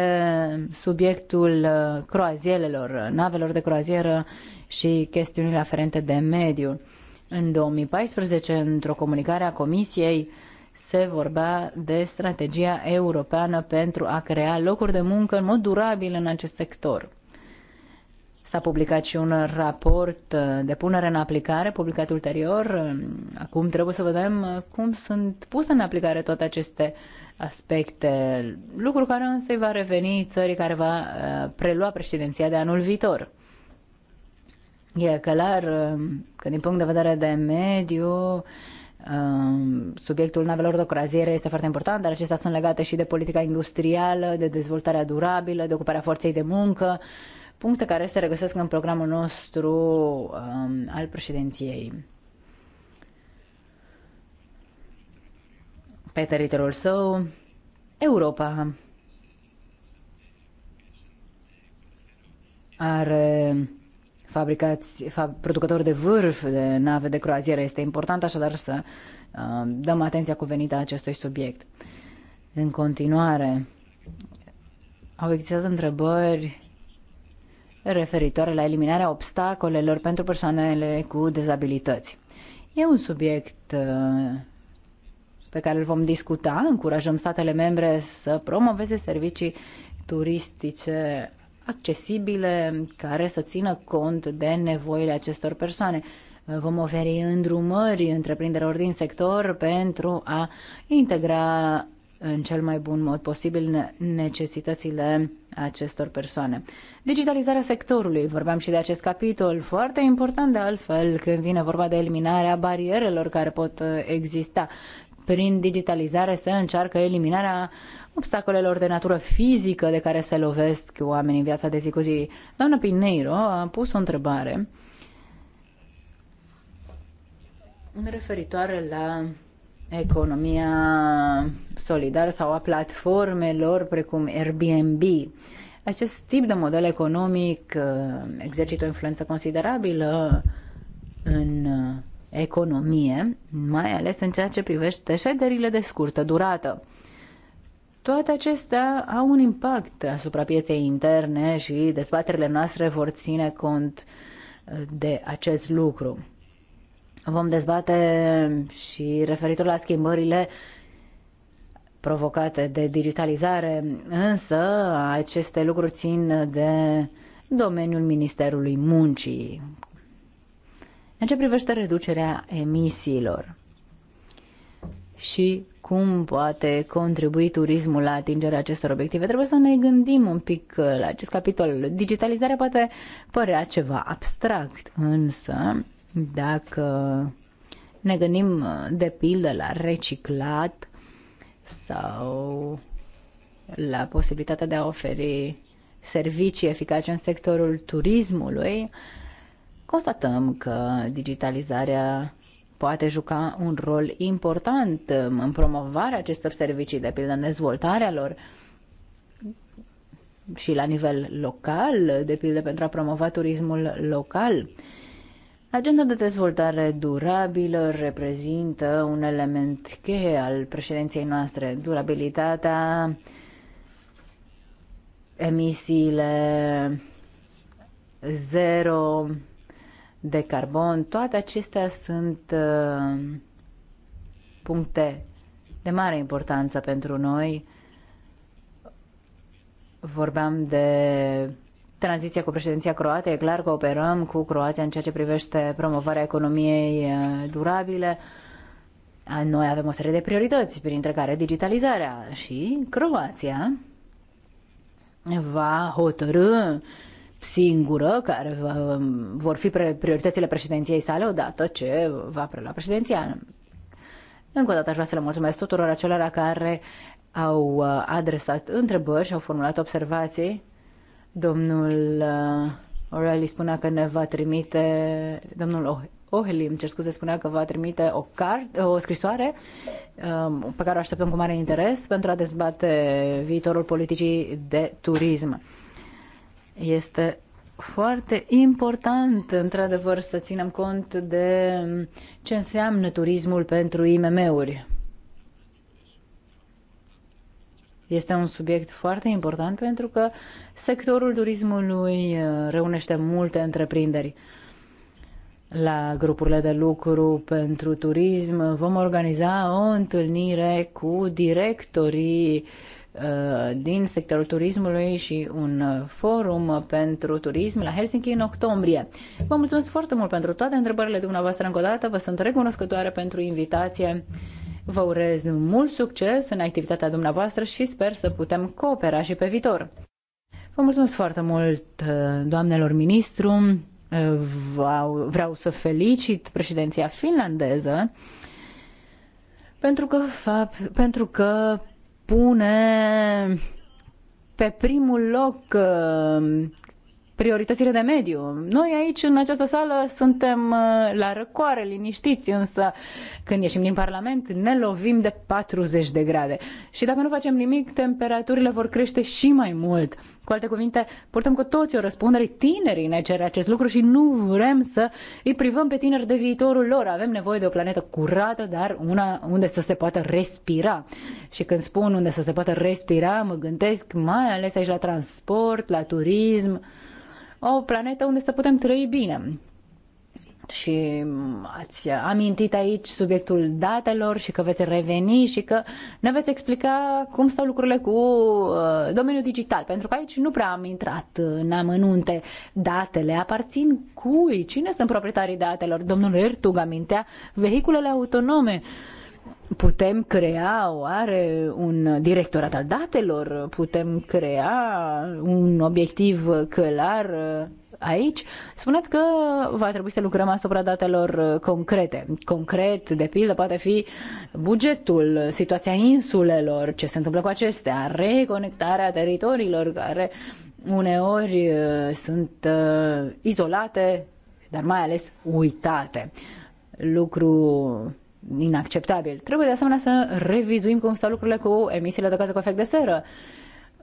subiectul uh, croazielelor, navelor de croazieră și chestiunile aferente de mediu. În 2014, într-o comunicare a Comisiei, se vorbea de strategia europeană pentru a crea locuri de muncă în mod durabil în acest sector. S-a publicat și un raport uh, de punere în aplicare, publicat ulterior. Um, acum trebuie să vedem uh, cum sunt puse în aplicare toate aceste aspecte, lucru care însă îi va reveni țării care va uh, prelua președinția de anul viitor. E clar um, că din punct de vedere de mediu, um, subiectul navelor de croaziere este foarte important, dar acestea sunt legate și de politica industrială, de dezvoltarea durabilă, de ocuparea forței de muncă, puncte care se regăsesc în programul nostru um, al președinției. Pe teritoriul său, Europa are fabricați, fab, producători de vârf de nave de croazieră. Este important așadar să um, dăm atenția cuvenită a acestui subiect. În continuare, au existat întrebări referitoare la eliminarea obstacolelor pentru persoanele cu dezabilități. E un subiect uh, pe care îl vom discuta. Încurajăm statele membre să promoveze servicii turistice accesibile care să țină cont de nevoile acestor persoane. Vom oferi îndrumări întreprinderilor din sector pentru a integra în cel mai bun mod posibil necesitățile acestor persoane. Digitalizarea sectorului, vorbeam și de acest capitol, foarte important de altfel când vine vorba de eliminarea barierelor care pot uh, exista. Prin digitalizare se încearcă eliminarea obstacolelor de natură fizică de care se lovesc oamenii în viața de zi cu zi. Doamna Pineiro a pus o întrebare referitoare la economia solidară sau a platformelor precum Airbnb. Acest tip de model economic uh, exercită o influență considerabilă în uh, economie, mai ales în ceea ce privește șederile de scurtă durată. Toate acestea au un impact asupra pieței interne și dezbaterile noastre vor ține cont uh, de acest lucru. Vom dezbate și referitor la schimbările provocate de digitalizare, însă aceste lucruri țin de domeniul Ministerului Muncii. În ce privește reducerea emisiilor și cum poate contribui turismul la atingerea acestor obiective, trebuie să ne gândim un pic la acest capitol. Digitalizarea poate părea ceva abstract, însă dacă ne gândim de pildă la reciclat sau la posibilitatea de a oferi servicii eficace în sectorul turismului, constatăm că digitalizarea poate juca un rol important în promovarea acestor servicii, de pildă în dezvoltarea lor și la nivel local, de pildă pentru a promova turismul local. Agenda de dezvoltare durabilă reprezintă un element cheie al președinției noastre. Durabilitatea, emisiile zero de carbon, toate acestea sunt uh, puncte de mare importanță pentru noi. Vorbeam de tranziția cu președinția croată. E clar că operăm cu Croația în ceea ce privește promovarea economiei durabile. Noi avem o serie de priorități, printre care digitalizarea și Croația va hotărâ singură care va, vor fi prioritățile președinției sale odată ce va prelua președinția. Încă o dată aș vrea să le mulțumesc tuturor acelora care au uh, adresat întrebări și au formulat observații Domnul uh, O'Reilly spunea că ne va trimite, domnul Ohelim, îmi cer scuze, spunea că va trimite o, card, o scrisoare um, pe care o așteptăm cu mare interes pentru a dezbate viitorul politicii de turism. Este foarte important, într-adevăr, să ținem cont de ce înseamnă turismul pentru IMM-uri. Este un subiect foarte important pentru că sectorul turismului uh, reunește multe întreprinderi. La grupurile de lucru pentru turism vom organiza o întâlnire cu directorii uh, din sectorul turismului și un uh, forum pentru turism la Helsinki în octombrie. Vă mulțumesc foarte mult pentru toate întrebările dumneavoastră încă o dată, vă sunt recunoscătoare pentru invitație Vă urez mult succes în activitatea dumneavoastră și sper să putem coopera și pe viitor. Vă mulțumesc foarte mult, uh, doamnelor ministru. Uh, vreau să felicit președinția finlandeză pentru că, pentru că pune pe primul loc uh, prioritățile de mediu. Noi aici, în această sală, suntem uh, la răcoare, liniștiți, însă când ieșim din Parlament ne lovim de 40 de grade. Și dacă nu facem nimic, temperaturile vor crește și mai mult. Cu alte cuvinte, purtăm cu toții o răspundere. Tinerii ne cer acest lucru și nu vrem să îi privăm pe tineri de viitorul lor. Avem nevoie de o planetă curată, dar una unde să se poată respira. Și când spun unde să se poată respira, mă gândesc mai ales aici la transport, la turism, o planetă unde să putem trăi bine. Și ați amintit aici subiectul datelor și că veți reveni și că ne veți explica cum stau lucrurile cu uh, domeniul digital, pentru că aici nu prea am intrat în amănunte. Datele aparțin cui? Cine sunt proprietarii datelor? Domnul Ertug amintea vehiculele autonome. Uh, Putem crea oare un directorat al datelor? Putem crea un obiectiv clar uh, aici? Spuneți că va trebui să lucrăm asupra datelor uh, concrete. Concret, de pildă, poate fi bugetul, situația insulelor, ce se întâmplă cu acestea, reconectarea teritoriilor care uneori uh, sunt izolate, dar mai ales uitate. Lucru inacceptabil. Trebuie de asemenea să revizuim cum stau lucrurile cu emisiile de gaze cu efect de seră.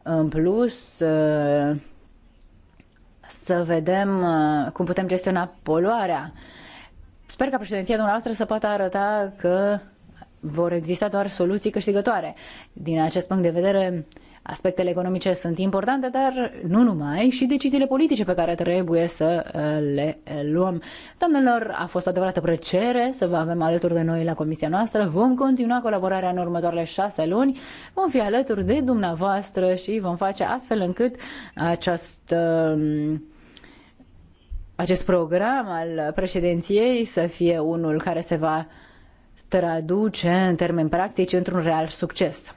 În plus, uh, să vedem uh, cum putem gestiona poluarea. Sper ca președinția dumneavoastră să poată arăta că vor exista doar soluții câștigătoare. Din acest punct de vedere, Aspectele economice sunt importante, dar nu numai, și deciziile politice pe care trebuie să uh, le uh, luăm. Doamnelor, a fost o adevărată plăcere să vă avem alături de noi la comisia noastră. Vom continua colaborarea în următoarele șase luni, vom fi alături de dumneavoastră și vom face astfel încât această um, acest program al președinției să fie unul care se va traduce în termeni practici într-un real succes.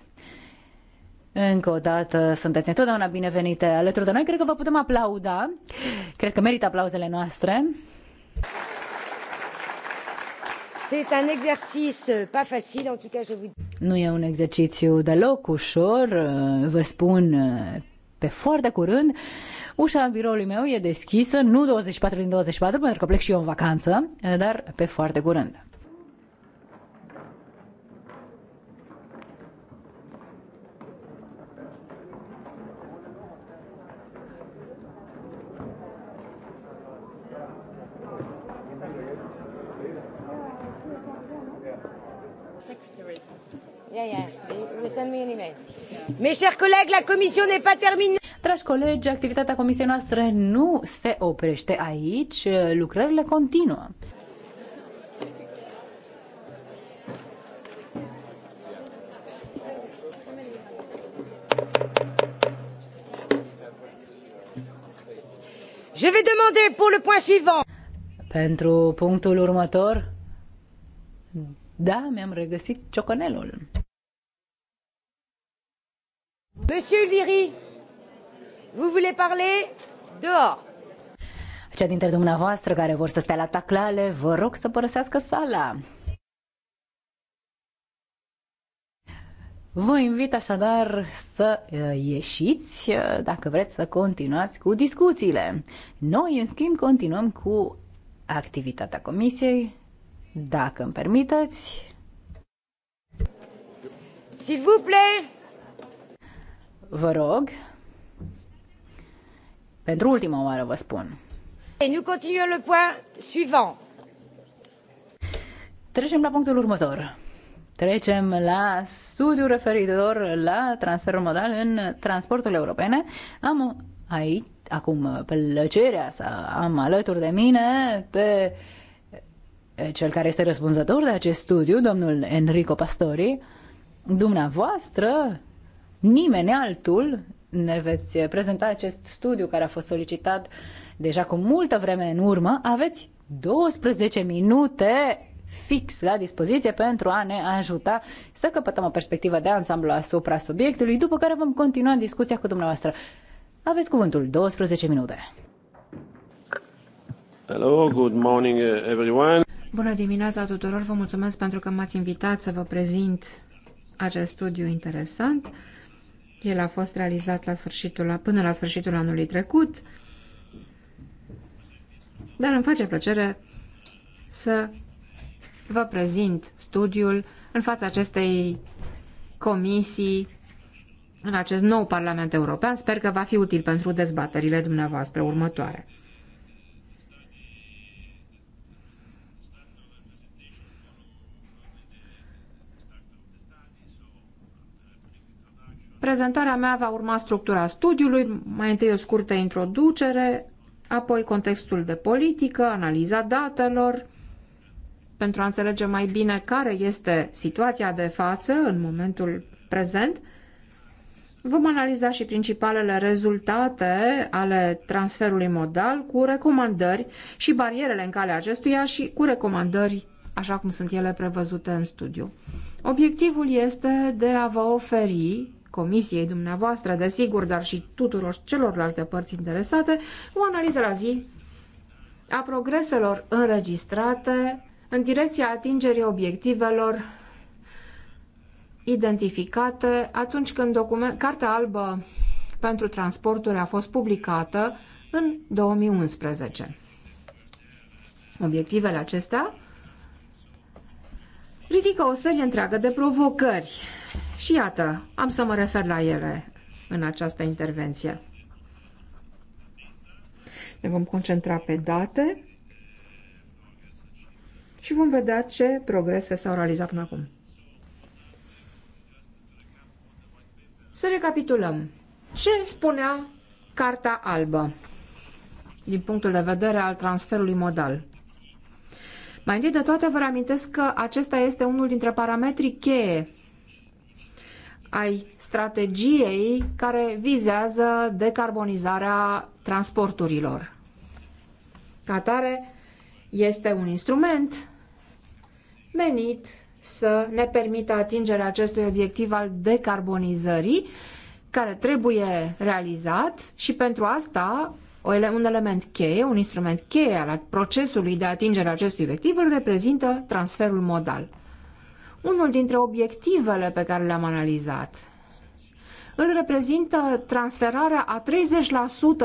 Încă o dată sunteți întotdeauna binevenite alături de noi. Cred că vă putem aplauda. Cred că merită aplauzele noastre.
Un exercice, pas facile, en tout cas, je vous...
Nu e un exercițiu deloc ușor, vă spun pe foarte curând. Ușa biroului meu e deschisă, nu 24 din 24, pentru că plec și eu în vacanță, dar pe foarte curând.
Yeah, yeah. You send me an email. Mes chers collègues, la commission n'est pas terminée. Dragi colegi, activitatea comisiei noastre
nu se oprește aici, lucrările continuă.
Je vais demander pour le point suivant.
Pentru punctul următor, da, mi-am regăsit cioconelul.
Monsieur Liri, vous voulez parler dehors?
Cea dintre dumneavoastră care vor să stea la taclale, vă rog să părăsească sala. Vă invit așadar să uh, ieșiți uh, dacă vreți să continuați cu discuțiile. Noi, în schimb, continuăm cu activitatea comisiei, dacă îmi permiteți.
S'il vous plaît!
Vă rog, pentru ultima oară vă spun.
Et nous continuons le point suivant.
Trecem la punctul următor. Trecem la studiul referitor la transferul modal în transportul europene. Am aici, acum, plăcerea să am alături de mine pe cel care este răspunzător de acest studiu, domnul Enrico Pastori. Dumneavoastră nimeni altul ne veți prezenta acest studiu care a fost solicitat deja cu multă vreme în urmă. Aveți 12 minute fix la dispoziție pentru a ne ajuta să căpătăm o perspectivă de ansamblu asupra subiectului, după care vom continua discuția cu dumneavoastră. Aveți cuvântul, 12 minute.
Hello, good morning everyone. Bună dimineața tuturor, vă mulțumesc pentru că m-ați invitat să vă prezint acest studiu interesant. El a fost realizat la sfârșitul, până la sfârșitul anului trecut, dar îmi face plăcere să vă prezint studiul în fața acestei comisii în acest nou Parlament European. Sper că va fi util pentru dezbaterile dumneavoastră
următoare.
Prezentarea mea va urma structura studiului, mai întâi o scurtă introducere, apoi contextul de politică, analiza datelor, pentru a înțelege mai bine care este situația de față în momentul prezent. Vom analiza și principalele rezultate ale transferului modal cu recomandări și barierele în calea acestuia și cu recomandări așa cum sunt ele prevăzute în studiu. Obiectivul este de a vă oferi comisiei dumneavoastră, desigur, dar și tuturor celorlalte părți interesate, o analiză la zi a progreselor înregistrate în direcția atingerii obiectivelor identificate atunci când document, Cartea Albă pentru Transporturi a fost publicată în 2011. Obiectivele acestea ridică o serie întreagă de provocări și iată, am să mă refer la ele în această intervenție. Ne vom concentra pe date și vom vedea ce progrese s-au realizat până acum. Să recapitulăm. Ce spunea Carta Albă din punctul de vedere al transferului modal? Mai întâi de toate vă reamintesc că acesta este unul dintre parametrii cheie ai strategiei care vizează decarbonizarea transporturilor. Ca este un instrument menit să ne permită atingerea acestui obiectiv al decarbonizării, care trebuie realizat și pentru asta un element cheie, un instrument cheie al procesului de atingere a acestui obiectiv îl reprezintă transferul modal. Unul dintre obiectivele pe care le-am analizat îl reprezintă transferarea a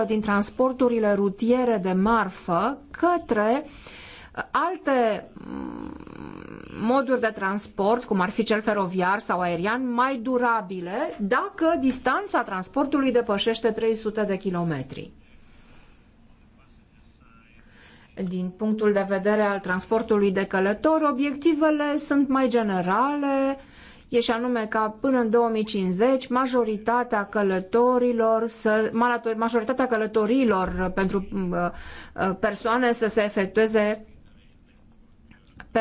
30% din transporturile rutiere de marfă către uh, alte mm, moduri de transport, cum ar fi cel feroviar sau aerian, mai durabile dacă distanța transportului depășește 300 de kilometri din punctul de vedere al transportului de călători, obiectivele sunt mai generale, e și anume ca până în 2050 majoritatea călătorilor să, majoritatea călătorilor pentru uh, uh, persoane să se efectueze pe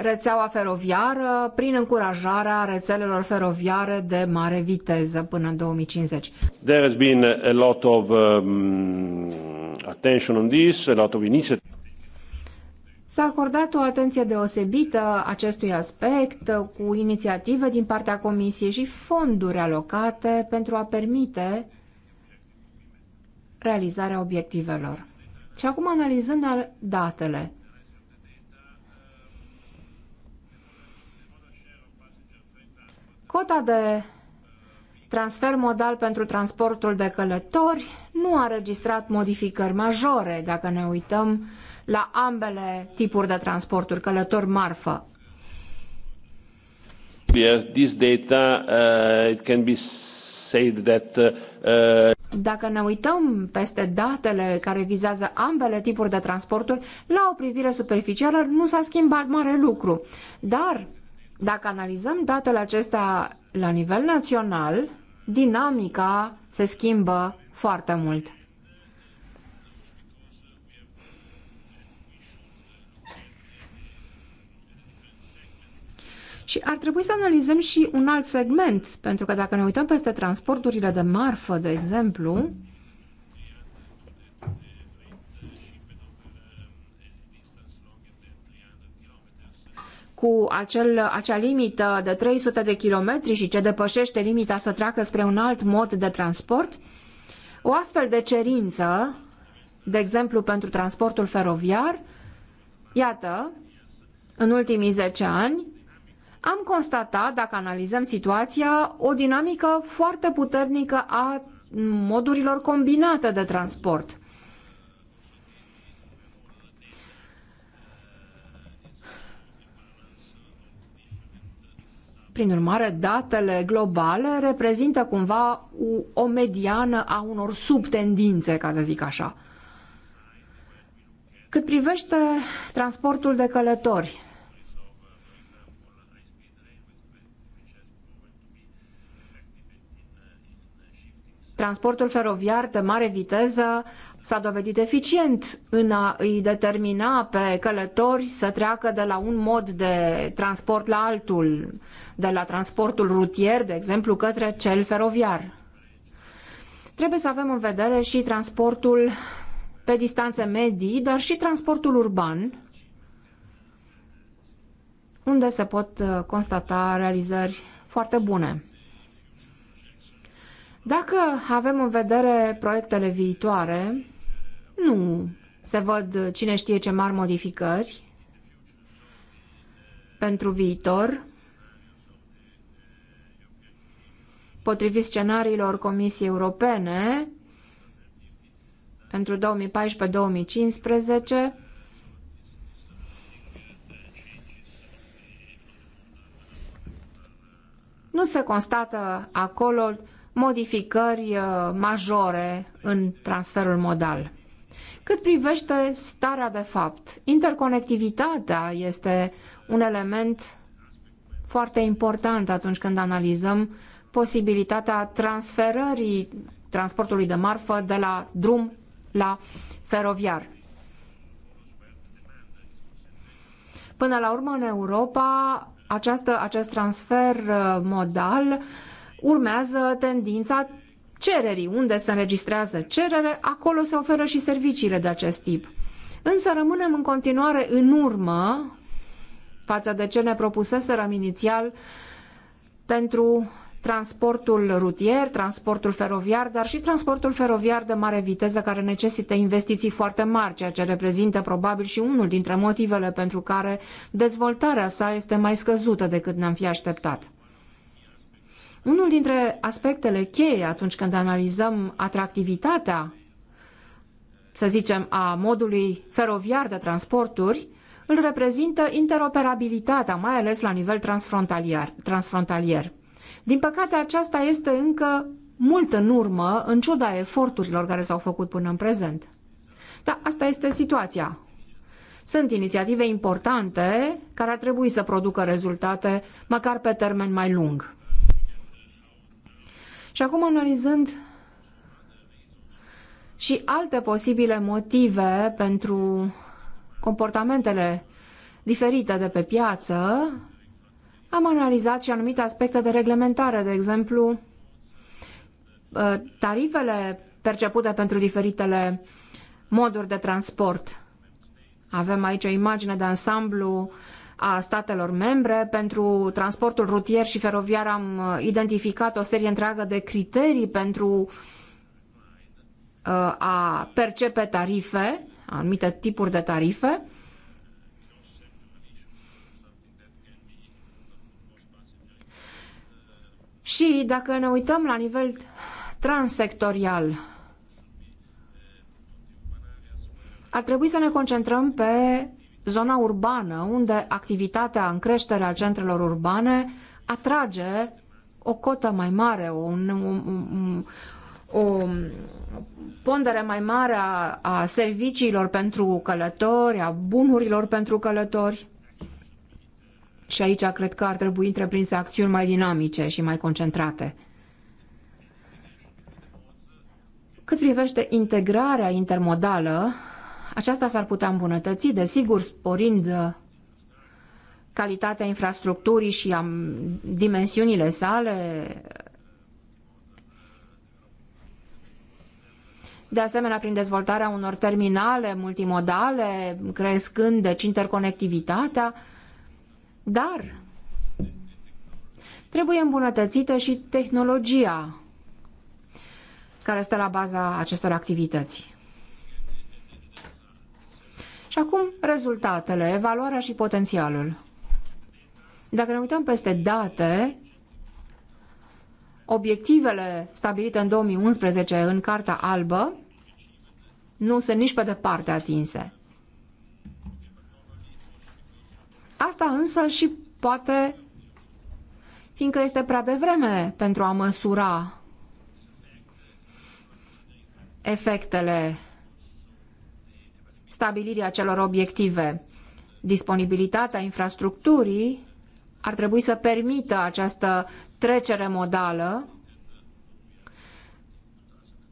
rețeaua feroviară prin încurajarea rețelelor feroviare de mare viteză până în 2050.
There has been a lot of um, attention on this, a lot of
S-a acordat o atenție deosebită acestui aspect cu inițiative din partea Comisiei și fonduri alocate pentru a permite realizarea obiectivelor. Și acum analizând datele. Cota de transfer modal pentru transportul de călători nu a registrat modificări majore, dacă ne uităm la ambele tipuri de transporturi, călător-marfă.
Uh, uh, uh,
dacă ne uităm peste datele care vizează ambele tipuri de transporturi, la o privire superficială nu s-a schimbat mare lucru. Dar dacă analizăm datele acestea la nivel național, dinamica se schimbă foarte mult. Și ar trebui să analizăm și un alt segment, pentru că dacă ne uităm peste transporturile de marfă, de exemplu, cu acel, acea limită de 300 de kilometri și ce depășește limita să treacă spre un alt mod de transport, o astfel de cerință, de exemplu pentru transportul feroviar, iată, în ultimii 10 ani, am constatat, dacă analizăm situația, o dinamică foarte puternică a modurilor combinate de transport. Prin urmare, datele globale reprezintă cumva o mediană a unor subtendințe, ca să zic așa. Cât privește transportul de călători, transportul feroviar de mare viteză s-a dovedit eficient în a îi determina pe călători să treacă de la un mod de transport la altul, de la transportul rutier, de exemplu, către cel feroviar. Trebuie să avem în vedere și transportul pe distanțe medii, dar și transportul urban, unde se pot uh, constata realizări foarte bune. Dacă avem în vedere proiectele viitoare, nu se văd cine știe ce mari modificări pentru viitor. Potrivit scenariilor Comisiei Europene, pentru 2014-2015, nu se constată acolo modificări uh, majore în transferul modal. Cât privește starea de fapt, interconectivitatea este un element foarte important atunci când analizăm posibilitatea transferării transportului de marfă de la drum la feroviar. Până la urmă, în Europa, această, acest transfer uh, modal urmează tendința cererii. Unde se înregistrează cerere, acolo se oferă și serviciile de acest tip. Însă rămânem în continuare în urmă față de ce ne propuseserăm inițial pentru transportul rutier, transportul feroviar, dar și transportul feroviar de mare viteză care necesită investiții foarte mari, ceea ce reprezintă probabil și unul dintre motivele pentru care dezvoltarea sa este mai scăzută decât ne-am fi așteptat. Unul dintre aspectele cheie atunci când analizăm atractivitatea, să zicem, a modului feroviar de transporturi, îl reprezintă interoperabilitatea, mai ales la nivel transfrontalier. transfrontalier. Din păcate, aceasta este încă mult în urmă, în ciuda eforturilor care s-au făcut până în prezent. Dar asta este situația. Sunt inițiative importante care ar trebui să producă rezultate, măcar pe termen mai lung. Și acum analizând și alte posibile motive pentru comportamentele diferite de pe piață, am analizat și anumite aspecte de reglementare, de exemplu, ă, tarifele percepute pentru diferitele moduri de transport. Avem aici o imagine de ansamblu uh, a statelor membre. Pentru transportul rutier și feroviar am uh, identificat o serie întreagă de criterii pentru uh, a percepe tarife, anumite tipuri de tarife. Și dacă ne uităm la nivel transsectorial, ar trebui să ne concentrăm pe zona urbană, unde activitatea în creștere a centrelor urbane atrage o cotă mai mare, o, o, o pondere mai mare a, a serviciilor pentru călători, a bunurilor pentru călători. Și aici cred că ar trebui întreprinse acțiuni mai dinamice și mai concentrate. Cât privește integrarea intermodală, aceasta s-ar putea îmbunătăți, desigur, sporind uh, calitatea infrastructurii și a mm, dimensiunile sale. De asemenea, prin dezvoltarea unor terminale multimodale, crescând deci interconectivitatea, dar trebuie îmbunătățită și tehnologia care stă la baza acestor activități. Și acum rezultatele, evaluarea și potențialul. Dacă ne uităm peste date, obiectivele stabilite în 2011 în Carta Albă nu sunt nici pe departe atinse. Asta însă și poate, fiindcă este prea devreme pentru a măsura efectele stabilirii acelor obiective. Disponibilitatea infrastructurii ar trebui să permită această trecere modală,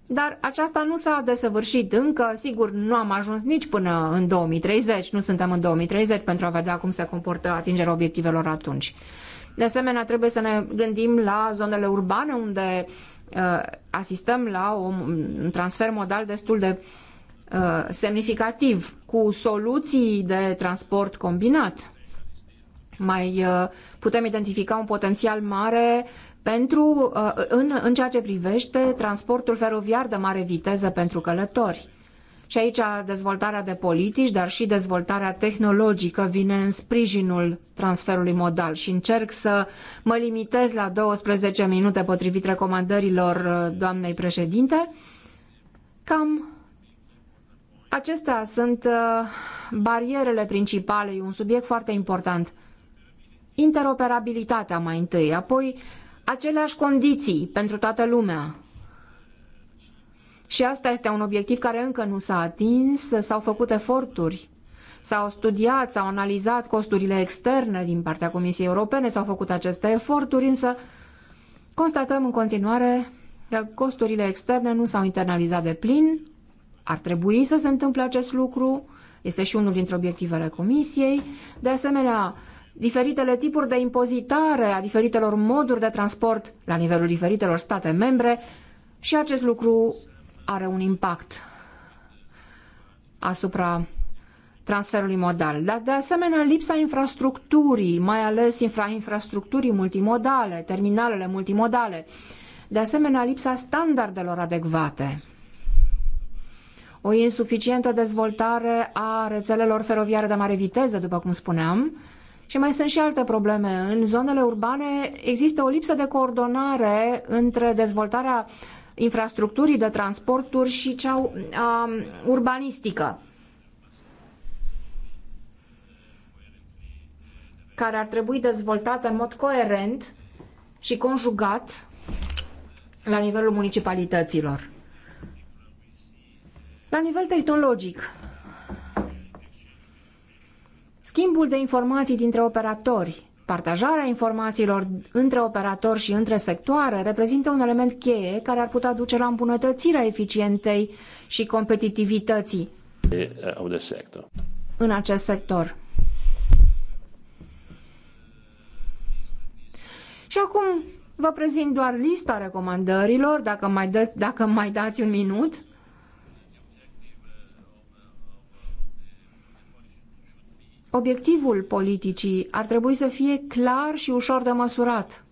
dar aceasta nu s-a desăvârșit încă. Sigur, nu am ajuns nici până în 2030, nu suntem în 2030 pentru a vedea cum se comportă atingerea obiectivelor atunci. De asemenea, trebuie să ne gândim la zonele urbane unde uh, asistăm la un transfer modal destul de uh, Uh, semnificativ cu soluții de transport combinat. Mai uh, putem identifica un potențial mare pentru, uh, în, în ceea ce privește transportul feroviar de mare viteză pentru călători. Și aici dezvoltarea de politici, dar și dezvoltarea tehnologică vine în sprijinul transferului modal și încerc să mă limitez la 12 minute potrivit recomandărilor doamnei președinte. Cam Acestea sunt uh, barierele principale, e un subiect foarte important. Interoperabilitatea mai întâi, apoi aceleași condiții pentru toată lumea. Și asta este un obiectiv care încă nu s-a atins, s-au făcut eforturi, s-au studiat, s-au analizat costurile externe din partea Comisiei Europene, s-au făcut aceste eforturi, însă constatăm în continuare că costurile externe nu s-au internalizat de plin ar trebui să se întâmple acest lucru, este și unul dintre obiectivele comisiei. De asemenea, diferitele tipuri de impozitare a diferitelor moduri de transport la nivelul diferitelor state membre și acest lucru are un impact asupra transferului modal. Dar de asemenea lipsa infrastructurii, mai ales infra infrastructurii multimodale, terminalele multimodale, de asemenea lipsa standardelor adecvate o insuficientă dezvoltare a rețelelor feroviare de mare viteză, după cum spuneam, și mai sunt și alte probleme. În zonele urbane există o lipsă de coordonare între dezvoltarea infrastructurii de transporturi și cea um, urbanistică. care ar trebui dezvoltată în mod coerent și conjugat la nivelul municipalităților. La nivel tehnologic, schimbul de informații dintre operatori, partajarea informațiilor între operatori și între sectoare reprezintă un element cheie care ar putea duce la îmbunătățirea eficientei și competitivității în acest sector. Și acum vă prezint doar lista recomandărilor, dacă mai dați, dacă mai dați un minut. obiectivul politicii ar trebui să fie clar și ușor de măsurat.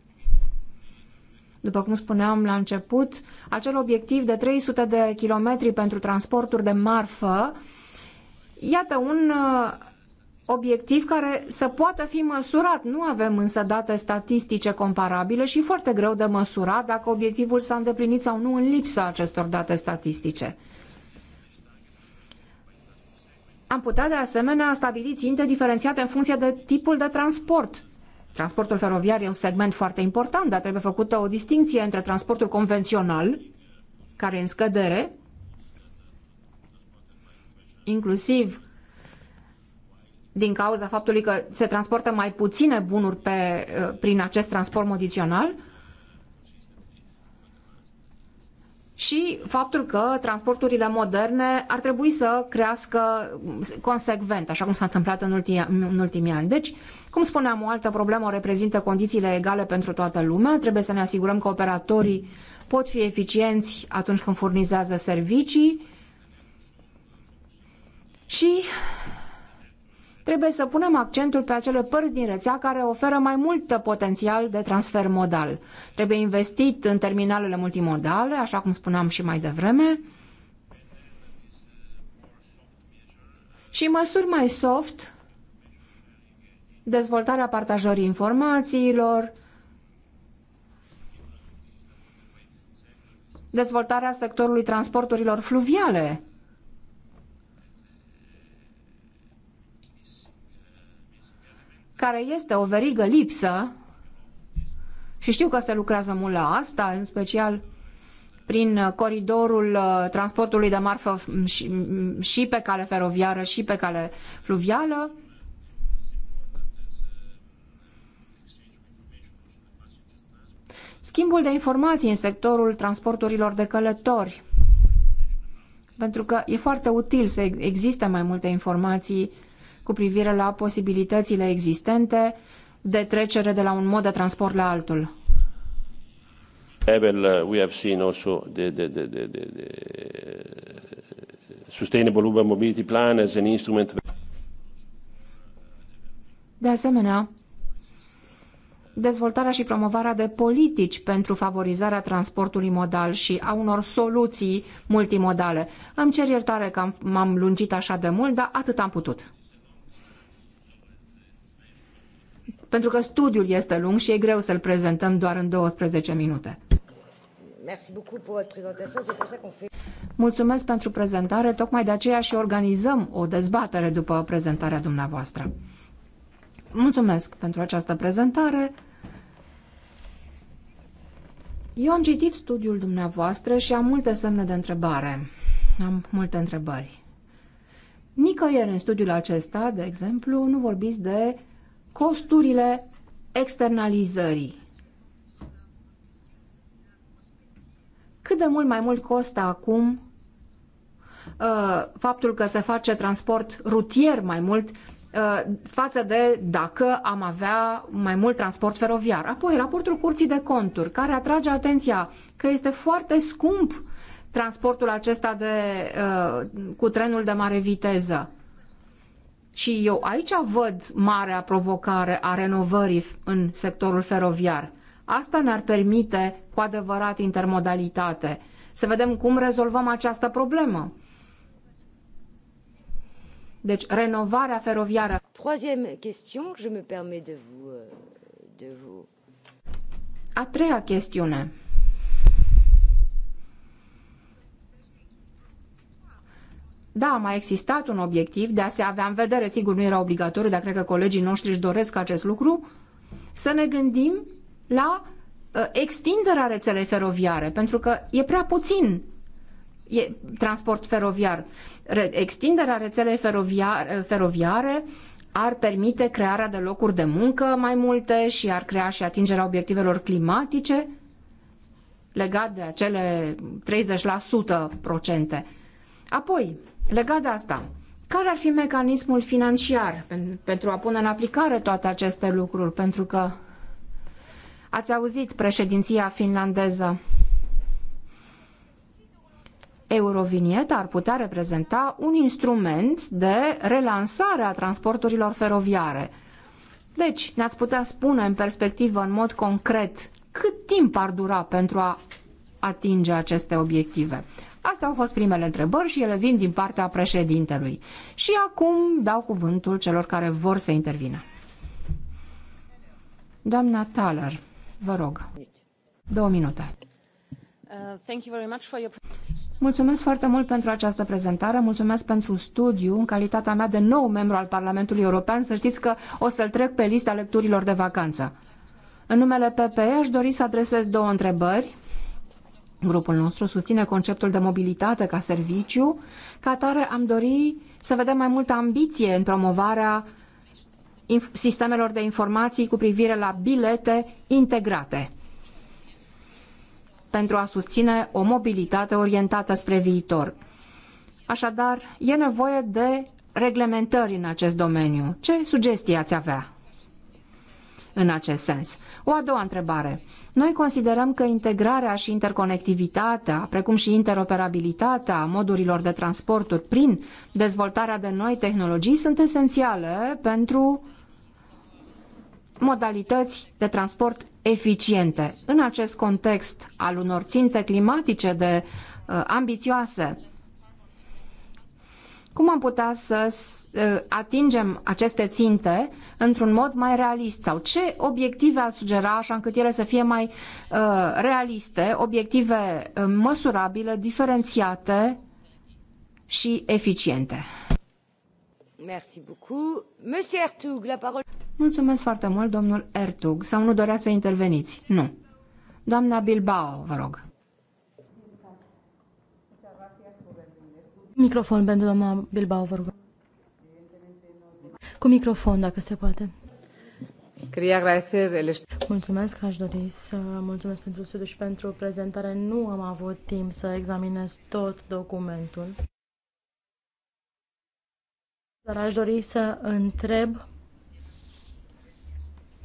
După cum spuneam la început, acel obiectiv de 300 de kilometri pentru transporturi de marfă, iată un uh, obiectiv care să poată fi măsurat. Nu avem însă date statistice comparabile și foarte greu de măsurat dacă obiectivul s-a îndeplinit sau nu în lipsa acestor date statistice. Am putea de asemenea stabili ținte diferențiate în funcție de tipul de transport. Transportul feroviar e un segment foarte important, dar trebuie făcută o distinție între transportul convențional, care e în scădere, inclusiv din cauza faptului că se transportă mai puține bunuri pe, prin acest transport modițional, și faptul că transporturile moderne ar trebui să crească consecvent, așa cum s-a întâmplat în ultimii, în ultimii ani. Deci, cum spuneam, o altă problemă o reprezintă condițiile egale pentru toată lumea. Trebuie să ne asigurăm că operatorii pot fi eficienți atunci când furnizează servicii și Trebuie să punem accentul pe acele părți din rețea care oferă mai mult potențial de transfer modal. Trebuie investit în terminalele multimodale, așa cum spuneam și mai devreme, și măsuri mai soft, dezvoltarea partajării informațiilor, dezvoltarea sectorului transporturilor fluviale, care este o verigă lipsă, și știu că se lucrează mult la asta, în special prin coridorul uh, transportului de marfă și, și pe cale feroviară și pe cale fluvială, Schimbul de informații în sectorul transporturilor de călători. Pentru că e foarte util să existe mai multe informații cu privire la posibilitățile existente de trecere de la un mod de transport la altul.
Abel, uh, we have seen also the, the, the, the, the, the Sustainable Urban Mobility Plan as an instrument.
De asemenea, dezvoltarea și promovarea de politici pentru favorizarea transportului modal și a unor soluții multimodale. Îmi cer iertare că m-am lungit așa de mult, dar atât am putut. pentru că studiul este lung și e greu să-l prezentăm doar în 12 minute. Mulțumesc pentru prezentare, tocmai de aceea și organizăm o dezbatere după prezentarea dumneavoastră. Mulțumesc pentru această prezentare. Eu am citit studiul dumneavoastră și am multe semne de întrebare. Am multe întrebări. Nicăieri în studiul acesta, de exemplu, nu vorbiți de costurile externalizării. Cât de mult mai mult costă acum uh, faptul că se face transport rutier mai mult uh, față de dacă am avea mai mult transport feroviar. Apoi, raportul Curții de Conturi, care atrage atenția că este foarte scump transportul acesta de, uh, cu trenul de mare viteză. Și eu aici văd marea provocare a renovării în sectorul feroviar. Asta ne-ar permite cu adevărat intermodalitate. Să vedem cum rezolvăm această problemă. Deci, renovarea feroviară.
Troisième question, je me de vous, euh, de vous.
A treia chestiune. Da, a mai existat un obiectiv de a se avea în vedere, sigur nu era obligatoriu, dar cred că colegii noștri își doresc acest lucru, să ne gândim la ă, extinderea rețelei feroviare, pentru că e prea puțin e transport feroviar. extinderea rețelei feroviar, ă, feroviare ar permite crearea de locuri de muncă mai multe și ar crea și atingerea obiectivelor climatice legat de acele 30% procente. Apoi, Legat de asta, care ar fi mecanismul financiar pentru a pune în aplicare toate aceste lucruri? Pentru că ați auzit președinția finlandeză. Eurovinieta ar putea reprezenta un instrument de relansare a transporturilor feroviare. Deci, ne-ați putea spune în perspectivă, în mod concret, cât timp ar dura pentru a atinge aceste obiective. Astea au fost primele întrebări și ele vin din partea președintelui. Și acum dau cuvântul celor care vor să intervină. Doamna Thaler, vă rog. Două minute. Mulțumesc foarte mult pentru această prezentare, mulțumesc pentru studiu. În calitatea mea de nou membru al Parlamentului European, să știți că o să-l trec pe lista lecturilor de vacanță. În numele PPE aș dori să adresez două întrebări Grupul nostru susține conceptul de mobilitate ca serviciu, ca atare am dori să vedem mai multă ambiție în promovarea sistemelor de informații cu privire la bilete integrate pentru a susține o mobilitate orientată spre viitor. Așadar, e nevoie de reglementări în acest domeniu. Ce sugestii ați avea? în acest sens. O a doua întrebare. Noi considerăm că integrarea și interconectivitatea, precum și interoperabilitatea modurilor de transporturi prin dezvoltarea de noi tehnologii sunt esențiale pentru modalități de transport eficiente. În acest context al unor ținte climatice de uh, ambițioase, cum am putea să uh, atingem aceste ținte într-un mod mai realist sau ce obiective ați sugera așa încât ele să fie mai uh, realiste, obiective uh, măsurabile, diferențiate și eficiente?
Merci beaucoup. Monsieur Ertug, la parole.
Mulțumesc foarte mult, domnul Ertug. Sau nu doreați să interveniți? Nu. Doamna Bilbao, vă rog.
Microfon pentru doamna Bilbao, vă rog. Cu microfon, dacă se poate. Mulțumesc, aș dori să mulțumesc pentru studiu și pentru prezentare. Nu am avut timp să examinez tot documentul. Dar aș dori să întreb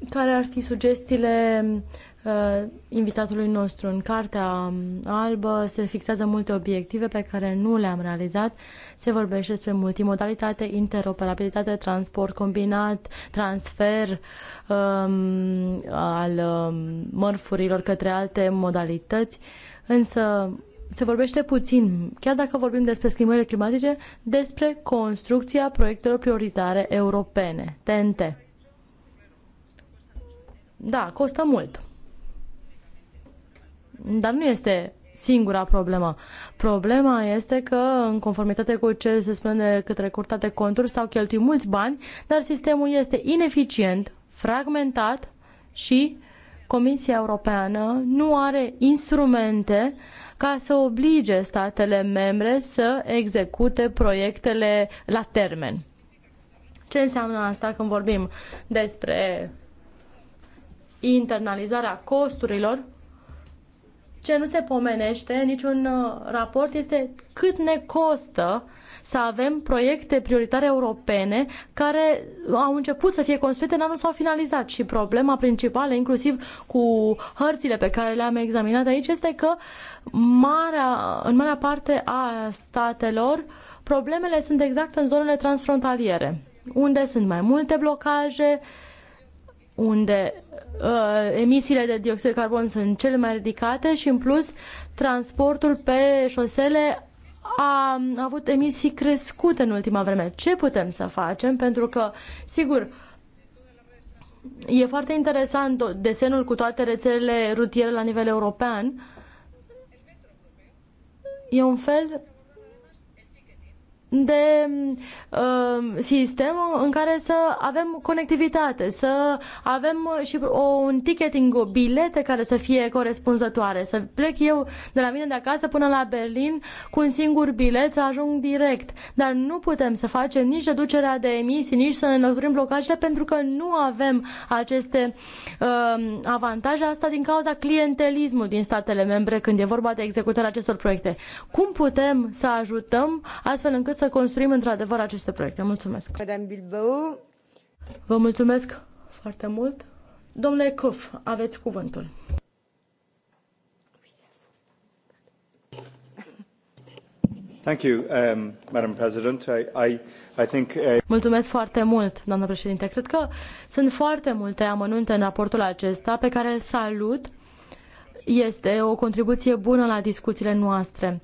care ar fi sugestiile Uh, invitatului nostru. În Cartea Albă se fixează multe obiective pe care nu le-am realizat. Se vorbește despre multimodalitate, interoperabilitate, transport combinat, transfer um, al um, mărfurilor către alte modalități, însă se vorbește puțin, chiar dacă vorbim despre schimbările climatice, despre construcția proiectelor prioritare europene, TNT. Da, costă mult. Dar nu este singura problemă. Problema este că, în conformitate cu ce se spune de către Curtea de Conturi, s-au cheltuit mulți bani, dar sistemul este ineficient, fragmentat și Comisia Europeană nu are instrumente ca să oblige statele membre să execute proiectele la termen. Ce înseamnă asta când vorbim despre internalizarea costurilor? ce nu se pomenește în niciun uh, raport este cât ne costă să avem proiecte prioritare europene care au început să fie construite, dar nu s-au finalizat. Și problema principală, inclusiv cu hărțile pe care le-am examinat aici, este că marea, în marea parte a statelor problemele sunt exact în zonele transfrontaliere, unde sunt mai multe blocaje, unde Uh, emisiile de dioxid de carbon sunt cele mai ridicate și în plus transportul pe șosele a avut emisii crescute în ultima vreme. Ce putem să facem? Pentru că, sigur, e foarte interesant desenul cu toate rețelele rutiere la nivel european. E un fel de uh, sistem în care să avem conectivitate, să avem și o, un ticketing, o bilete care să fie corespunzătoare, să plec eu de la mine de acasă până la Berlin cu un singur bilet să ajung direct. Dar nu putem să facem nici reducerea de emisii, nici să ne înlăturim blocajele pentru că nu avem aceste uh, avantaje, asta din cauza clientelismului din statele membre când e vorba de executarea acestor proiecte. Cum putem să ajutăm astfel încât să construim într-adevăr aceste proiecte. Mulțumesc! Bilbao. Vă mulțumesc foarte mult! Domnule Cuf, aveți cuvântul.
Thank you, um, Madam President. I, I,
I think, uh...
Mulțumesc foarte mult, doamnă președinte. Cred că sunt foarte multe amănunte în raportul acesta pe care îl salut. Este o contribuție bună la discuțiile noastre.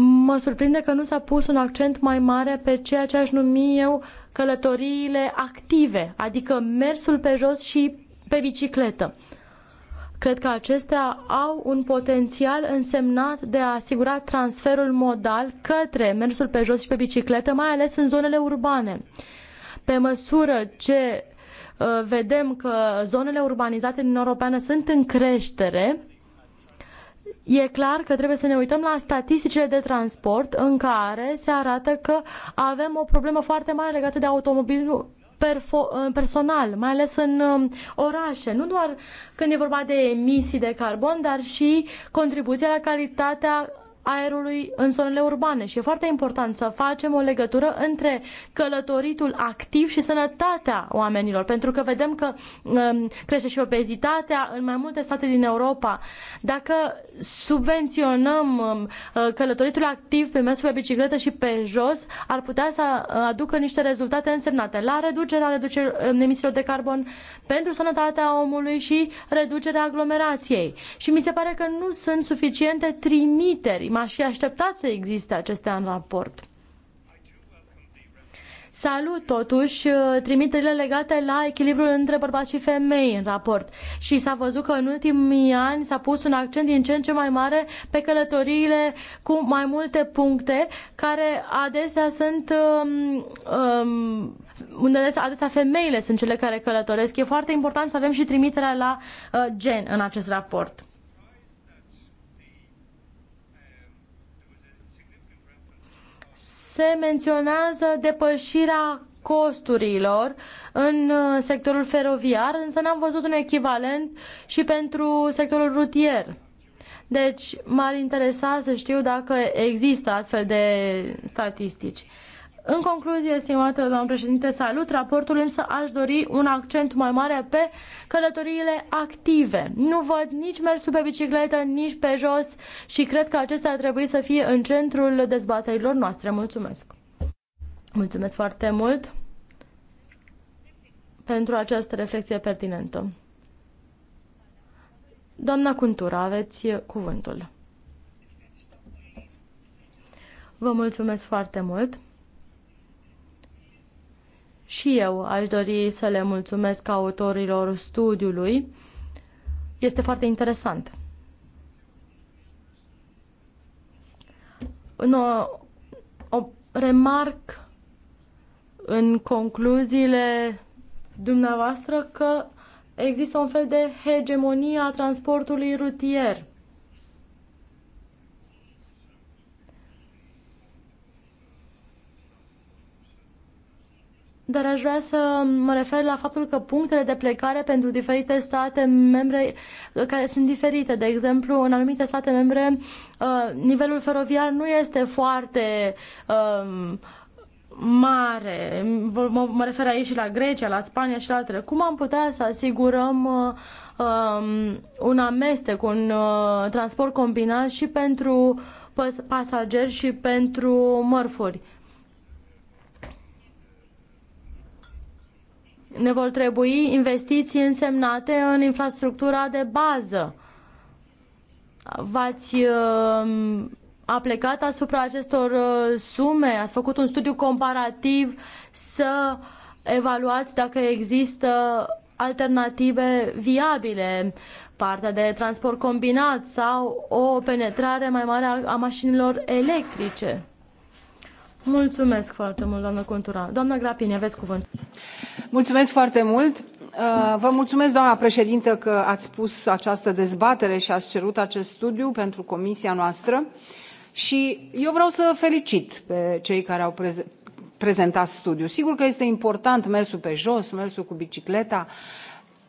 Mă surprinde că nu s-a pus un accent mai mare pe ceea ce aș numi eu călătoriile active, adică mersul pe jos și pe bicicletă. Cred că acestea au un potențial însemnat de a asigura transferul modal către mersul pe jos și pe bicicletă, mai ales în zonele urbane. Pe măsură ce uh, vedem că zonele urbanizate din Europeană sunt în creștere, E clar că trebuie să ne uităm la statisticile de transport în care se arată că avem o problemă foarte mare legată de automobilul personal, mai ales în um, orașe, nu doar când e vorba de emisii de carbon, dar și contribuția la calitatea aerului în zonele urbane și e foarte important să facem o legătură între călătoritul activ și sănătatea oamenilor, pentru că vedem că um, crește și obezitatea în mai multe state din Europa. Dacă subvenționăm um, uh, călătoritul activ pe mersul pe bicicletă și pe jos, ar putea să uh, aducă niște rezultate însemnate la reducerea, reducerea um, emisiilor de carbon pentru sănătatea omului și reducerea aglomerației. Și mi se pare că nu sunt suficiente trimiteri M-aș fi așteptat să existe acestea în raport. Salut, totuși, trimiterile legate la echilibrul între bărbați și femei în raport. Și s-a văzut că în ultimii ani s-a pus un accent din ce în ce mai mare pe călătoriile cu mai multe puncte, care adesea sunt. Um, um unde adesea femeile sunt cele care călătoresc. E foarte important să avem și trimiterea la uh, gen în acest raport. se menționează depășirea costurilor în uh, sectorul feroviar, însă n-am văzut un echivalent și pentru sectorul rutier. Deci m-ar interesa să știu dacă există astfel de statistici. În concluzie, estimată doamnă președinte, salut raportul, însă aș dori un accent mai mare pe călătoriile active. Nu văd nici mersul pe bicicletă, nici pe jos și cred că acesta ar trebui să fie în centrul dezbaterilor noastre. Mulțumesc! Mulțumesc foarte mult pentru această reflexie pertinentă. Doamna Cuntura, aveți cuvântul. Vă mulțumesc foarte mult! Și eu aș dori să le mulțumesc autorilor studiului. Este foarte interesant. No, o remarc în concluziile dumneavoastră că există un fel de hegemonie a transportului rutier. dar aș vrea să mă refer la faptul că punctele de plecare pentru diferite state membre uh, care sunt diferite, de exemplu, în anumite state membre, uh, nivelul feroviar nu este foarte um, mare. Mă, refer aici și la Grecia, la Spania și la altele. Cum am putea să asigurăm uh, um, un amestec, un transport combinat și pentru pasageri și pentru mărfuri? ne vor trebui investiții însemnate în infrastructura de bază. V-ați uh, aplicat asupra acestor uh, sume? Ați făcut un studiu comparativ să evaluați dacă există alternative viabile, partea de transport combinat sau o penetrare mai mare a mașinilor electrice? Mulțumesc foarte mult, doamnă Contura. Doamna Grapini, aveți cuvânt. Mulțumesc foarte mult. Uh, vă
mulțumesc, doamna președintă, că ați spus această dezbatere și ați cerut acest studiu pentru comisia noastră. Și eu vreau să felicit pe cei care au prezentat studiul. Sigur că este important mersul pe jos, mersul cu bicicleta,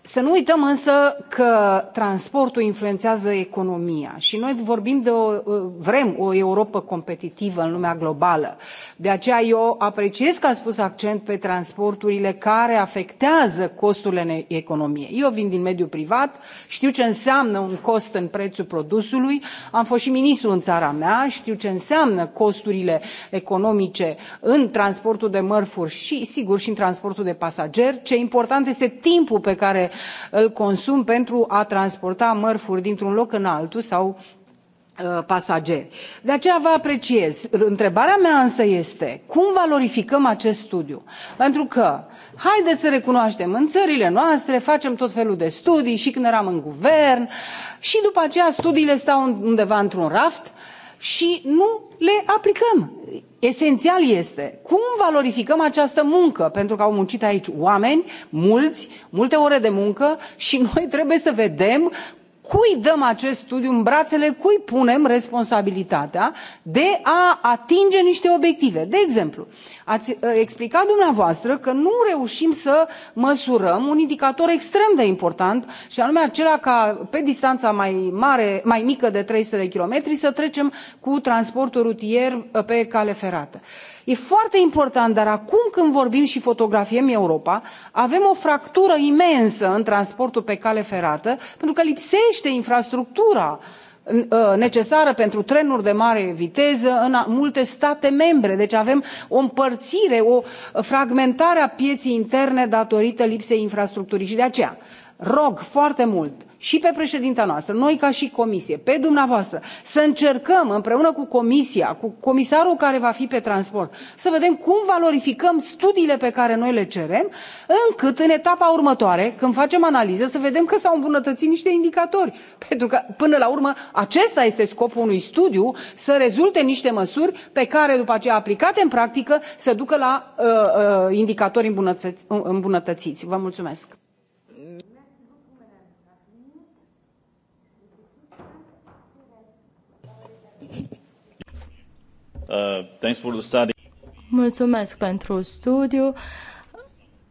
să nu uităm însă că transportul influențează economia și noi vorbim de o, uh, vrem o Europă competitivă în lumea globală. De aceea eu apreciez că a spus accent pe transporturile care afectează costurile economiei. Eu vin din mediul privat, știu ce înseamnă un cost în prețul produsului, am fost și ministru în țara mea, știu ce înseamnă costurile economice în transportul de mărfuri și, sigur, și în transportul de pasageri. Ce important este timpul pe care îl consum pentru a transporta mărfuri dintr un loc în altul sau uh, pasageri. De aceea vă apreciez. Întrebarea mea însă este cum valorificăm acest studiu? Pentru că, haideți să recunoaștem, în țările noastre facem tot felul de studii și când eram în guvern și după aceea studiile stau undeva într-un raft și nu le aplicăm esențial este cum valorificăm această muncă pentru că au muncit aici oameni mulți multe ore de muncă și noi trebuie să vedem cui dăm acest studiu în brațele cui punem responsabilitatea de a atinge niște obiective de exemplu ați ă, explicat dumneavoastră că nu reușim să măsurăm un indicator extrem de important și anume acela ca pe distanța mai mare mai mică de trei sute de kilometri să trecem cu transportul rutier ă, pe cale ferată e foarte important dar acum când vorbim și fotografiem europa avem o fractură imensă în transportul pe cale ferată pentru că lipsește infrastructura ă, necesară pentru trenuri de mare viteză în multe state membre deci avem o împărțire o fragmentare a pieței interne datorită lipsei infrastructurii și de aceea rog foarte mult și pe președinta noastră, noi ca și comisie, pe dumneavoastră, să încercăm împreună cu comisia, cu comisarul care va fi pe transport, să vedem cum valorificăm studiile pe care noi le cerem, încât în etapa următoare, când facem analiză, să vedem că s-au îmbunătățit niște indicatori. Pentru că, până la urmă, acesta este scopul unui studiu, să rezulte niște măsuri pe care, după aceea, aplicate în practică, să ducă la uh, uh, indicatori îmbunătățiți. Vă mulțumesc! Uh, thanks for the study.
Mulțumesc pentru studiu.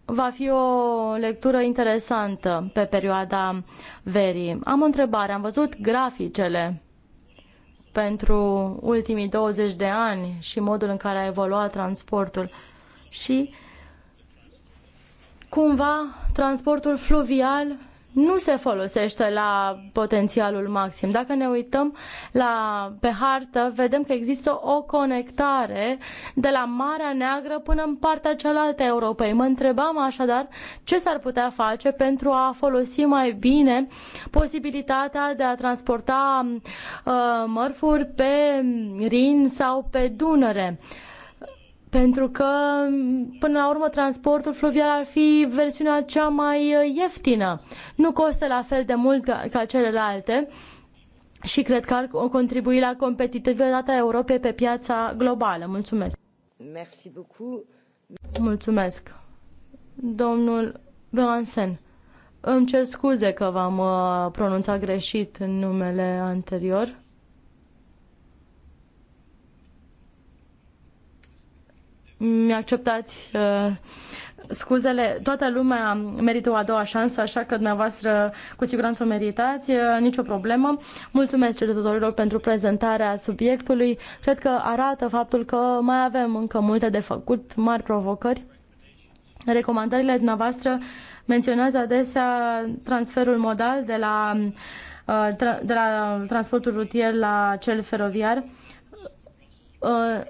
Va fi o lectură interesantă pe perioada verii. Am o întrebare. Am văzut graficele pentru ultimii 20 de ani și modul în care a evoluat transportul și cumva transportul fluvial nu se folosește la potențialul maxim. Dacă ne uităm la, pe hartă, vedem că există o conectare de la Marea Neagră până în partea cealaltă a Europei. Mă întrebam așadar ce s-ar putea face pentru a folosi mai bine posibilitatea de a transporta uh, mărfuri pe Rin sau pe Dunăre. Uh, pentru că, până la urmă, transportul fluvial ar fi versiunea cea mai uh, ieftină. Nu costă la fel de mult ca celelalte și cred că ar contribui la competitivitatea Europei pe piața globală. Mulțumesc!
Merci beaucoup.
Mulțumesc! Domnul Beransen, îmi cer scuze că v-am uh, pronunțat greșit în numele anterior. mi-acceptați uh, scuzele. Toată lumea merită o a doua șansă, așa că dumneavoastră cu siguranță o meritați, uh, nicio problemă. Mulțumesc cercetătorilor pentru prezentarea subiectului. Cred că arată faptul că mai avem încă multe de făcut, mari provocări. Recomandările dumneavoastră menționează adesea transferul modal de la, uh, tra de la transportul rutier la cel feroviar. Uh,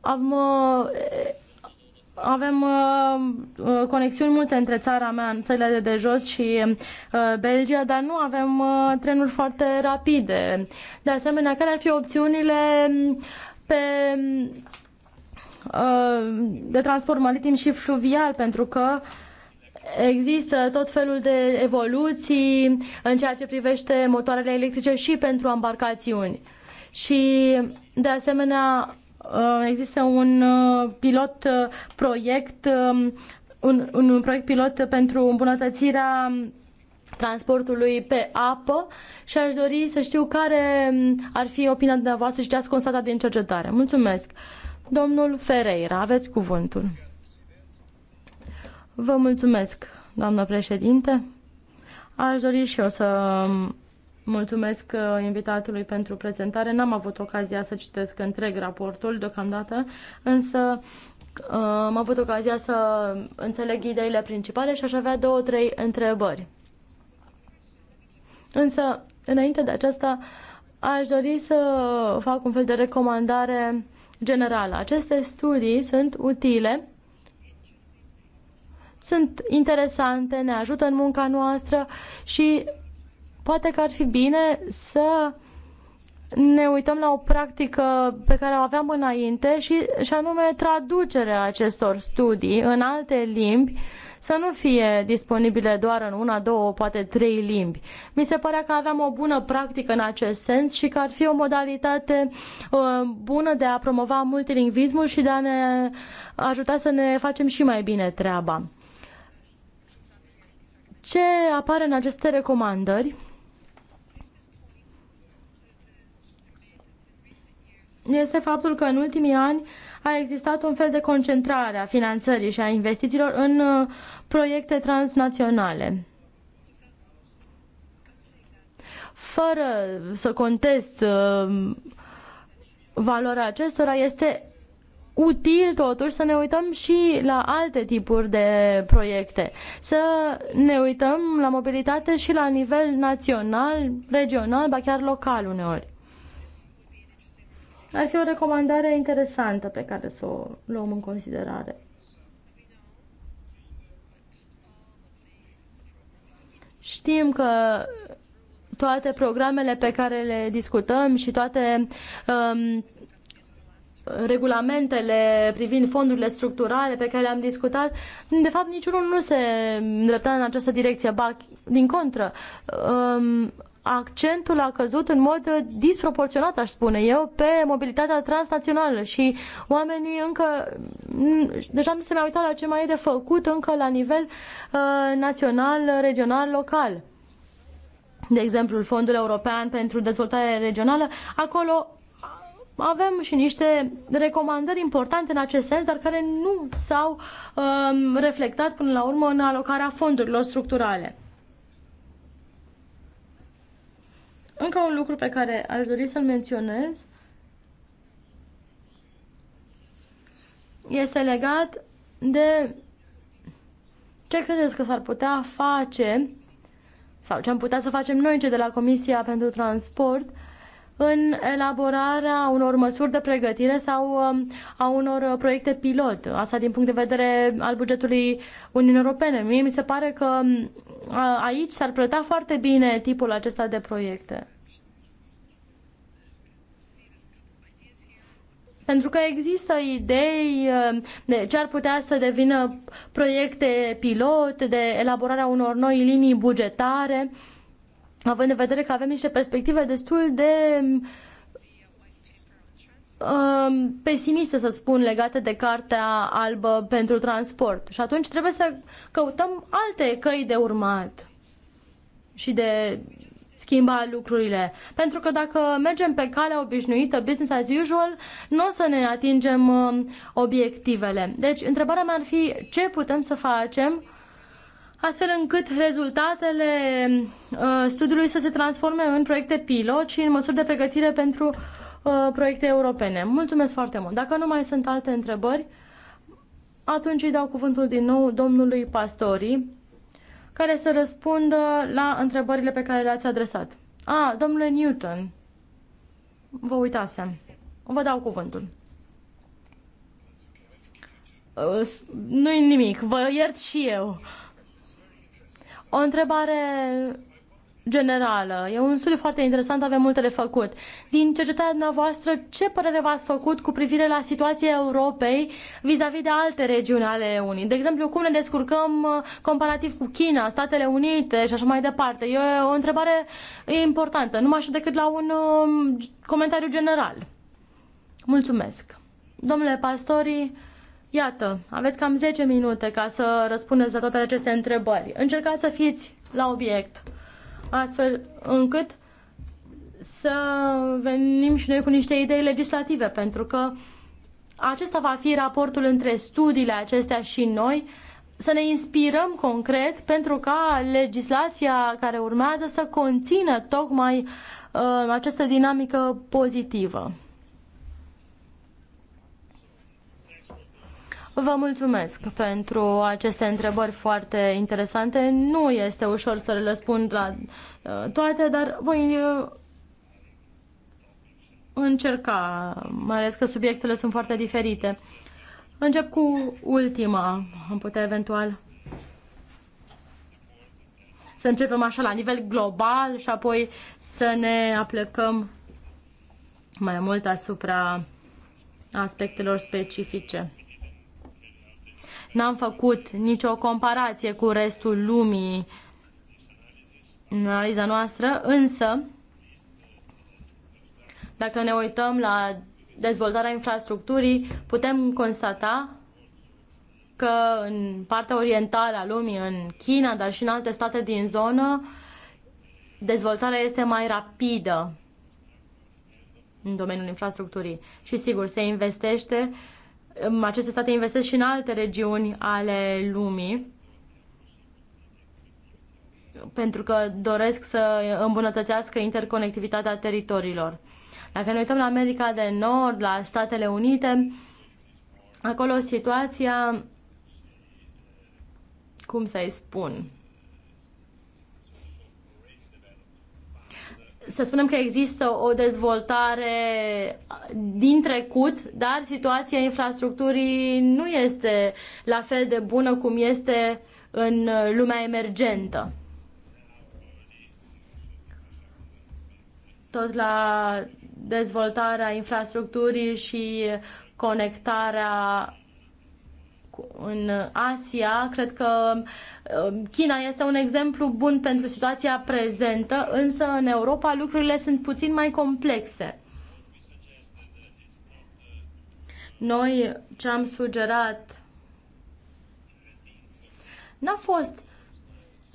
am, uh, avem uh, uh, conexiuni multe între țara mea, în țările de, de jos și Belgia, dar nu avem trenuri foarte rapide. De asemenea, care ar fi opțiunile um, pe de transport maritim și fluvial, pentru că există tot felul de evoluții în ceea ce privește motoarele electrice și pentru embarcațiuni. Și, de asemenea, Uh, există un uh, pilot uh, proiect, um, un, un proiect pilot pentru îmbunătățirea transportului pe apă și aș dori să știu care um, ar fi opinia dumneavoastră și ce ați constatat din cercetare. Mulțumesc. Domnul Ferreira, aveți cuvântul. Vă mulțumesc, doamnă președinte. Aș dori și eu să um, Mulțumesc uh, invitatului pentru prezentare. N-am avut ocazia să citesc întreg raportul deocamdată, însă uh, am avut ocazia să înțeleg ideile principale și aș avea două, trei întrebări. Însă, înainte de aceasta, aș dori să fac un fel de recomandare generală. Aceste studii sunt utile, sunt interesante, ne ajută în munca noastră și poate că ar fi bine să ne uităm la o practică pe care o aveam înainte și, și anume traducerea acestor studii în alte limbi să nu fie disponibile doar în una, două, poate trei limbi. Mi se părea că aveam o bună practică în acest sens și că ar fi o modalitate uh, bună de a promova multilingvismul și de a ne ajuta să ne facem și mai bine treaba. Ce apare în aceste recomandări este faptul că în ultimii ani a existat un fel de concentrare a finanțării și a investițiilor în uh, proiecte transnaționale. Fără să contest uh, valoarea acestora, este util totuși să ne uităm și la alte tipuri de proiecte, să ne uităm la mobilitate și la nivel național, regional, ba chiar local uneori. Ar fi o recomandare interesantă pe care să o luăm în considerare. Știm că toate programele pe care le discutăm și toate um, regulamentele privind fondurile structurale pe care le-am discutat, de fapt niciunul nu se îndrepta în această direcție, ba, din contră. Um, accentul a căzut în mod disproporționat, aș spune eu, pe mobilitatea transnațională și oamenii încă deja nu se mai uitau la ce mai e de făcut încă la nivel uh, național, regional, local. De exemplu, Fondul European pentru Dezvoltare Regională, acolo avem și niște recomandări importante în acest sens, dar care nu s-au uh, reflectat până la urmă în alocarea fondurilor structurale. Încă un lucru pe care aș dori să-l menționez este legat de ce credeți că s-ar putea face sau ce am putea să facem noi, ce de la Comisia pentru Transport, în elaborarea unor măsuri de pregătire sau um, a unor proiecte pilot, asta din punct de vedere al bugetului Uniunii Europene. Mie mi se pare că um, aici s-ar plăta foarte bine tipul acesta de proiecte. pentru că există idei de ce ar putea să devină proiecte pilot, de elaborarea unor noi linii bugetare, având în vedere că avem niște perspective destul de uh, Um, pesimistă, să spun, legate de Cartea Albă pentru Transport. Și atunci trebuie să căutăm alte căi de urmat și de schimba lucrurile. Pentru că dacă mergem pe calea obișnuită, business as usual, nu o să ne atingem um, obiectivele. Deci, întrebarea mea ar fi ce putem să facem astfel încât rezultatele uh, studiului să se transforme în proiecte pilot și în măsuri de pregătire pentru Uh, proiecte europene. Mulțumesc foarte mult. Dacă nu mai sunt alte întrebări, atunci îi dau cuvântul din nou domnului Pastori, care să răspundă la întrebările pe care le-ați adresat. A, domnule Newton, vă uitasem. Vă dau cuvântul. Uh, nu-i nimic, vă iert și eu. O întrebare generală. E un studiu foarte interesant, avem multe de făcut. Din cercetarea dumneavoastră, ce părere v-ați făcut cu privire la situația Europei vis-a-vis -vis de alte regiuni ale Unii? De exemplu, cum ne descurcăm uh, comparativ cu China, Statele Unite și așa mai departe? E o întrebare importantă, nu mai decât la un um, comentariu general. Mulțumesc. Domnule Pastori, Iată, aveți cam 10 minute ca să răspundeți la toate aceste întrebări. Încercați să fiți la obiect astfel încât să venim și noi cu niște idei legislative, pentru că acesta va fi raportul între studiile acestea și noi, să ne inspirăm concret pentru ca legislația care urmează să conțină tocmai uh, această dinamică pozitivă. Vă mulțumesc pentru aceste întrebări foarte interesante. Nu este ușor să răspund la uh, toate, dar voi uh, încerca, mai ales că subiectele sunt foarte diferite. Încep cu ultima, am putea eventual să începem așa la nivel global și apoi să ne aplecăm mai mult asupra aspectelor specifice. N-am făcut nicio comparație cu restul lumii în analiza noastră, însă dacă ne uităm la dezvoltarea infrastructurii, putem constata că în partea orientală a lumii, în China, dar și în alte state din zonă, dezvoltarea este mai rapidă în domeniul infrastructurii. Și sigur, se investește uh, aceste state investesc și în alte regiuni ale lumii pentru că doresc să îmbunătățească interconectivitatea teritoriilor. Dacă ne uităm la America de Nord, la Statele Unite, acolo situația, cum să-i spun, să spunem că există o dezvoltare din trecut, dar situația infrastructurii nu este la fel de bună cum este în lumea emergentă. Tot la dezvoltarea infrastructurii și conectarea în Asia. Cred că um, China este un exemplu bun pentru situația prezentă, însă în Europa lucrurile sunt puțin mai complexe. Noi ce am sugerat n-a fost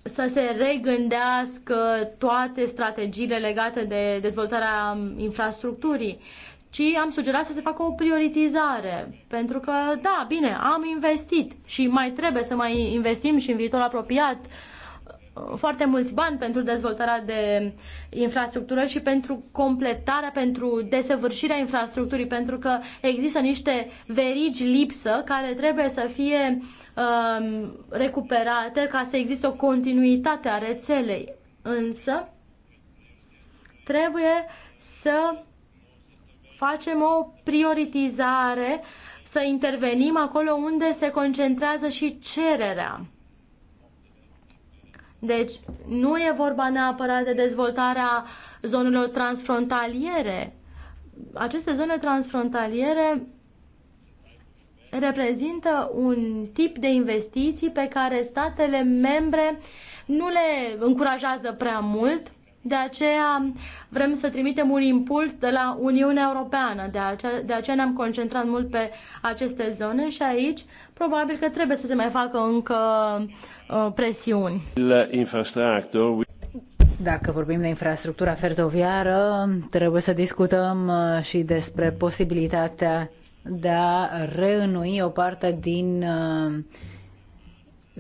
să se regândească toate strategiile legate de dezvoltarea infrastructurii, ci am sugerat să se facă o prioritizare. Pentru că, da, bine, am investit și mai trebuie să mai investim și în viitor apropiat uh, foarte mulți bani pentru dezvoltarea de infrastructură și pentru completarea, pentru desăvârșirea infrastructurii, pentru că există niște verigi lipsă care trebuie să fie um, recuperate ca să existe o continuitate a rețelei. Însă, trebuie să facem o prioritizare, să intervenim acolo unde se concentrează și cererea. Deci nu e vorba neapărat de dezvoltarea zonelor transfrontaliere. Aceste zone transfrontaliere reprezintă un tip de investiții pe care statele membre nu le încurajează prea mult de aceea vrem să trimitem un impuls de la Uniunea Europeană, de aceea, de aceea ne-am concentrat mult pe aceste zone și aici probabil că trebuie să se mai facă încă uh, presiuni.
Dacă vorbim de infrastructura feroviară, trebuie să discutăm uh, și despre posibilitatea de a reînui o parte din uh,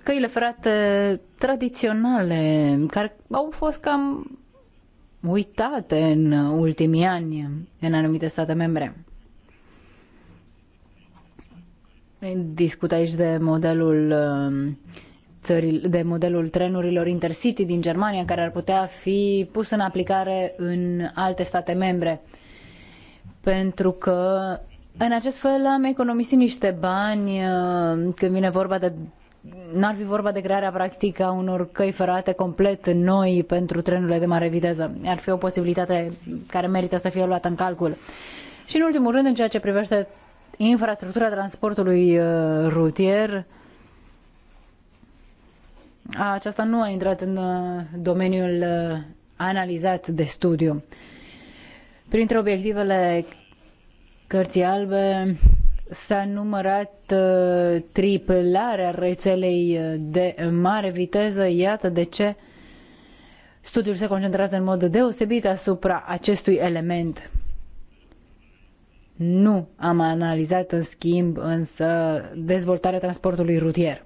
căile ferate tradiționale, care au fost cam uitate în ultimii ani în anumite state membre. Discut aici de modelul um, de modelul trenurilor intercity din Germania care ar putea fi pus în aplicare în alte state membre. Pentru că în acest fel am economisit niște bani uh, când vine vorba de n-ar fi vorba de crearea practică a unor căi ferate complet noi pentru trenurile de mare viteză. Ar fi o posibilitate care merită să fie luată în calcul. Și în ultimul rând, în ceea ce privește infrastructura transportului uh, rutier, aceasta nu a intrat în uh, domeniul uh, analizat de studiu. Printre obiectivele cărții albe s-a numărat uh, triplarea rețelei uh, de mare viteză, iată de ce studiul se concentrează în mod deosebit asupra acestui element. Nu am analizat în schimb însă dezvoltarea transportului rutier.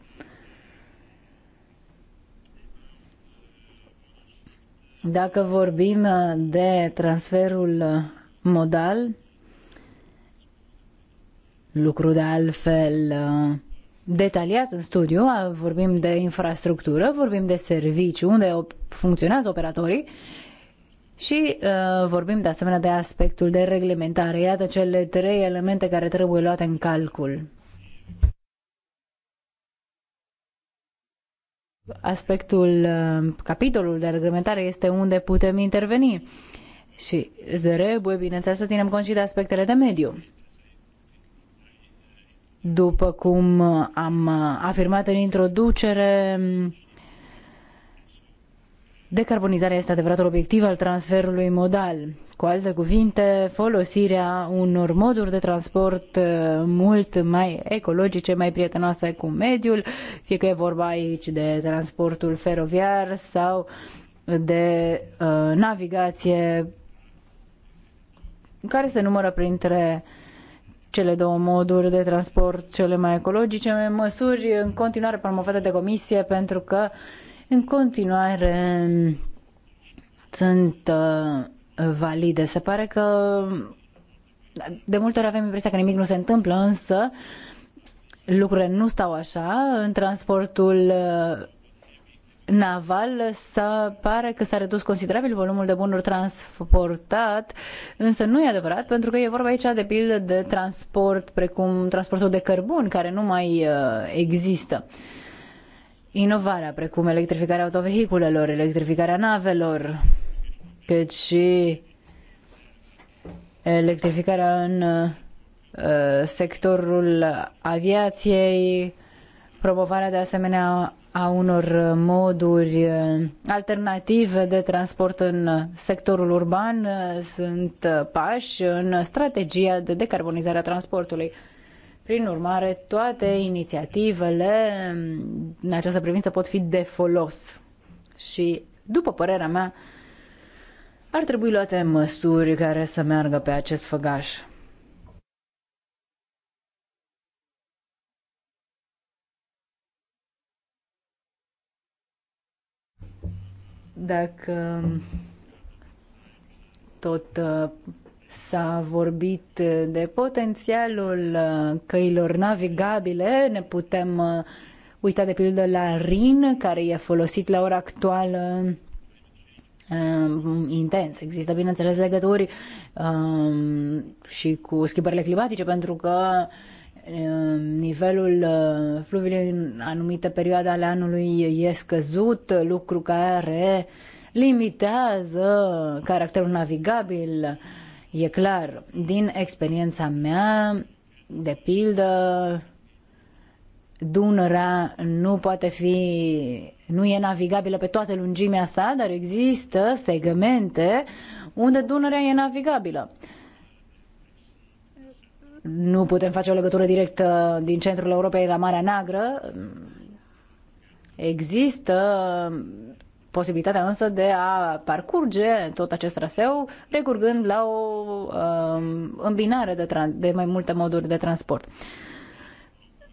Dacă vorbim uh, de transferul modal, lucru de altfel uh, detaliat în studiu, uh, vorbim de infrastructură, vorbim de serviciu, unde funcționează operatorii și uh, vorbim de asemenea de aspectul de reglementare. Iată cele trei elemente care trebuie luate în calcul. Aspectul, uh, capitolul de reglementare este unde putem interveni și trebuie, bineînțeles, să ținem cont și de aspectele de mediu. După cum am afirmat în introducere, decarbonizarea este adevăratul obiectiv al transferului modal. Cu alte cuvinte, folosirea unor moduri de transport uh, mult mai ecologice, mai prietenoase cu mediul, fie că e vorba aici de transportul feroviar sau de uh, navigație care se numără printre uh, cele două moduri de transport cele mai ecologice, măsuri în continuare promovate de comisie pentru că în continuare sunt uh, valide. Se pare că de multe ori avem impresia că nimic nu se întâmplă, însă lucrurile nu stau așa. În transportul uh, naval să pare că s-a redus considerabil volumul de bunuri transportat, însă nu e adevărat, pentru că e vorba aici de pildă de transport, precum transportul de cărbun, care nu mai uh, există. Inovarea, precum electrificarea autovehiculelor, electrificarea navelor, cât și electrificarea în uh, sectorul aviației, promovarea de asemenea a unor moduri uh, alternative de transport în sectorul urban uh, sunt uh, pași în strategia de decarbonizare a transportului. Prin urmare, toate inițiativele um, în această privință pot fi de folos și, după părerea mea, ar trebui luate măsuri care să meargă pe acest făgaș. Dacă tot uh, s-a vorbit uh, de potențialul uh, căilor navigabile, ne putem uita de pildă la RIN, care e folosit la ora actuală um, intens. Există, bineînțeles, legături um, și cu schimbările climatice, pentru că uh, nivelul uh, fluviului în anumite perioade ale anului e scăzut, lucru care limitează caracterul navigabil. E clar, din experiența mea, de pildă, Dunărea nu poate fi, nu e navigabilă pe toată lungimea sa, dar există segmente unde Dunărea e navigabilă nu putem face o legătură directă din centrul Europei la Marea Neagră. Există posibilitatea însă de a parcurge tot acest traseu recurgând la o uh, îmbinare de, de mai multe moduri de transport.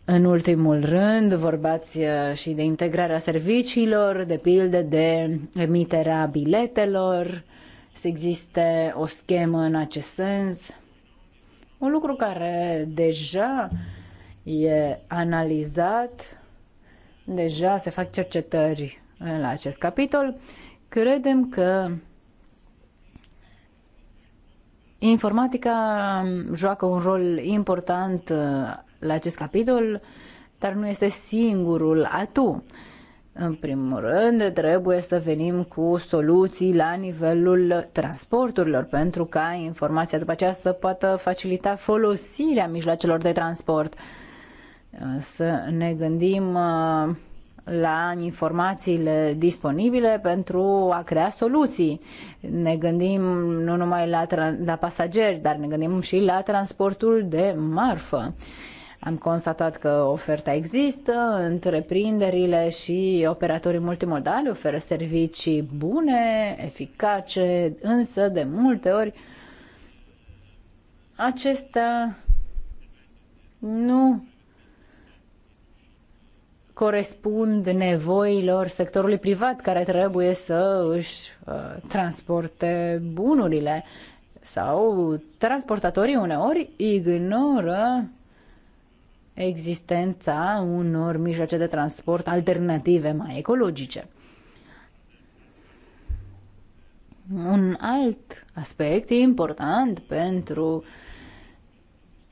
În ultimul rând, vorbați uh, și de integrarea serviciilor, de pildă de emiterea biletelor, să existe o schemă în acest sens. Un lucru care deja e analizat, deja se fac cercetări la acest capitol. Credem că informatica joacă un rol important uh, la acest capitol, dar nu este singurul atu. În primul rând, trebuie să venim cu soluții la nivelul transporturilor, pentru ca informația după aceea să poată facilita folosirea mijloacelor de transport. Să ne gândim uh, la informațiile disponibile pentru a crea soluții. Ne gândim nu numai la, la pasageri, dar ne gândim și la transportul de marfă. Am constatat că oferta există, întreprinderile și operatorii multimodali oferă servicii bune, eficace, însă de multe ori acestea nu corespund nevoilor sectorului privat care trebuie să își uh, transporte bunurile sau transportatorii uneori ignoră existența unor mijloace de transport alternative mai ecologice. Un alt aspect important pentru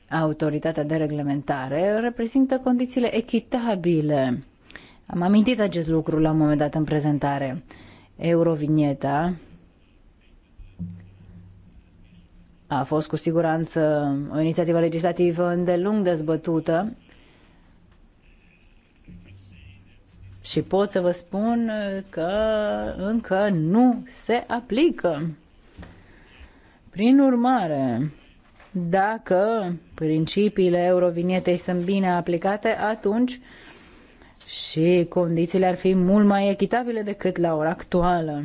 autoritatea de reglementare reprezintă condițiile echitabile. Am amintit acest lucru la un moment dat în prezentare. Eurovigneta, A fost cu siguranță o inițiativă legislativă îndelung dezbătută și pot să vă spun că încă nu se aplică. Prin urmare, dacă principiile eurovinietei sunt bine aplicate, atunci și condițiile ar fi mult mai echitabile decât la ora actuală.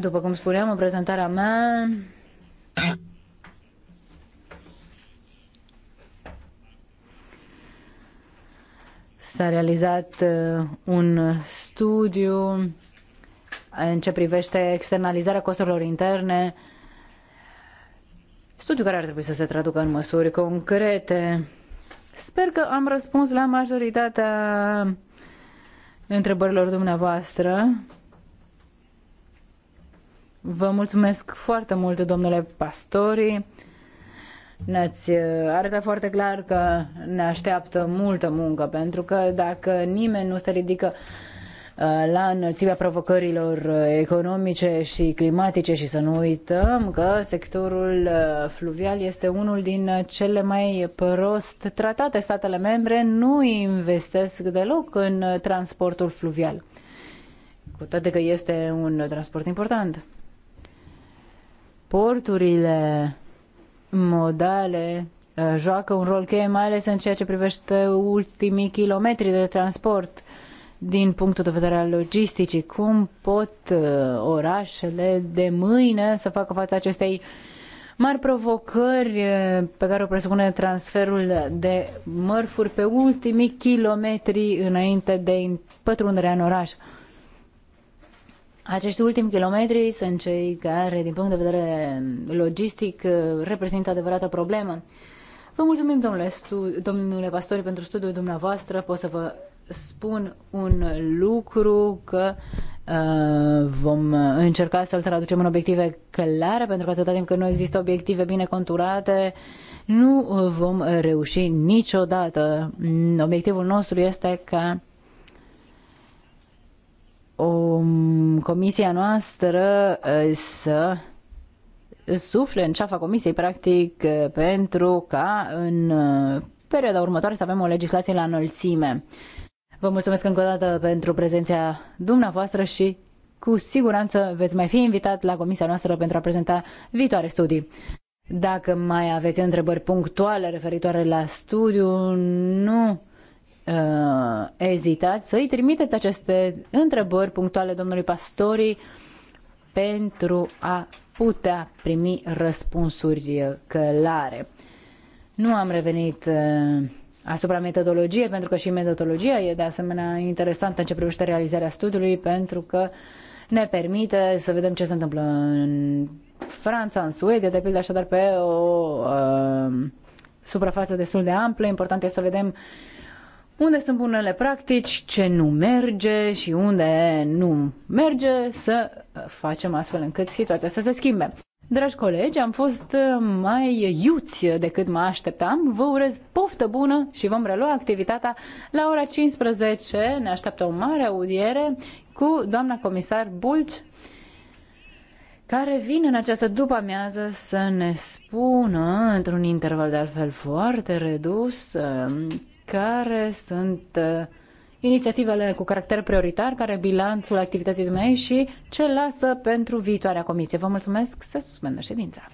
După cum spuneam în prezentarea mea, s-a realizat uh, un studiu în ce privește externalizarea costurilor interne, studiu care ar trebui să se traducă în măsuri concrete. Sper că am răspuns la majoritatea întrebărilor dumneavoastră. Vă mulțumesc foarte mult, domnule Pastori. Ne-ați uh, arătat foarte clar că ne așteaptă multă muncă, pentru că dacă nimeni nu se ridică uh, la înălțimea provocărilor uh, economice și climatice și să nu uităm că sectorul fluvial este unul din cele mai prost tratate. Statele membre nu investesc deloc în transportul fluvial, cu toate că este un transport important. Transporturile modale uh, joacă un rol cheie, mai ales în ceea ce privește ultimii kilometri de transport din punctul de vedere al logisticii. Cum pot uh, orașele de mâine să facă față acestei mari provocări uh, pe care o presupune transferul de mărfuri pe ultimii kilometri înainte de pătrunderea în oraș? Acești ultimi kilometri sunt cei care, din punct de vedere logistic, reprezintă adevărată problemă. Vă mulțumim, domnule, stu- domnule pastor, pentru studiul dumneavoastră. Pot să vă spun un lucru că uh, vom încerca să-l traducem în obiective clare, pentru că atâta timp când nu există obiective bine conturate, nu vom reuși niciodată. Obiectivul nostru este ca o, mm, comisia noastră să sufle în ceafa comisiei, practic, pentru ca în perioada următoare să avem o legislație la înălțime. Vă mulțumesc încă o dată pentru prezența dumneavoastră și cu siguranță veți mai fi invitat la comisia noastră pentru a prezenta viitoare studii. Dacă mai aveți întrebări punctuale referitoare la studiu, nu uh, ezitați să i trimiteți aceste întrebări punctuale domnului Pastori pentru a putea primi răspunsuri uh, clare. Nu am revenit uh, asupra metodologiei, pentru că și metodologia e de asemenea interesantă în ce privește realizarea studiului, pentru că ne permite să vedem ce se întâmplă în Franța, în Suedia, de pildă așadar pe o uh, suprafață destul de amplă. Important este să vedem uh, unde sunt bunele practici, ce nu merge și unde nu merge, să uh, facem astfel încât situația să se schimbe. Dragi colegi, am fost uh, mai iuți decât mă așteptam. Vă urez poftă bună și vom relua activitatea la ora 15. Ne așteaptă o mare audiere cu doamna comisar Bulci, care vine în această după-amiază să ne spună, într-un interval de altfel foarte redus, uh, care sunt uh, inițiativele cu caracter prioritar, care bilanțul activității dumneavoastră și ce lasă pentru viitoarea comisie. Vă mulțumesc, să suspendă ședința.